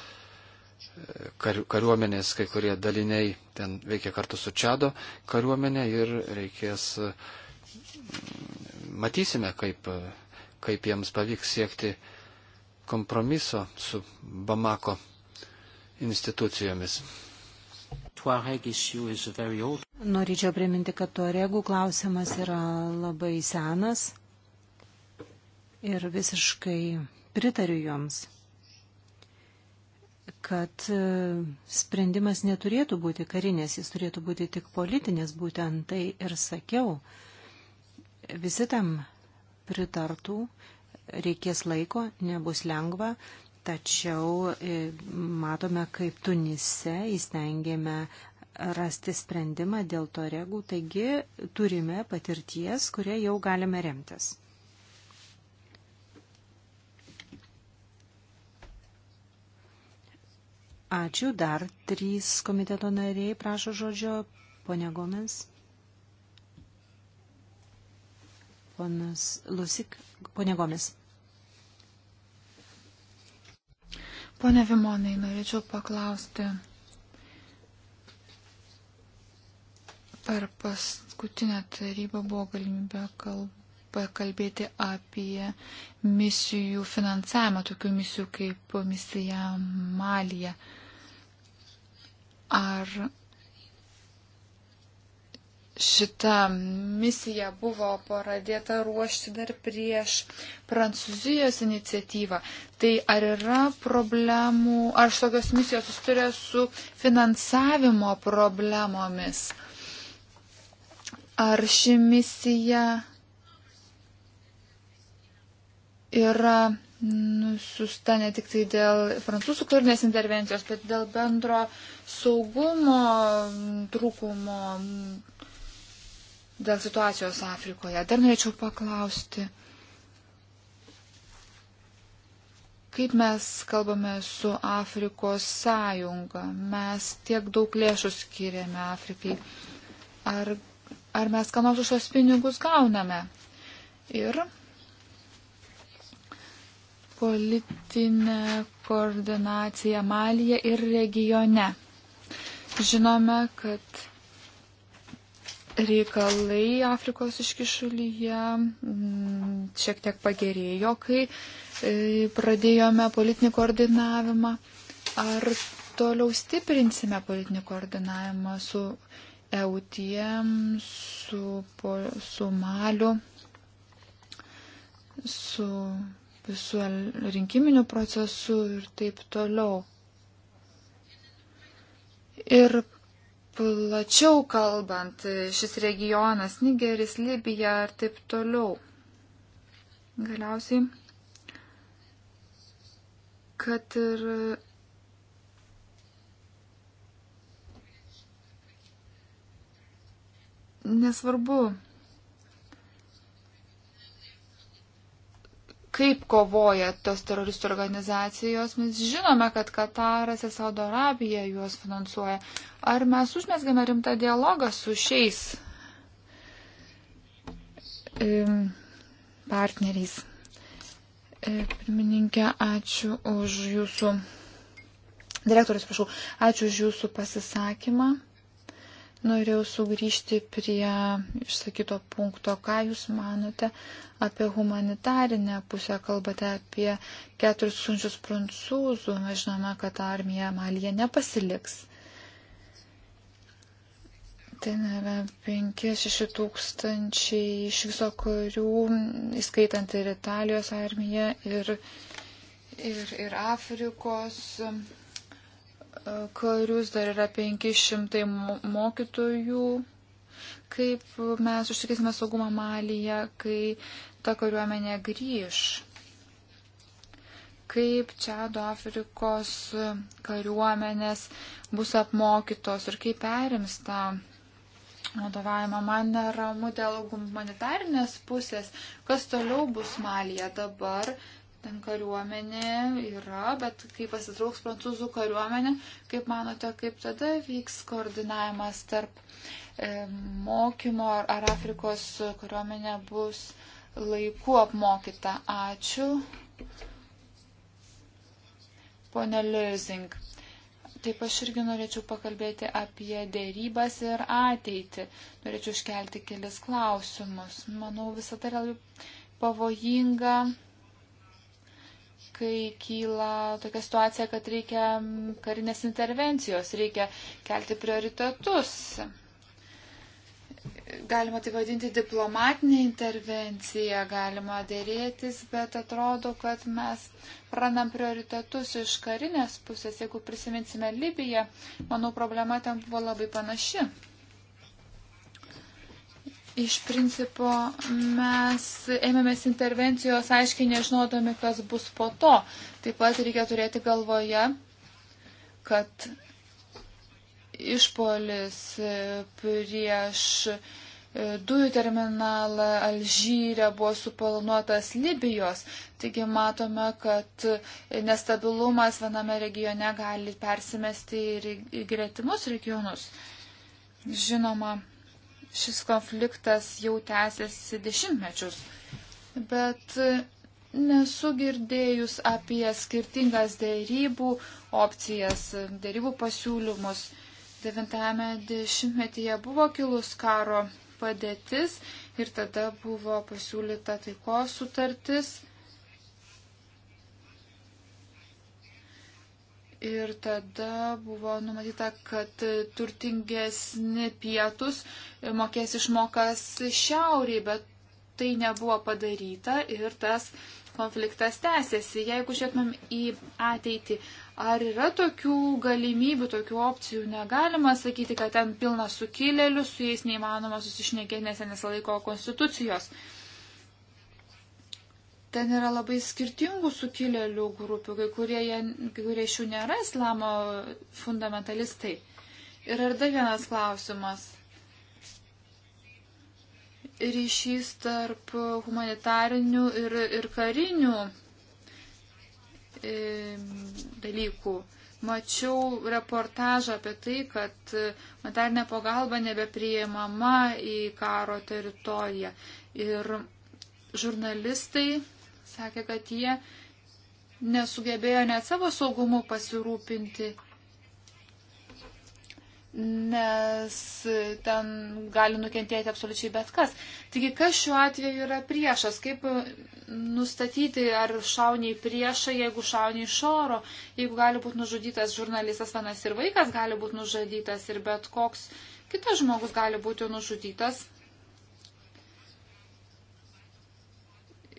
[SPEAKER 2] kariuomenės, kai kurie daliniai ten veikia kartu su Čado kariuomenė ir reikės, mm, matysime, kaip, kaip jiems pavyks siekti kompromiso su Bamako institucijomis.
[SPEAKER 4] Norėčiau priminti, kad tuaregų klausimas yra labai senas ir visiškai pritariu joms kad e, sprendimas neturėtų būti karinės, jis turėtų būti tik politinės, būtent tai ir sakiau. Visi tam pritartų, reikės laiko, nebus lengva, tačiau e, matome, kaip Tunise įstengėme rasti sprendimą dėl to regų, taigi turime patirties, kurie jau galime remtis. Ačiū. Dar trys komiteto nariai prašo žodžio. Pone Gomes. Ponas Lusik. Pone Gomes.
[SPEAKER 3] Pone Vimonai, norėčiau paklausti. Per paskutinę tarybą buvo galimybė kalbėti pakalbėti apie misijų finansavimą, tokių misijų kaip misija Malija. Ar šita misija buvo pradėta ruošti dar prieš Prancūzijos iniciatyvą. Tai ar yra problemų, ar tokios misijos susiturė su finansavimo problemomis? Ar ši misija yra nusiusta ne tik tai dėl prancūzų karinės intervencijos, bet dėl bendro saugumo trūkumo, dėl situacijos Afrikoje. Dar norėčiau paklausti, kaip mes kalbame su Afrikos sąjunga, mes tiek daug lėšų skiriame Afrikai. Ar, ar mes ką nors už šios pinigus gauname? Ir politinę koordinaciją Malyje ir regione. Žinome, kad reikalai Afrikos iškišulyje mm, šiek tiek pagerėjo, kai e, pradėjome politinį koordinavimą. Ar toliau stiprinsime politinį koordinavimą su EUTM, su, su Maliu, su su rinkiminiu procesu ir taip toliau. Ir plačiau kalbant, šis regionas Nigeris, Libija ir taip toliau. Galiausiai, kad ir nesvarbu, kaip kovoja tos teroristų organizacijos. Mes žinome, kad Kataras ir Saudo Arabija juos finansuoja. Ar mes užmesgame rimtą dialogą su šiais partneriais? E, pirmininkė, ačiū už jūsų. Direktorius, prašau, ačiū už jūsų pasisakymą. Norėjau sugrįžti prie išsakyto punkto, ką Jūs manote apie humanitarinę pusę, kalbate apie 4000 prancūzų, mes žinome, kad armija Malija nepasiliks. Tai yra 5-6 tūkstančiai iš viso karių, įskaitant ir Italijos armiją, ir, ir, ir Afrikos. Um, karius, dar yra 500 mokytojų. Kaip mes užtikėsime saugumą Malyje, kai ta kariuomenė grįž? Kaip Čado Afrikos kariuomenės bus apmokytos ir kaip perims tą vadovavimą. Man neramu dėl humanitarnės pusės, kas toliau bus Malija dabar ten kariuomenė yra, bet kai pasitrauks prancūzų kariuomenė, kaip manote, kaip tada vyks koordinavimas tarp e, mokymo ar Afrikos kariuomenė bus laiku apmokyta? Ačiū. Pone Liuzing. Taip aš irgi norėčiau pakalbėti apie dėrybas ir ateitį. Norėčiau iškelti kelis klausimus. Manau, visada yra pavojinga kai kyla tokia situacija, kad reikia karinės intervencijos, reikia kelti prioritetus. Galima tai vadinti diplomatinė intervencija, galima dėrėtis, bet atrodo, kad mes pranam prioritetus iš karinės pusės. Jeigu prisiminsime Libiją, manau, problema ten buvo labai panaši. Iš principo mes ėmėmės intervencijos, aiškiai nežinodami, kas bus po to. Taip pat reikia turėti galvoje, kad išpolis prieš e, dujų terminalą Alžyre buvo suplanuotas Libijos. Taigi matome, kad nestabilumas viename regione gali persimesti ir į gretimus regionus. Žinoma, šis konfliktas jau tęsiasi dešimtmečius, bet nesu girdėjus apie skirtingas dėrybų opcijas, dėrybų pasiūlymus. Devintame dešimtmetyje buvo kilus karo padėtis ir tada buvo pasiūlyta taikos sutartis. Ir tada buvo numatyta, kad turtingesni pietus mokės išmokas šiauriai, bet tai nebuvo padaryta ir tas konfliktas tęsiasi. Jeigu žiūrėtumėm į ateitį, ar yra tokių galimybių, tokių opcijų, negalima sakyti, kad ten pilna sukilėlių, su jais neįmanoma susišnekėti, nes jie nesilaiko konstitucijos. Uh, ten yra labai skirtingų sukilėlių grupių, kai kurie, jie, kai kurie iš jų nėra islamo fundamentalistai. Ir dar vienas klausimas. Ryšys tarp humanitarinių ir, ir karinių e, dalykų. Mačiau reportažą apie tai, kad humanitarinė pagalba nebepriimama į karo teritoriją. Ir žurnalistai sakė, kad jie nesugebėjo net savo saugumu pasirūpinti, nes ten gali nukentėti absoliučiai bet kas. Taigi, kas šiuo atveju yra priešas? Kaip nustatyti, ar šauniai priešą, jeigu šauniai iš oro, jeigu gali būti nužudytas žurnalistas vienas ir vaikas, gali būti nužudytas ir bet koks kitas žmogus gali būti nužudytas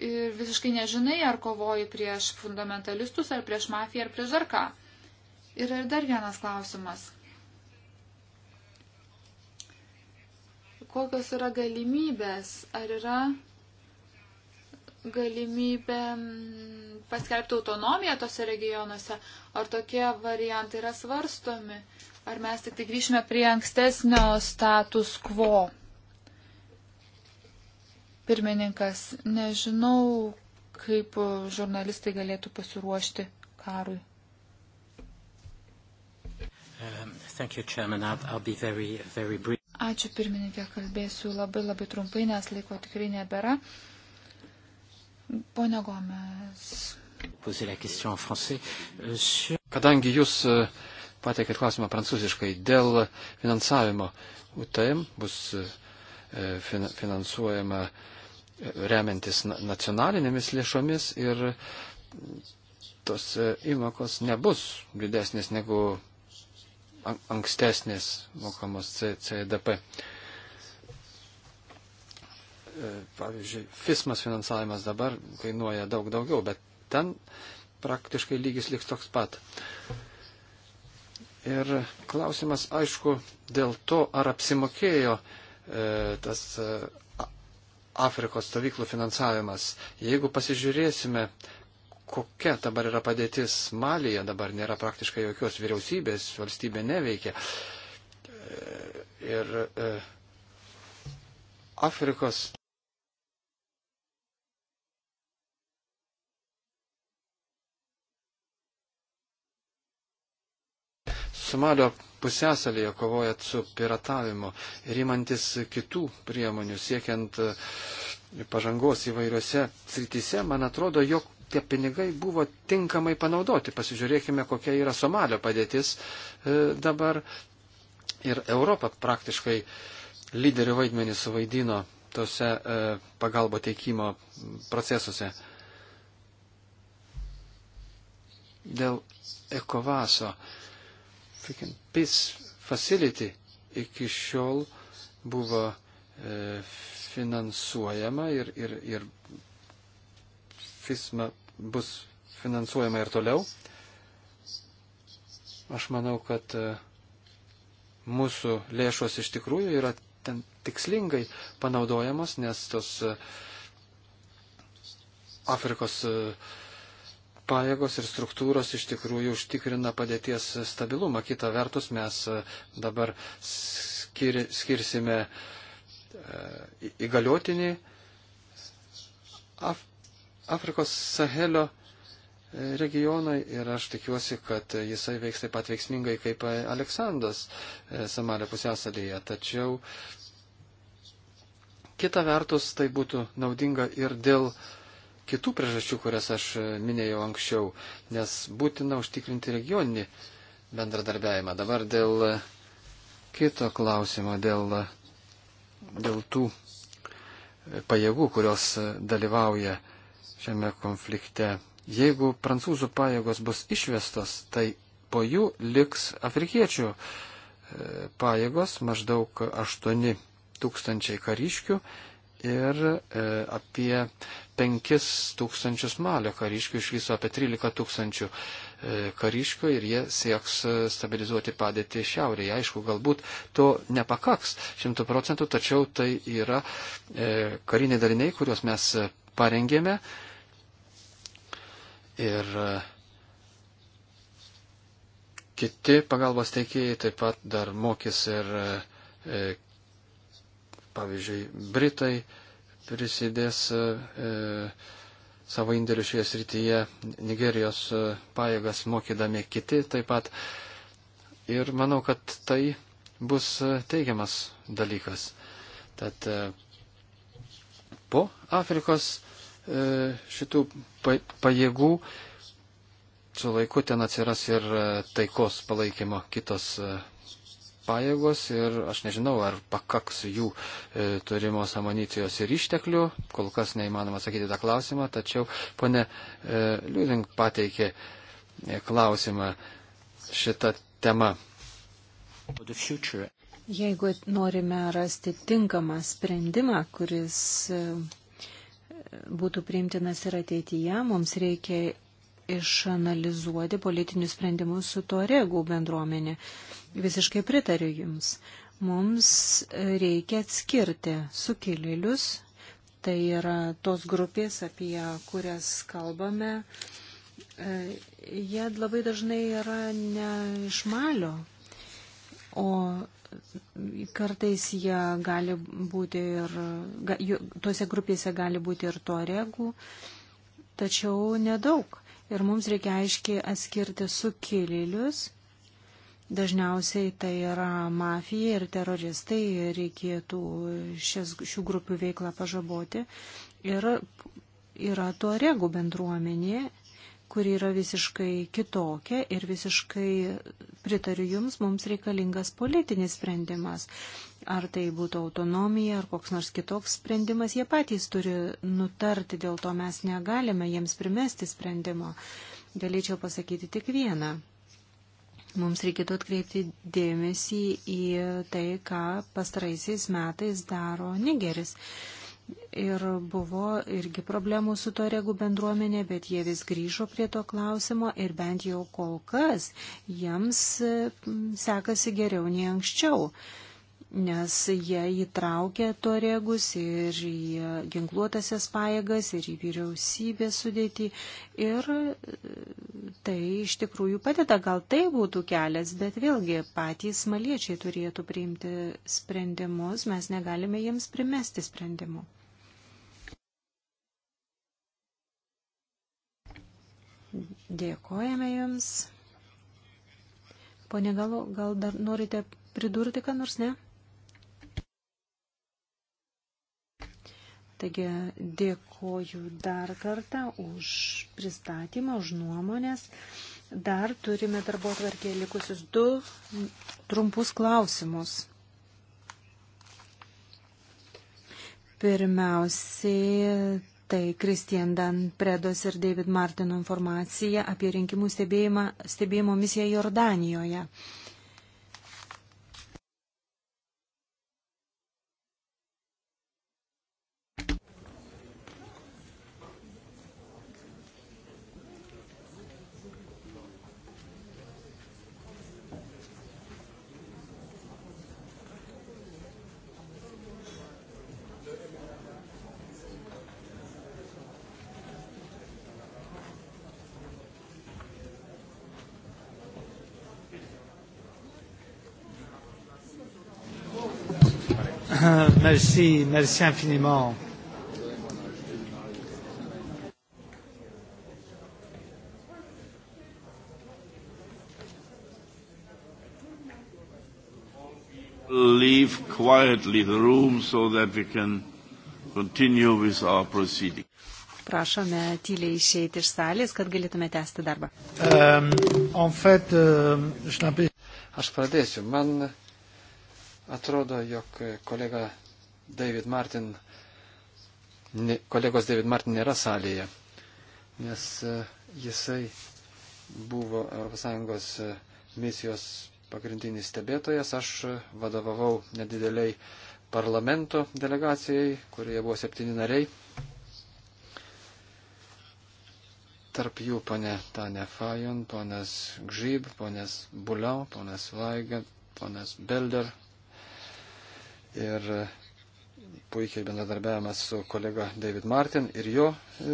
[SPEAKER 3] ir visiškai nežinai, ar kovoji prieš fundamentalistus, ar prieš mafiją, ar prieš dar ką. Ir dar vienas klausimas. Kokios yra galimybės? Ar yra galimybė mm, paskelbti autonomiją tose regionuose? Ar tokie variantai yra svarstomi? Ar mes tik tai grįžime prie ankstesnio status quo? Pirmininkas, nežinau, kaip žurnalistai galėtų pasiruošti karui.
[SPEAKER 4] Um,
[SPEAKER 2] you, I'll, I'll very, very
[SPEAKER 3] Ačiū pirmininkė, kalbėsiu labai labai trumpai, nes laiko tikrai nebėra. Pone Gomes.
[SPEAKER 2] Euh, Kadangi jūs e, pateikėt klausimą prancūziškai dėl finansavimo, UTM bus e, finansuojama uh, remiantis nacionalinėmis lėšomis ir tos e, įmokos nebus didesnės negu ankstesnės mokamos CDP. E, pavyzdžiui, FISMAS finansavimas dabar kainuoja daug daugiau, bet ten praktiškai lygis liks toks pat. Ir klausimas, aišku, dėl to, ar apsimokėjo e, tas e, Afrikos stovyklų finansavimas. Jeigu pasižiūrėsime, kokia dabar yra padėtis Malyje, dabar nėra praktiškai jokios vyriausybės, valstybė neveikia. Ir e, Afrikos. Somalio pusėsalėje kovojat su piratavimu ir imantis kitų priemonių siekiant e, pažangos įvairiose srityse, man atrodo, jog tie pinigai buvo tinkamai panaudoti. Pasižiūrėkime, kokia yra Somalio padėtis e, dabar. Ir Europa praktiškai lyderių vaidmenį suvaidino tose e, pagalbo teikimo procesuose. Dėl ekovaso. E Freaking Peace Facility iki šiol buvo e, finansuojama ir, ir, ir FISMA bus finansuojama ir toliau. Aš manau, kad e, mūsų lėšos iš tikrųjų yra ten tikslingai panaudojamos, nes tos e, Afrikos e, pajėgos ir struktūros iš tikrųjų užtikrina padėties stabilumą. Kita vertus, mes e, dabar skir, skirsime e, įgaliotinį Af, Afrikos Sahelio e, regionai ir aš tikiuosi, kad jisai veiks taip pat veiksmingai kaip Aleksandras Samalio pusėsalyje. Tačiau kita vertus tai būtų naudinga ir dėl uh, kitų priežasčių, kurias aš e, minėjau anksčiau, nes būtina užtikrinti regioninį bendradarbiavimą. Dabar dėl e, kito klausimo, dėl, e, dėl tų pajėgų, kurios dalyvauja šiame konflikte. Jeigu prancūzų pajėgos bus išvestos, tai po jų liks afrikiečių pajėgos, maždaug 8 tūkstančiai kariškių ir e, apie 5 tūkstančius malio kariškių, iš viso apie 13 tūkstančių e, kariškių ir jie sieks e, stabilizuoti padėtį šiaurėje. Aišku, galbūt to nepakaks šimtų procentų, tačiau tai yra e, kariniai daliniai, kuriuos mes parengėme. Ir e, kiti pagalbos teikėjai taip pat dar mokys ir e, Pavyzdžiui, Britai prisidės e, savo indėlių šioje srityje, Nigerijos e, pajėgas mokydami kiti taip pat. Ir manau, kad tai bus e, teigiamas dalykas. Tad e, po Afrikos e, šitų pajėgų su laiku ten atsiras ir e, taikos palaikymo kitos e, pajėgos ir aš nežinau, ar pakaks jų e, turimos amunicijos ir išteklių, kol kas neįmanoma sakyti tą klausimą, tačiau ponė e, Liūdink pateikė e, klausimą šitą temą.
[SPEAKER 4] Jeigu norime rasti tinkamą sprendimą, kuris e, būtų priimtinas ir ateityje, mums reikia išanalizuoti politinius sprendimus su to regų bendruomenė. Visiškai pritariu Jums. Mums reikia atskirti sukilėlius, tai yra tos grupės, apie kurias kalbame. E, jie labai dažnai yra ne iš malio, o kartais jie gali būti ir, tuose grupėse gali būti ir to regų, tačiau nedaug ir mums reikia aiškiai atskirti sukilėlius. Dažniausiai tai yra mafija ir teroristai, reikėtų šias, šių grupių veiklą pažaboti. Ir yra tuoregų bendruomenė kuri yra visiškai kitokia ir visiškai pritariu Jums, mums reikalingas politinis sprendimas. Ar tai būtų autonomija, ar koks nors kitoks sprendimas, jie patys turi nutarti, dėl to mes negalime jiems primesti sprendimo. Galėčiau pasakyti tik vieną. Mums reikėtų atkreipti dėmesį į tai, ką pastaraisiais metais daro Nigeris. Uh, ir buvo irgi problemų su to regų bendruomenė, bet jie vis grįžo prie to klausimo ir bent jau kol kas jiems sekasi geriau nei anksčiau, nes jie įtraukė to regus ir į ginkluotasias pajėgas, ir į vyriausybės sudėtį ir e, tai iš tikrųjų padeda, gal tai būtų kelias, bet vėlgi patys maliečiai turėtų priimti sprendimus, mes negalime jiems primesti sprendimų. Dėkojame Jums. Pone Galo, gal dar norite pridurti, ką nors ne? Taigi dėkoju dar kartą už pristatymą, už nuomonės. Dar turime darbo tvarkėje likusius du trumpus klausimus. Pirmiausiai tai Kristian Dan Predos ir David Martino informacija apie rinkimų stebėjimo misiją Jordanijoje.
[SPEAKER 2] Merci, merci infiniment.
[SPEAKER 1] leave quietly the room so that we can continue with our proceeding.
[SPEAKER 4] Prašome tyliai išeiti iš salės, kad galėtume
[SPEAKER 2] tęsti darbą. Um, en fait, uh, Aš pradėsiu. Man atrodo, jog kolega David Martin, kolegos David Martin nėra salėje, nes e, jisai buvo ES e, misijos pagrindinis stebėtojas. Aš e, vadovavau nedideliai parlamento delegacijai, kurioje buvo septyni nariai. Tarp jų ponė Tane Fajon, ponas Gžyb, ponas Buliau, ponas Vaiga, ponas Belder ir puikiai bendradarbiavimas su kolega David Martin ir jo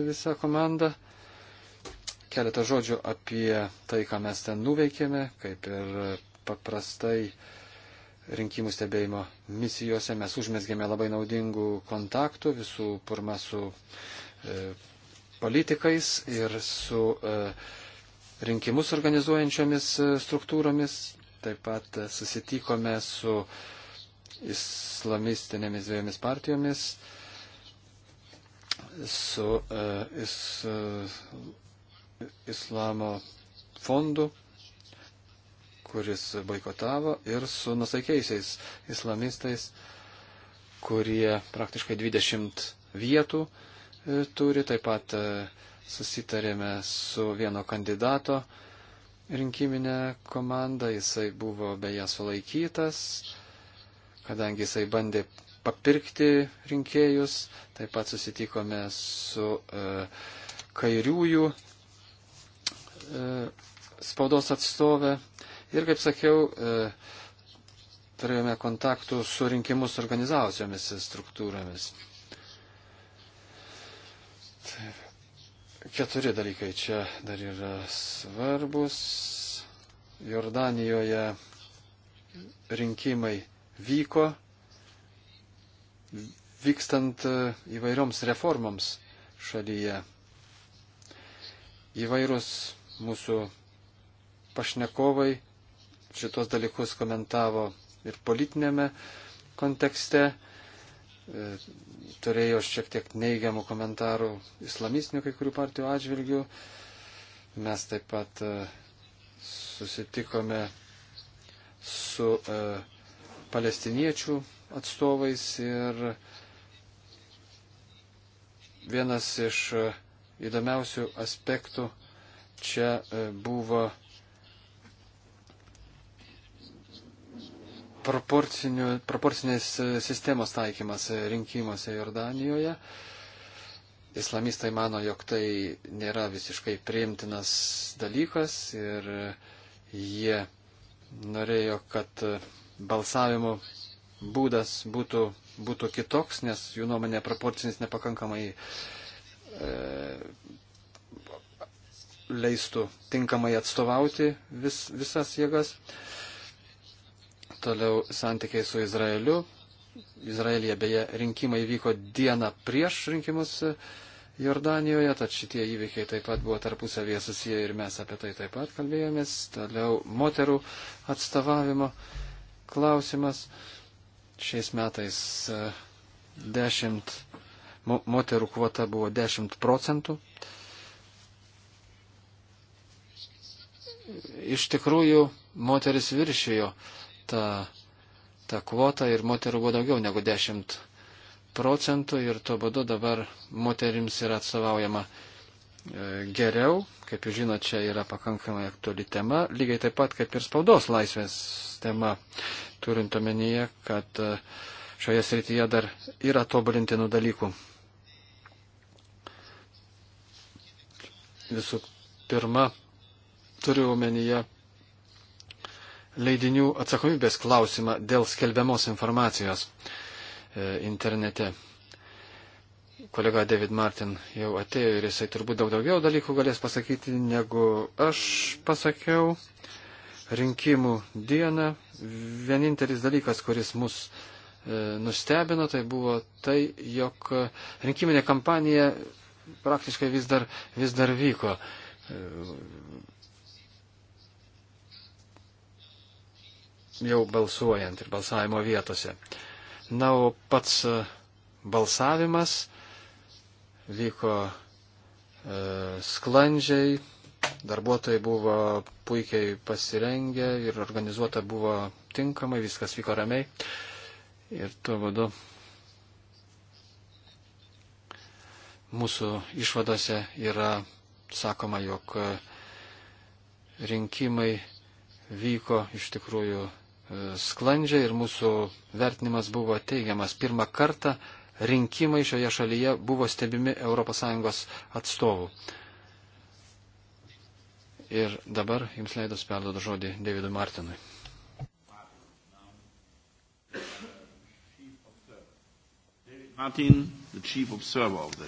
[SPEAKER 2] visa komanda. Keletą žodžių apie tai, ką mes ten nuveikėme, kaip ir paprastai rinkimų stebėjimo misijose mes užmesgėme labai naudingų kontaktų, visų pirma su e, politikais ir su e, rinkimus organizuojančiomis e, struktūromis. Taip pat e, susitikome su e, islamistinėmis dviejomis partijomis, su uh, is, uh, islamo fondu, kuris boikotavo, ir su nusaikiaisiais islamistais, kurie praktiškai 20 vietų uh, turi. Taip pat uh, susitarėme su vieno kandidato rinkiminė komanda, jisai buvo beje sulaikytas kadangi jisai bandė papirkti rinkėjus, taip pat susitikome su e, kairiųjų e, spaudos atstovė ir, kaip sakiau, e, turėjome kontaktų su rinkimus organizacijomis struktūromis. Taip. Keturi dalykai čia dar yra svarbus. Jordanijoje rinkimai vyko vykstant e, įvairioms reformoms šalyje. Įvairūs mūsų pašnekovai šitos dalykus komentavo ir politinėme kontekste. E, turėjo šiek tiek neigiamų komentarų islamistinių kai kurių partijų atžvilgių. Mes taip pat e, susitikome su uh, palestiniečių atstovais ir vienas iš e, įdomiausių aspektų čia e, buvo proporcinės e, sistemos taikymas rinkimuose Jordanijoje. Islamistai mano, jog tai nėra visiškai priimtinas dalykas ir jie norėjo, kad balsavimo būdas būtų, būtų kitoks, nes jų nuomonė proporcinis nepakankamai e, leistų tinkamai atstovauti vis, visas jėgas. Toliau santykiai su Izraeliu. Izraelija beje rinkimai vyko dieną prieš rinkimus Jordanijoje, tad šitie įvykiai taip pat buvo tarpusavėje susiję ir mes apie tai taip pat kalbėjomės. Toliau moterų atstovavimo. E, klausimas. Šiais metais 10, e, moterų kvota buvo 10 procentų. Iš tikrųjų, moteris viršijo tą, tą kvotą ir moterų buvo daugiau negu 10 procentų ir tuo būdu dabar moterims yra atstovaujama E, geriau. Kaip jūs žinote, čia yra pakankamai aktuali tema, lygiai taip pat kaip ir spaudos laisvės tema, turint omenyje, kad e, šioje srityje dar yra tobulintinų dalykų. Visų pirma, turiu omenyje leidinių atsakomybės klausimą dėl skelbiamos informacijos e, internete kolega David Martin jau atėjo ir jisai turbūt daug daugiau dalykų galės pasakyti, negu aš pasakiau. Rinkimų diena vienintelis dalykas, kuris mus e, nustebino, tai buvo tai, jog rinkiminė kampanija praktiškai vis dar, vis dar vyko. E, jau balsuojant ir balsavimo vietose. Na, o pats e, balsavimas vyko e, sklandžiai, darbuotojai buvo puikiai pasirengę ir organizuota buvo tinkamai, viskas vyko ramiai. Ir tuo vadu mūsų išvadose yra sakoma, jog e, rinkimai vyko iš tikrųjų e, sklandžiai ir mūsų vertinimas buvo teigiamas. Pirmą kartą rinkimai šioje šalyje buvo stebimi ES atstovų. Ir dabar jums leidus perdodu žodį Davidui Martinui. Martin, the chief
[SPEAKER 1] observer of the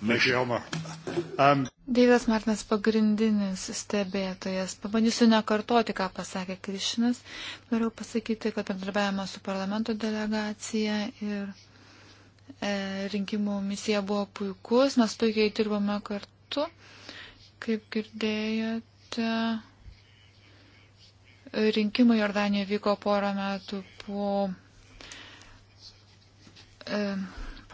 [SPEAKER 1] Um.
[SPEAKER 3] Deividas Martinas pagrindinis stebėtojas. Pabandysiu nekartoti, ką pasakė Krišinas. Noriu pasakyti, kad bendradarbiavame su parlamento delegacija ir E, rinkimų misija buvo puikus, mes puikiai dirbome kartu, kaip girdėjote. Rinkimai Jordanijoje vyko porą metų po, e,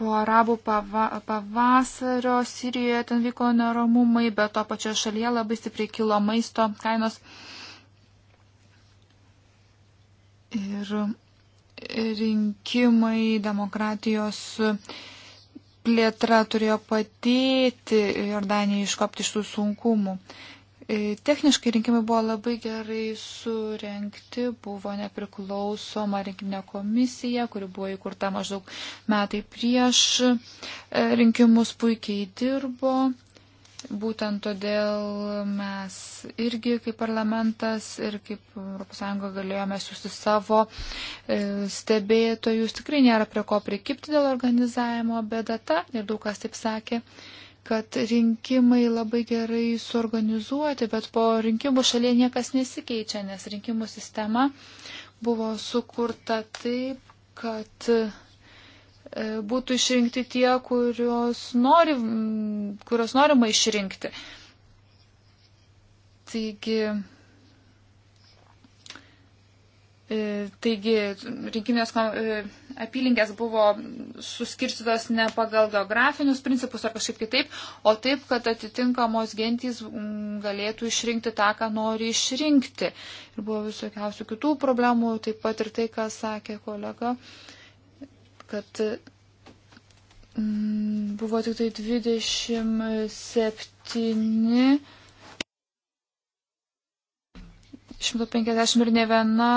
[SPEAKER 3] po arabų pava, pavasario, Sirijoje ten vyko neramumai, bet to pačioje šalyje labai stipriai kilo maisto kainos. Ir rinkimai, demokratijos plėtra turėjo padėti Jordanijai iškopti iš tų sunkumų. E, techniškai rinkimai buvo labai gerai surenkti, buvo nepriklausoma rinkiminė komisija, kuri buvo įkurta maždaug metai prieš e, rinkimus, puikiai dirbo. Būtent todėl mes irgi kaip parlamentas ir kaip ES galėjome siūsti savo e, stebėtojus. Tikrai nėra prie ko prikipti dėl organizavimo, bet data ir daug kas taip sakė kad rinkimai labai gerai suorganizuoti, bet po rinkimų šalyje niekas nesikeičia, nes rinkimų sistema buvo sukurta taip, kad E, būtų išrinkti tie, kuriuos, nori, kuriuos norima išrinkti. Taigi, e, Taigi rinkiminės e, apylinkės buvo suskirstytos ne pagal geografinius principus ar kažkaip kitaip, o taip, kad atitinkamos gentys galėtų išrinkti tą, ką nori išrinkti. Ir buvo visokiausių kitų problemų, taip pat ir tai, ką sakė kolega. Uh, kad mm, buvo tik tai 27, 150 ir ne viena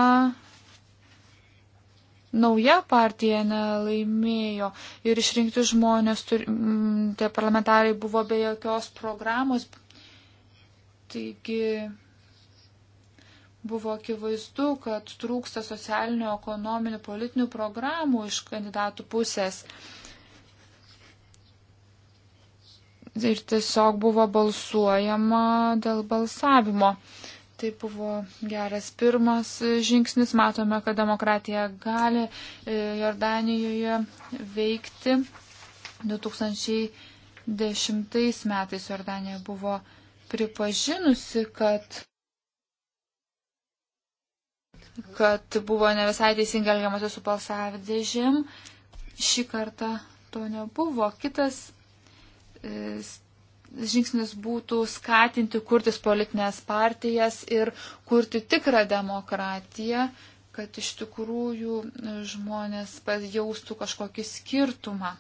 [SPEAKER 3] nauja partija nelaimėjo ir išrinkti žmonės, mm, tie parlamentarai buvo be jokios programos. Taigi buvo akivaizdu, kad trūksta socialinių, ekonominių, politinių programų iš kandidatų pusės. Ir tiesiog buvo balsuojama dėl balsavimo. Tai buvo geras pirmas žingsnis. Matome, kad demokratija gali e, Jordanijoje veikti. 2010 metais Jordanija buvo pripažinusi, kad kad buvo ne visai teisingai elgiamasi su balsavdėžėm. Šį kartą to nebuvo. Kitas e, žingsnis būtų skatinti kurtis politinės partijas ir kurti tikrą demokratiją, kad iš tikrųjų žmonės jaustų kažkokį skirtumą.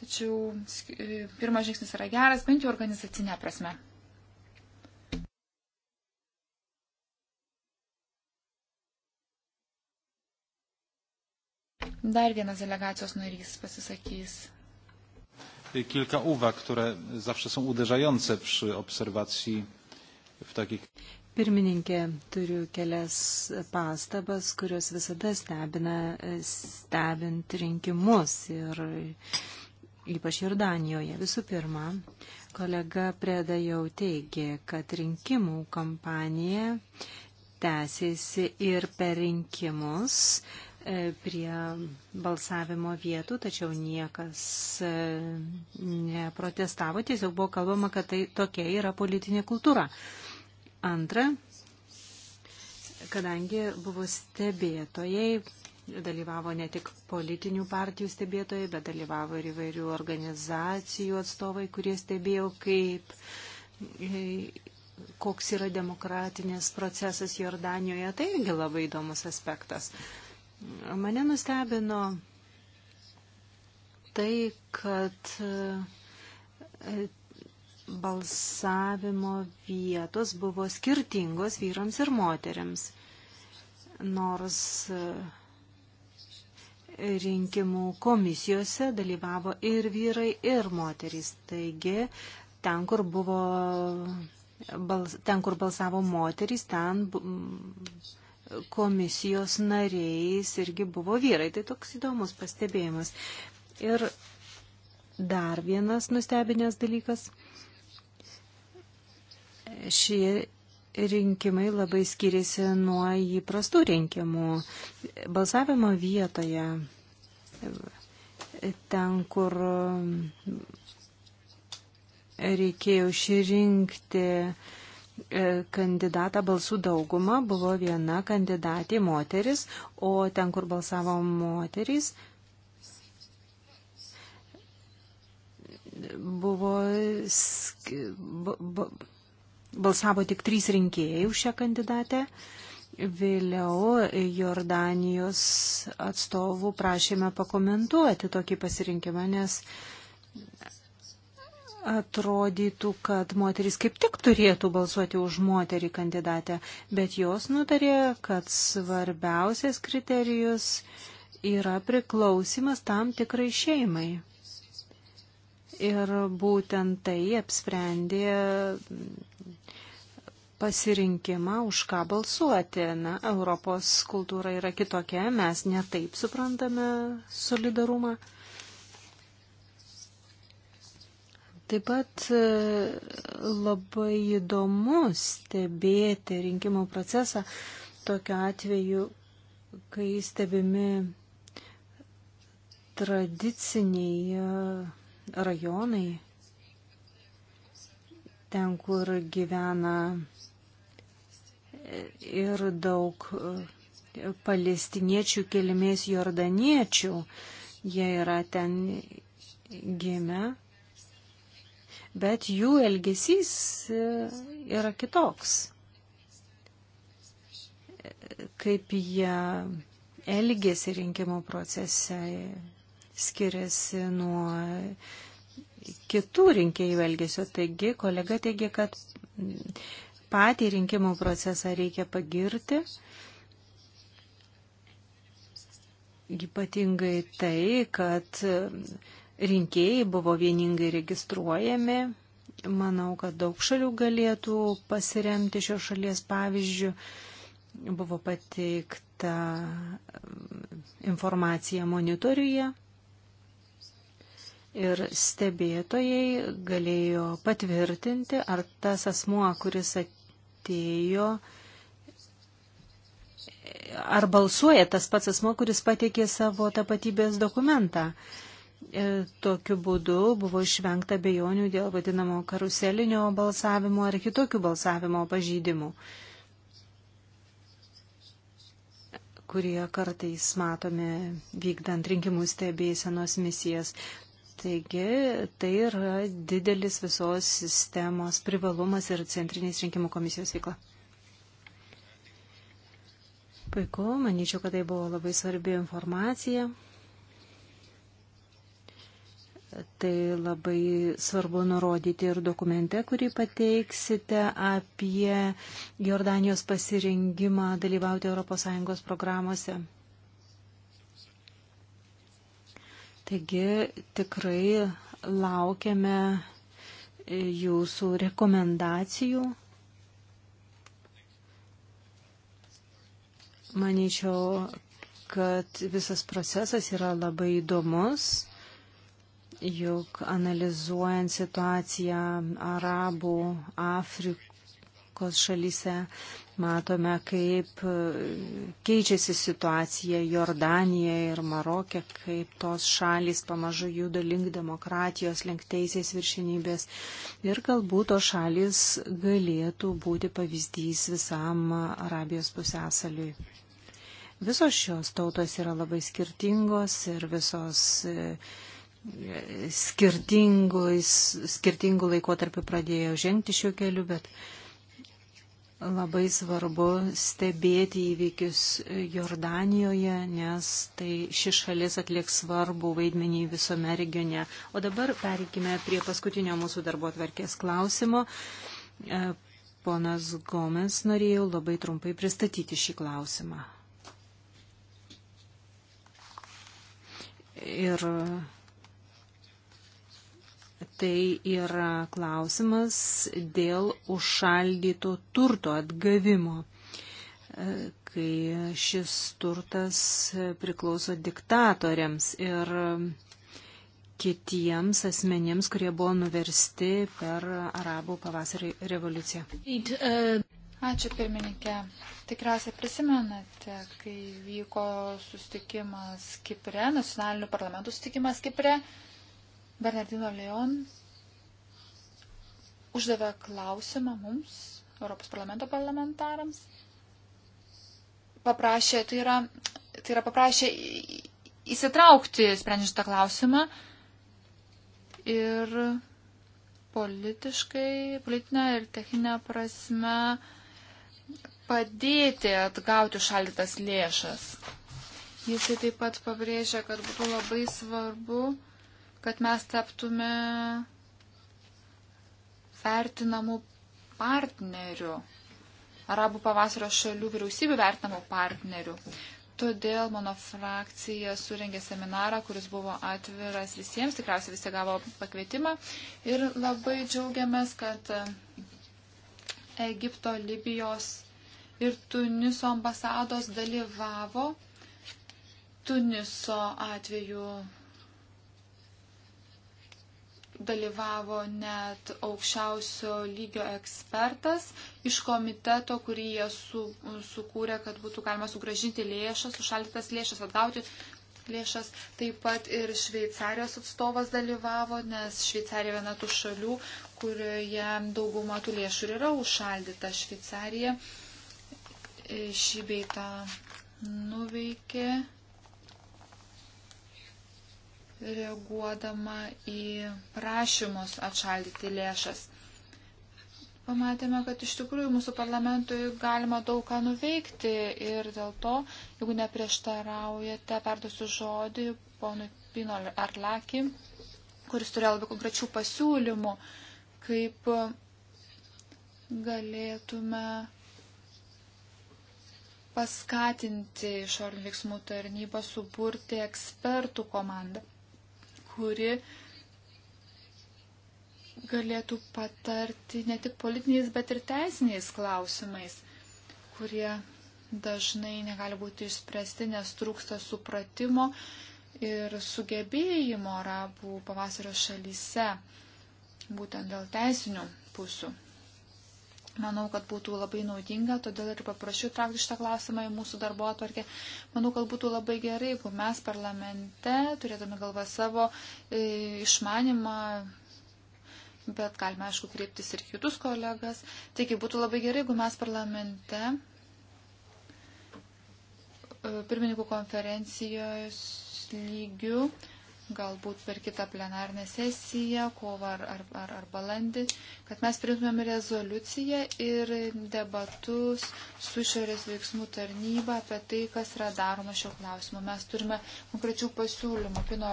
[SPEAKER 3] Tačiau e, pirmas žingsnis yra geras, bent jau organizacinė prasme. Dar vienas delegacijos narys pasisakys.
[SPEAKER 2] Kilka uwag, które zawsze są uderzające przy obserwacji w takich.
[SPEAKER 4] Pirmininkė, turiu kelias pastabas, kurios visada stebina stebint rinkimus ir ypač Jordanijoje. Visų pirma, kolega Preda jau teigė, kad rinkimų kampanija tęsėsi ir per rinkimus E, prie balsavimo vietų, tačiau niekas e, neprotestavo, tiesiog buvo kalbama, kad tai tokia yra politinė kultūra. Antra, kadangi buvo stebėtojai, dalyvavo ne tik politinių partijų stebėtojai, bet dalyvavo ir įvairių organizacijų atstovai, kurie stebėjo, kaip e, koks yra demokratinės procesas Jordanijoje, tai irgi labai įdomus aspektas. Mane nustebino tai, kad e, balsavimo vietos buvo skirtingos vyrams ir moteriams. Nors e, rinkimų komisijose dalyvavo ir vyrai, ir moterys. Taigi, ten, kur buvo, ten, kur balsavo moterys, ten komisijos nariais irgi buvo vyrai. Tai toks įdomus pastebėjimas. Ir dar vienas nustebinęs dalykas. Šie rinkimai labai skiriasi nuo įprastų rinkimų. Balsavimo vietoje, ten, kur reikėjo išrinkti uh, E, kandidatą balsų daugumą buvo viena kandidatė moteris, o ten, kur balsavo moterys, buvo, balsavo tik trys rinkėjai už šią kandidatę. Vėliau Jordanijos atstovų prašėme pakomentuoti tokį pasirinkimą, nes atrodytų, kad moteris kaip tik turėtų balsuoti už moterį kandidatę, bet jos nutarė, kad svarbiausias kriterijus yra priklausimas tam tikrai šeimai. Ir būtent tai apsprendė pasirinkimą, už ką balsuoti. Na, Europos kultūra yra kitokia, mes netaip suprantame solidarumą. Taip pat e, labai įdomu stebėti rinkimų procesą tokiu atveju, kai stebimi tradiciniai e, rajonai, ten, kur gyvena e, ir daug palestiniečių kilmės jordaniečių, jie yra ten gimę bet jų elgesys e, yra kitoks. Kaip jie elgesi rinkimų procese skiriasi nuo kitų rinkėjų elgesio. Taigi, kolega teigia, kad patį rinkimų procesą reikia pagirti, ypatingai tai, kad rinkėjai buvo vieningai registruojami. Manau, kad daug šalių galėtų pasiremti šios šalies pavyzdžių. Buvo pateikta um, informacija monitoriuje ir stebėtojai galėjo patvirtinti, ar tas asmuo, kuris atėjo, ar balsuoja tas pats asmo, kuris pateikė savo tapatybės dokumentą. E, tokiu būdu buvo išvengta bejonių dėl vadinamo karuselinio balsavimo ar kitokių balsavimo pažydimų, kurie kartais matome vykdant rinkimų stebėsenos misijas. Taigi tai yra didelis visos sistemos privalumas ir centrinės rinkimų komisijos veikla. Puiku, manyčiau, kad tai buvo labai svarbi informacija. Tai labai svarbu nurodyti ir dokumente, kurį pateiksite apie Jordanijos pasirengimą dalyvauti ES programuose. Taigi tikrai laukiame jūsų rekomendacijų. Manyčiau, kad visas procesas yra labai įdomus juk analizuojant situaciją arabų, Afrikos šalyse, matome, kaip e, keičiasi situacija Jordanija ir Marokė, kaip tos šalys pamažu juda link demokratijos, link teisės viršinybės ir galbūt tos šalys galėtų būti pavyzdys visam Arabijos pusėsaliui. Visos šios tautos yra labai skirtingos ir visos e, skirtingų laikotarpių pradėjo žengti šiuo keliu, bet labai svarbu stebėti įvykius Jordanijoje, nes tai ši šalis atlieks svarbų vaidmenį visome regione. O dabar pereikime prie paskutinio mūsų darbo atverkės klausimo. E, ponas Gomes norėjau labai trumpai pristatyti šį klausimą. Ir tai yra klausimas dėl užšaldyto turto atgavimo, kai šis turtas priklauso diktatoriams ir kitiems asmenėms, kurie buvo nuversti per arabų pavasarį revoliuciją.
[SPEAKER 3] Ačiū pirmininkė. Tikriausiai prisimenate, kai vyko sustikimas Kipre, nacionalinių parlamentų sustikimas Kipre. Bernardino Leon uždavė klausimą mums, Europos parlamento parlamentarams. Paprašė, tai yra, tai yra paprašė įsitraukti, sprendžiant tą klausimą. Ir politiškai, politinė ir techninė prasme padėti atgauti šaldytas lėšas. Jisai taip pat pabrėžia, kad būtų labai svarbu kad mes taptume vertinamų partnerių, arabų pavasario šalių vyriausybių vertinamų partnerių. Todėl mano frakcija surengė seminarą, kuris buvo atviras visiems, tikriausiai visi gavo pakvietimą ir labai džiaugiamės, kad e, Egipto, Libijos ir Tuniso ambasados dalyvavo Tuniso atveju dalyvavo net aukščiausio lygio ekspertas iš komiteto, kurį jie su, sukūrė, kad būtų galima sugražinti lėšas, sušaldytas lėšas, atgauti lėšas. Taip pat ir Šveicarijos atstovas dalyvavo, nes Šveicarija viena tų šalių, kurioje dauguma tų lėšų yra užšaldyta. Šveicarija e, šį beitą nuveikė reaguodama į prašymus atšaldyti lėšas. Pamatėme, kad iš tikrųjų mūsų parlamentui galima daug ką nuveikti ir dėl to, jeigu neprieštaraujate, perduosiu žodį ponui Pino Arlaki, kuris turėjo labai konkrečių pasiūlymų, kaip galėtume paskatinti išorinių veiksmų tarnybą suburti ekspertų komandą kuri galėtų patarti ne tik politiniais, bet ir teisiniais klausimais, kurie dažnai negali būti išspręsti, nes trūksta supratimo ir sugebėjimo arabų pavasario šalyse, būtent dėl teisinių pusių. Manau, kad būtų labai naudinga, todėl ir paprašiau traukti šitą klausimą į mūsų darbo atvarkę. Manau, kad būtų labai gerai, jeigu mes parlamente, turėdami galvą savo e, išmanimą, bet galime, aišku, kreiptis ir kitus kolegas. Taigi, būtų labai gerai, jeigu mes parlamente e, pirmininkų konferencijos lygių e, galbūt per kitą plenarnę sesiją, kovą ar, ar, ar, ar balandį, kad mes priimtumėm rezoliuciją ir debatus su išorės veiksmų tarnyba apie tai, kas yra daroma šio klausimo. Mes turime konkrečių pasiūlymų. Pino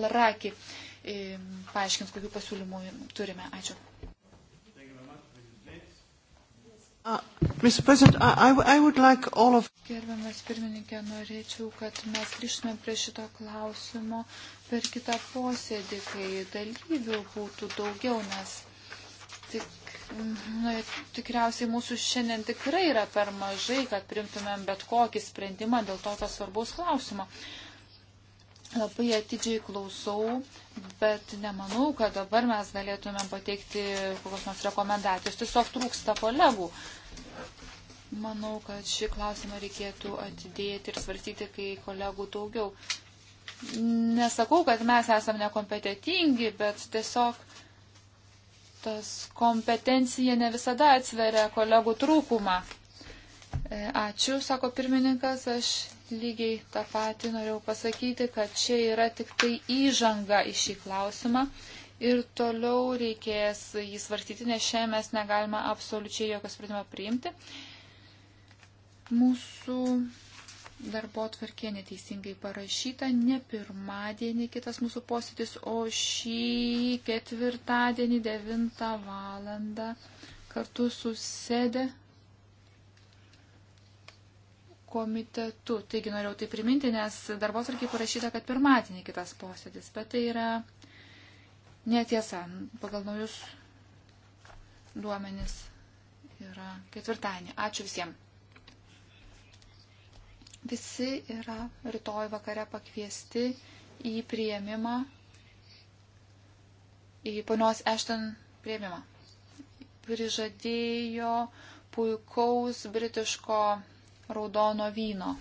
[SPEAKER 3] Alraki e, paaiškins, kokių pasiūlymų turime. Ačiū. Uh, I, I like of... Gerbiamas pirmininkė, norėčiau, kad mes grįžtume prie šito klausimo per kitą posėdį, kai dalyvių būtų daugiau, nes tik, nu, tikriausiai mūsų šiandien tikrai yra per mažai, kad primtumėm bet kokį sprendimą dėl tokio svarbaus klausimo. Uh, labai atidžiai klausau, bet nemanau, kad dabar mes galėtumėm pateikti kokios nors rekomendacijos. Tiesiog trūksta kolegų. Manau, kad šį klausimą reikėtų atidėti ir svarstyti, kai kolegų daugiau. Nesakau, kad mes esam nekompetitingi, bet tiesiog tas kompetencija ne visada atsveria kolegų trūkumą. E, ačiū, sako pirmininkas, aš lygiai tą patį norėjau pasakyti, kad čia yra tik tai įžanga į šį klausimą ir toliau reikės jį svarstyti, nes šiandien mes negalime absoliučiai jokio sprendimo priimti. Mūsų darbo atvarkė neteisingai parašyta, ne pirmadienį kitas mūsų posėdis, o šį ketvirtadienį 9 valandą kartu su sėdė komitetu. Taigi norėjau tai priminti, nes darbos arkiai parašyta, kad pirmatinį kitas posėdis, bet tai yra netiesa. Pagal naujus duomenis yra ketvirtadienį. Ačiū visiems. Visi yra rytoj vakare pakviesti į prieimimą, į ponios Ešton prieimimą. Prižadėjo puikaus britiško raudono vyno.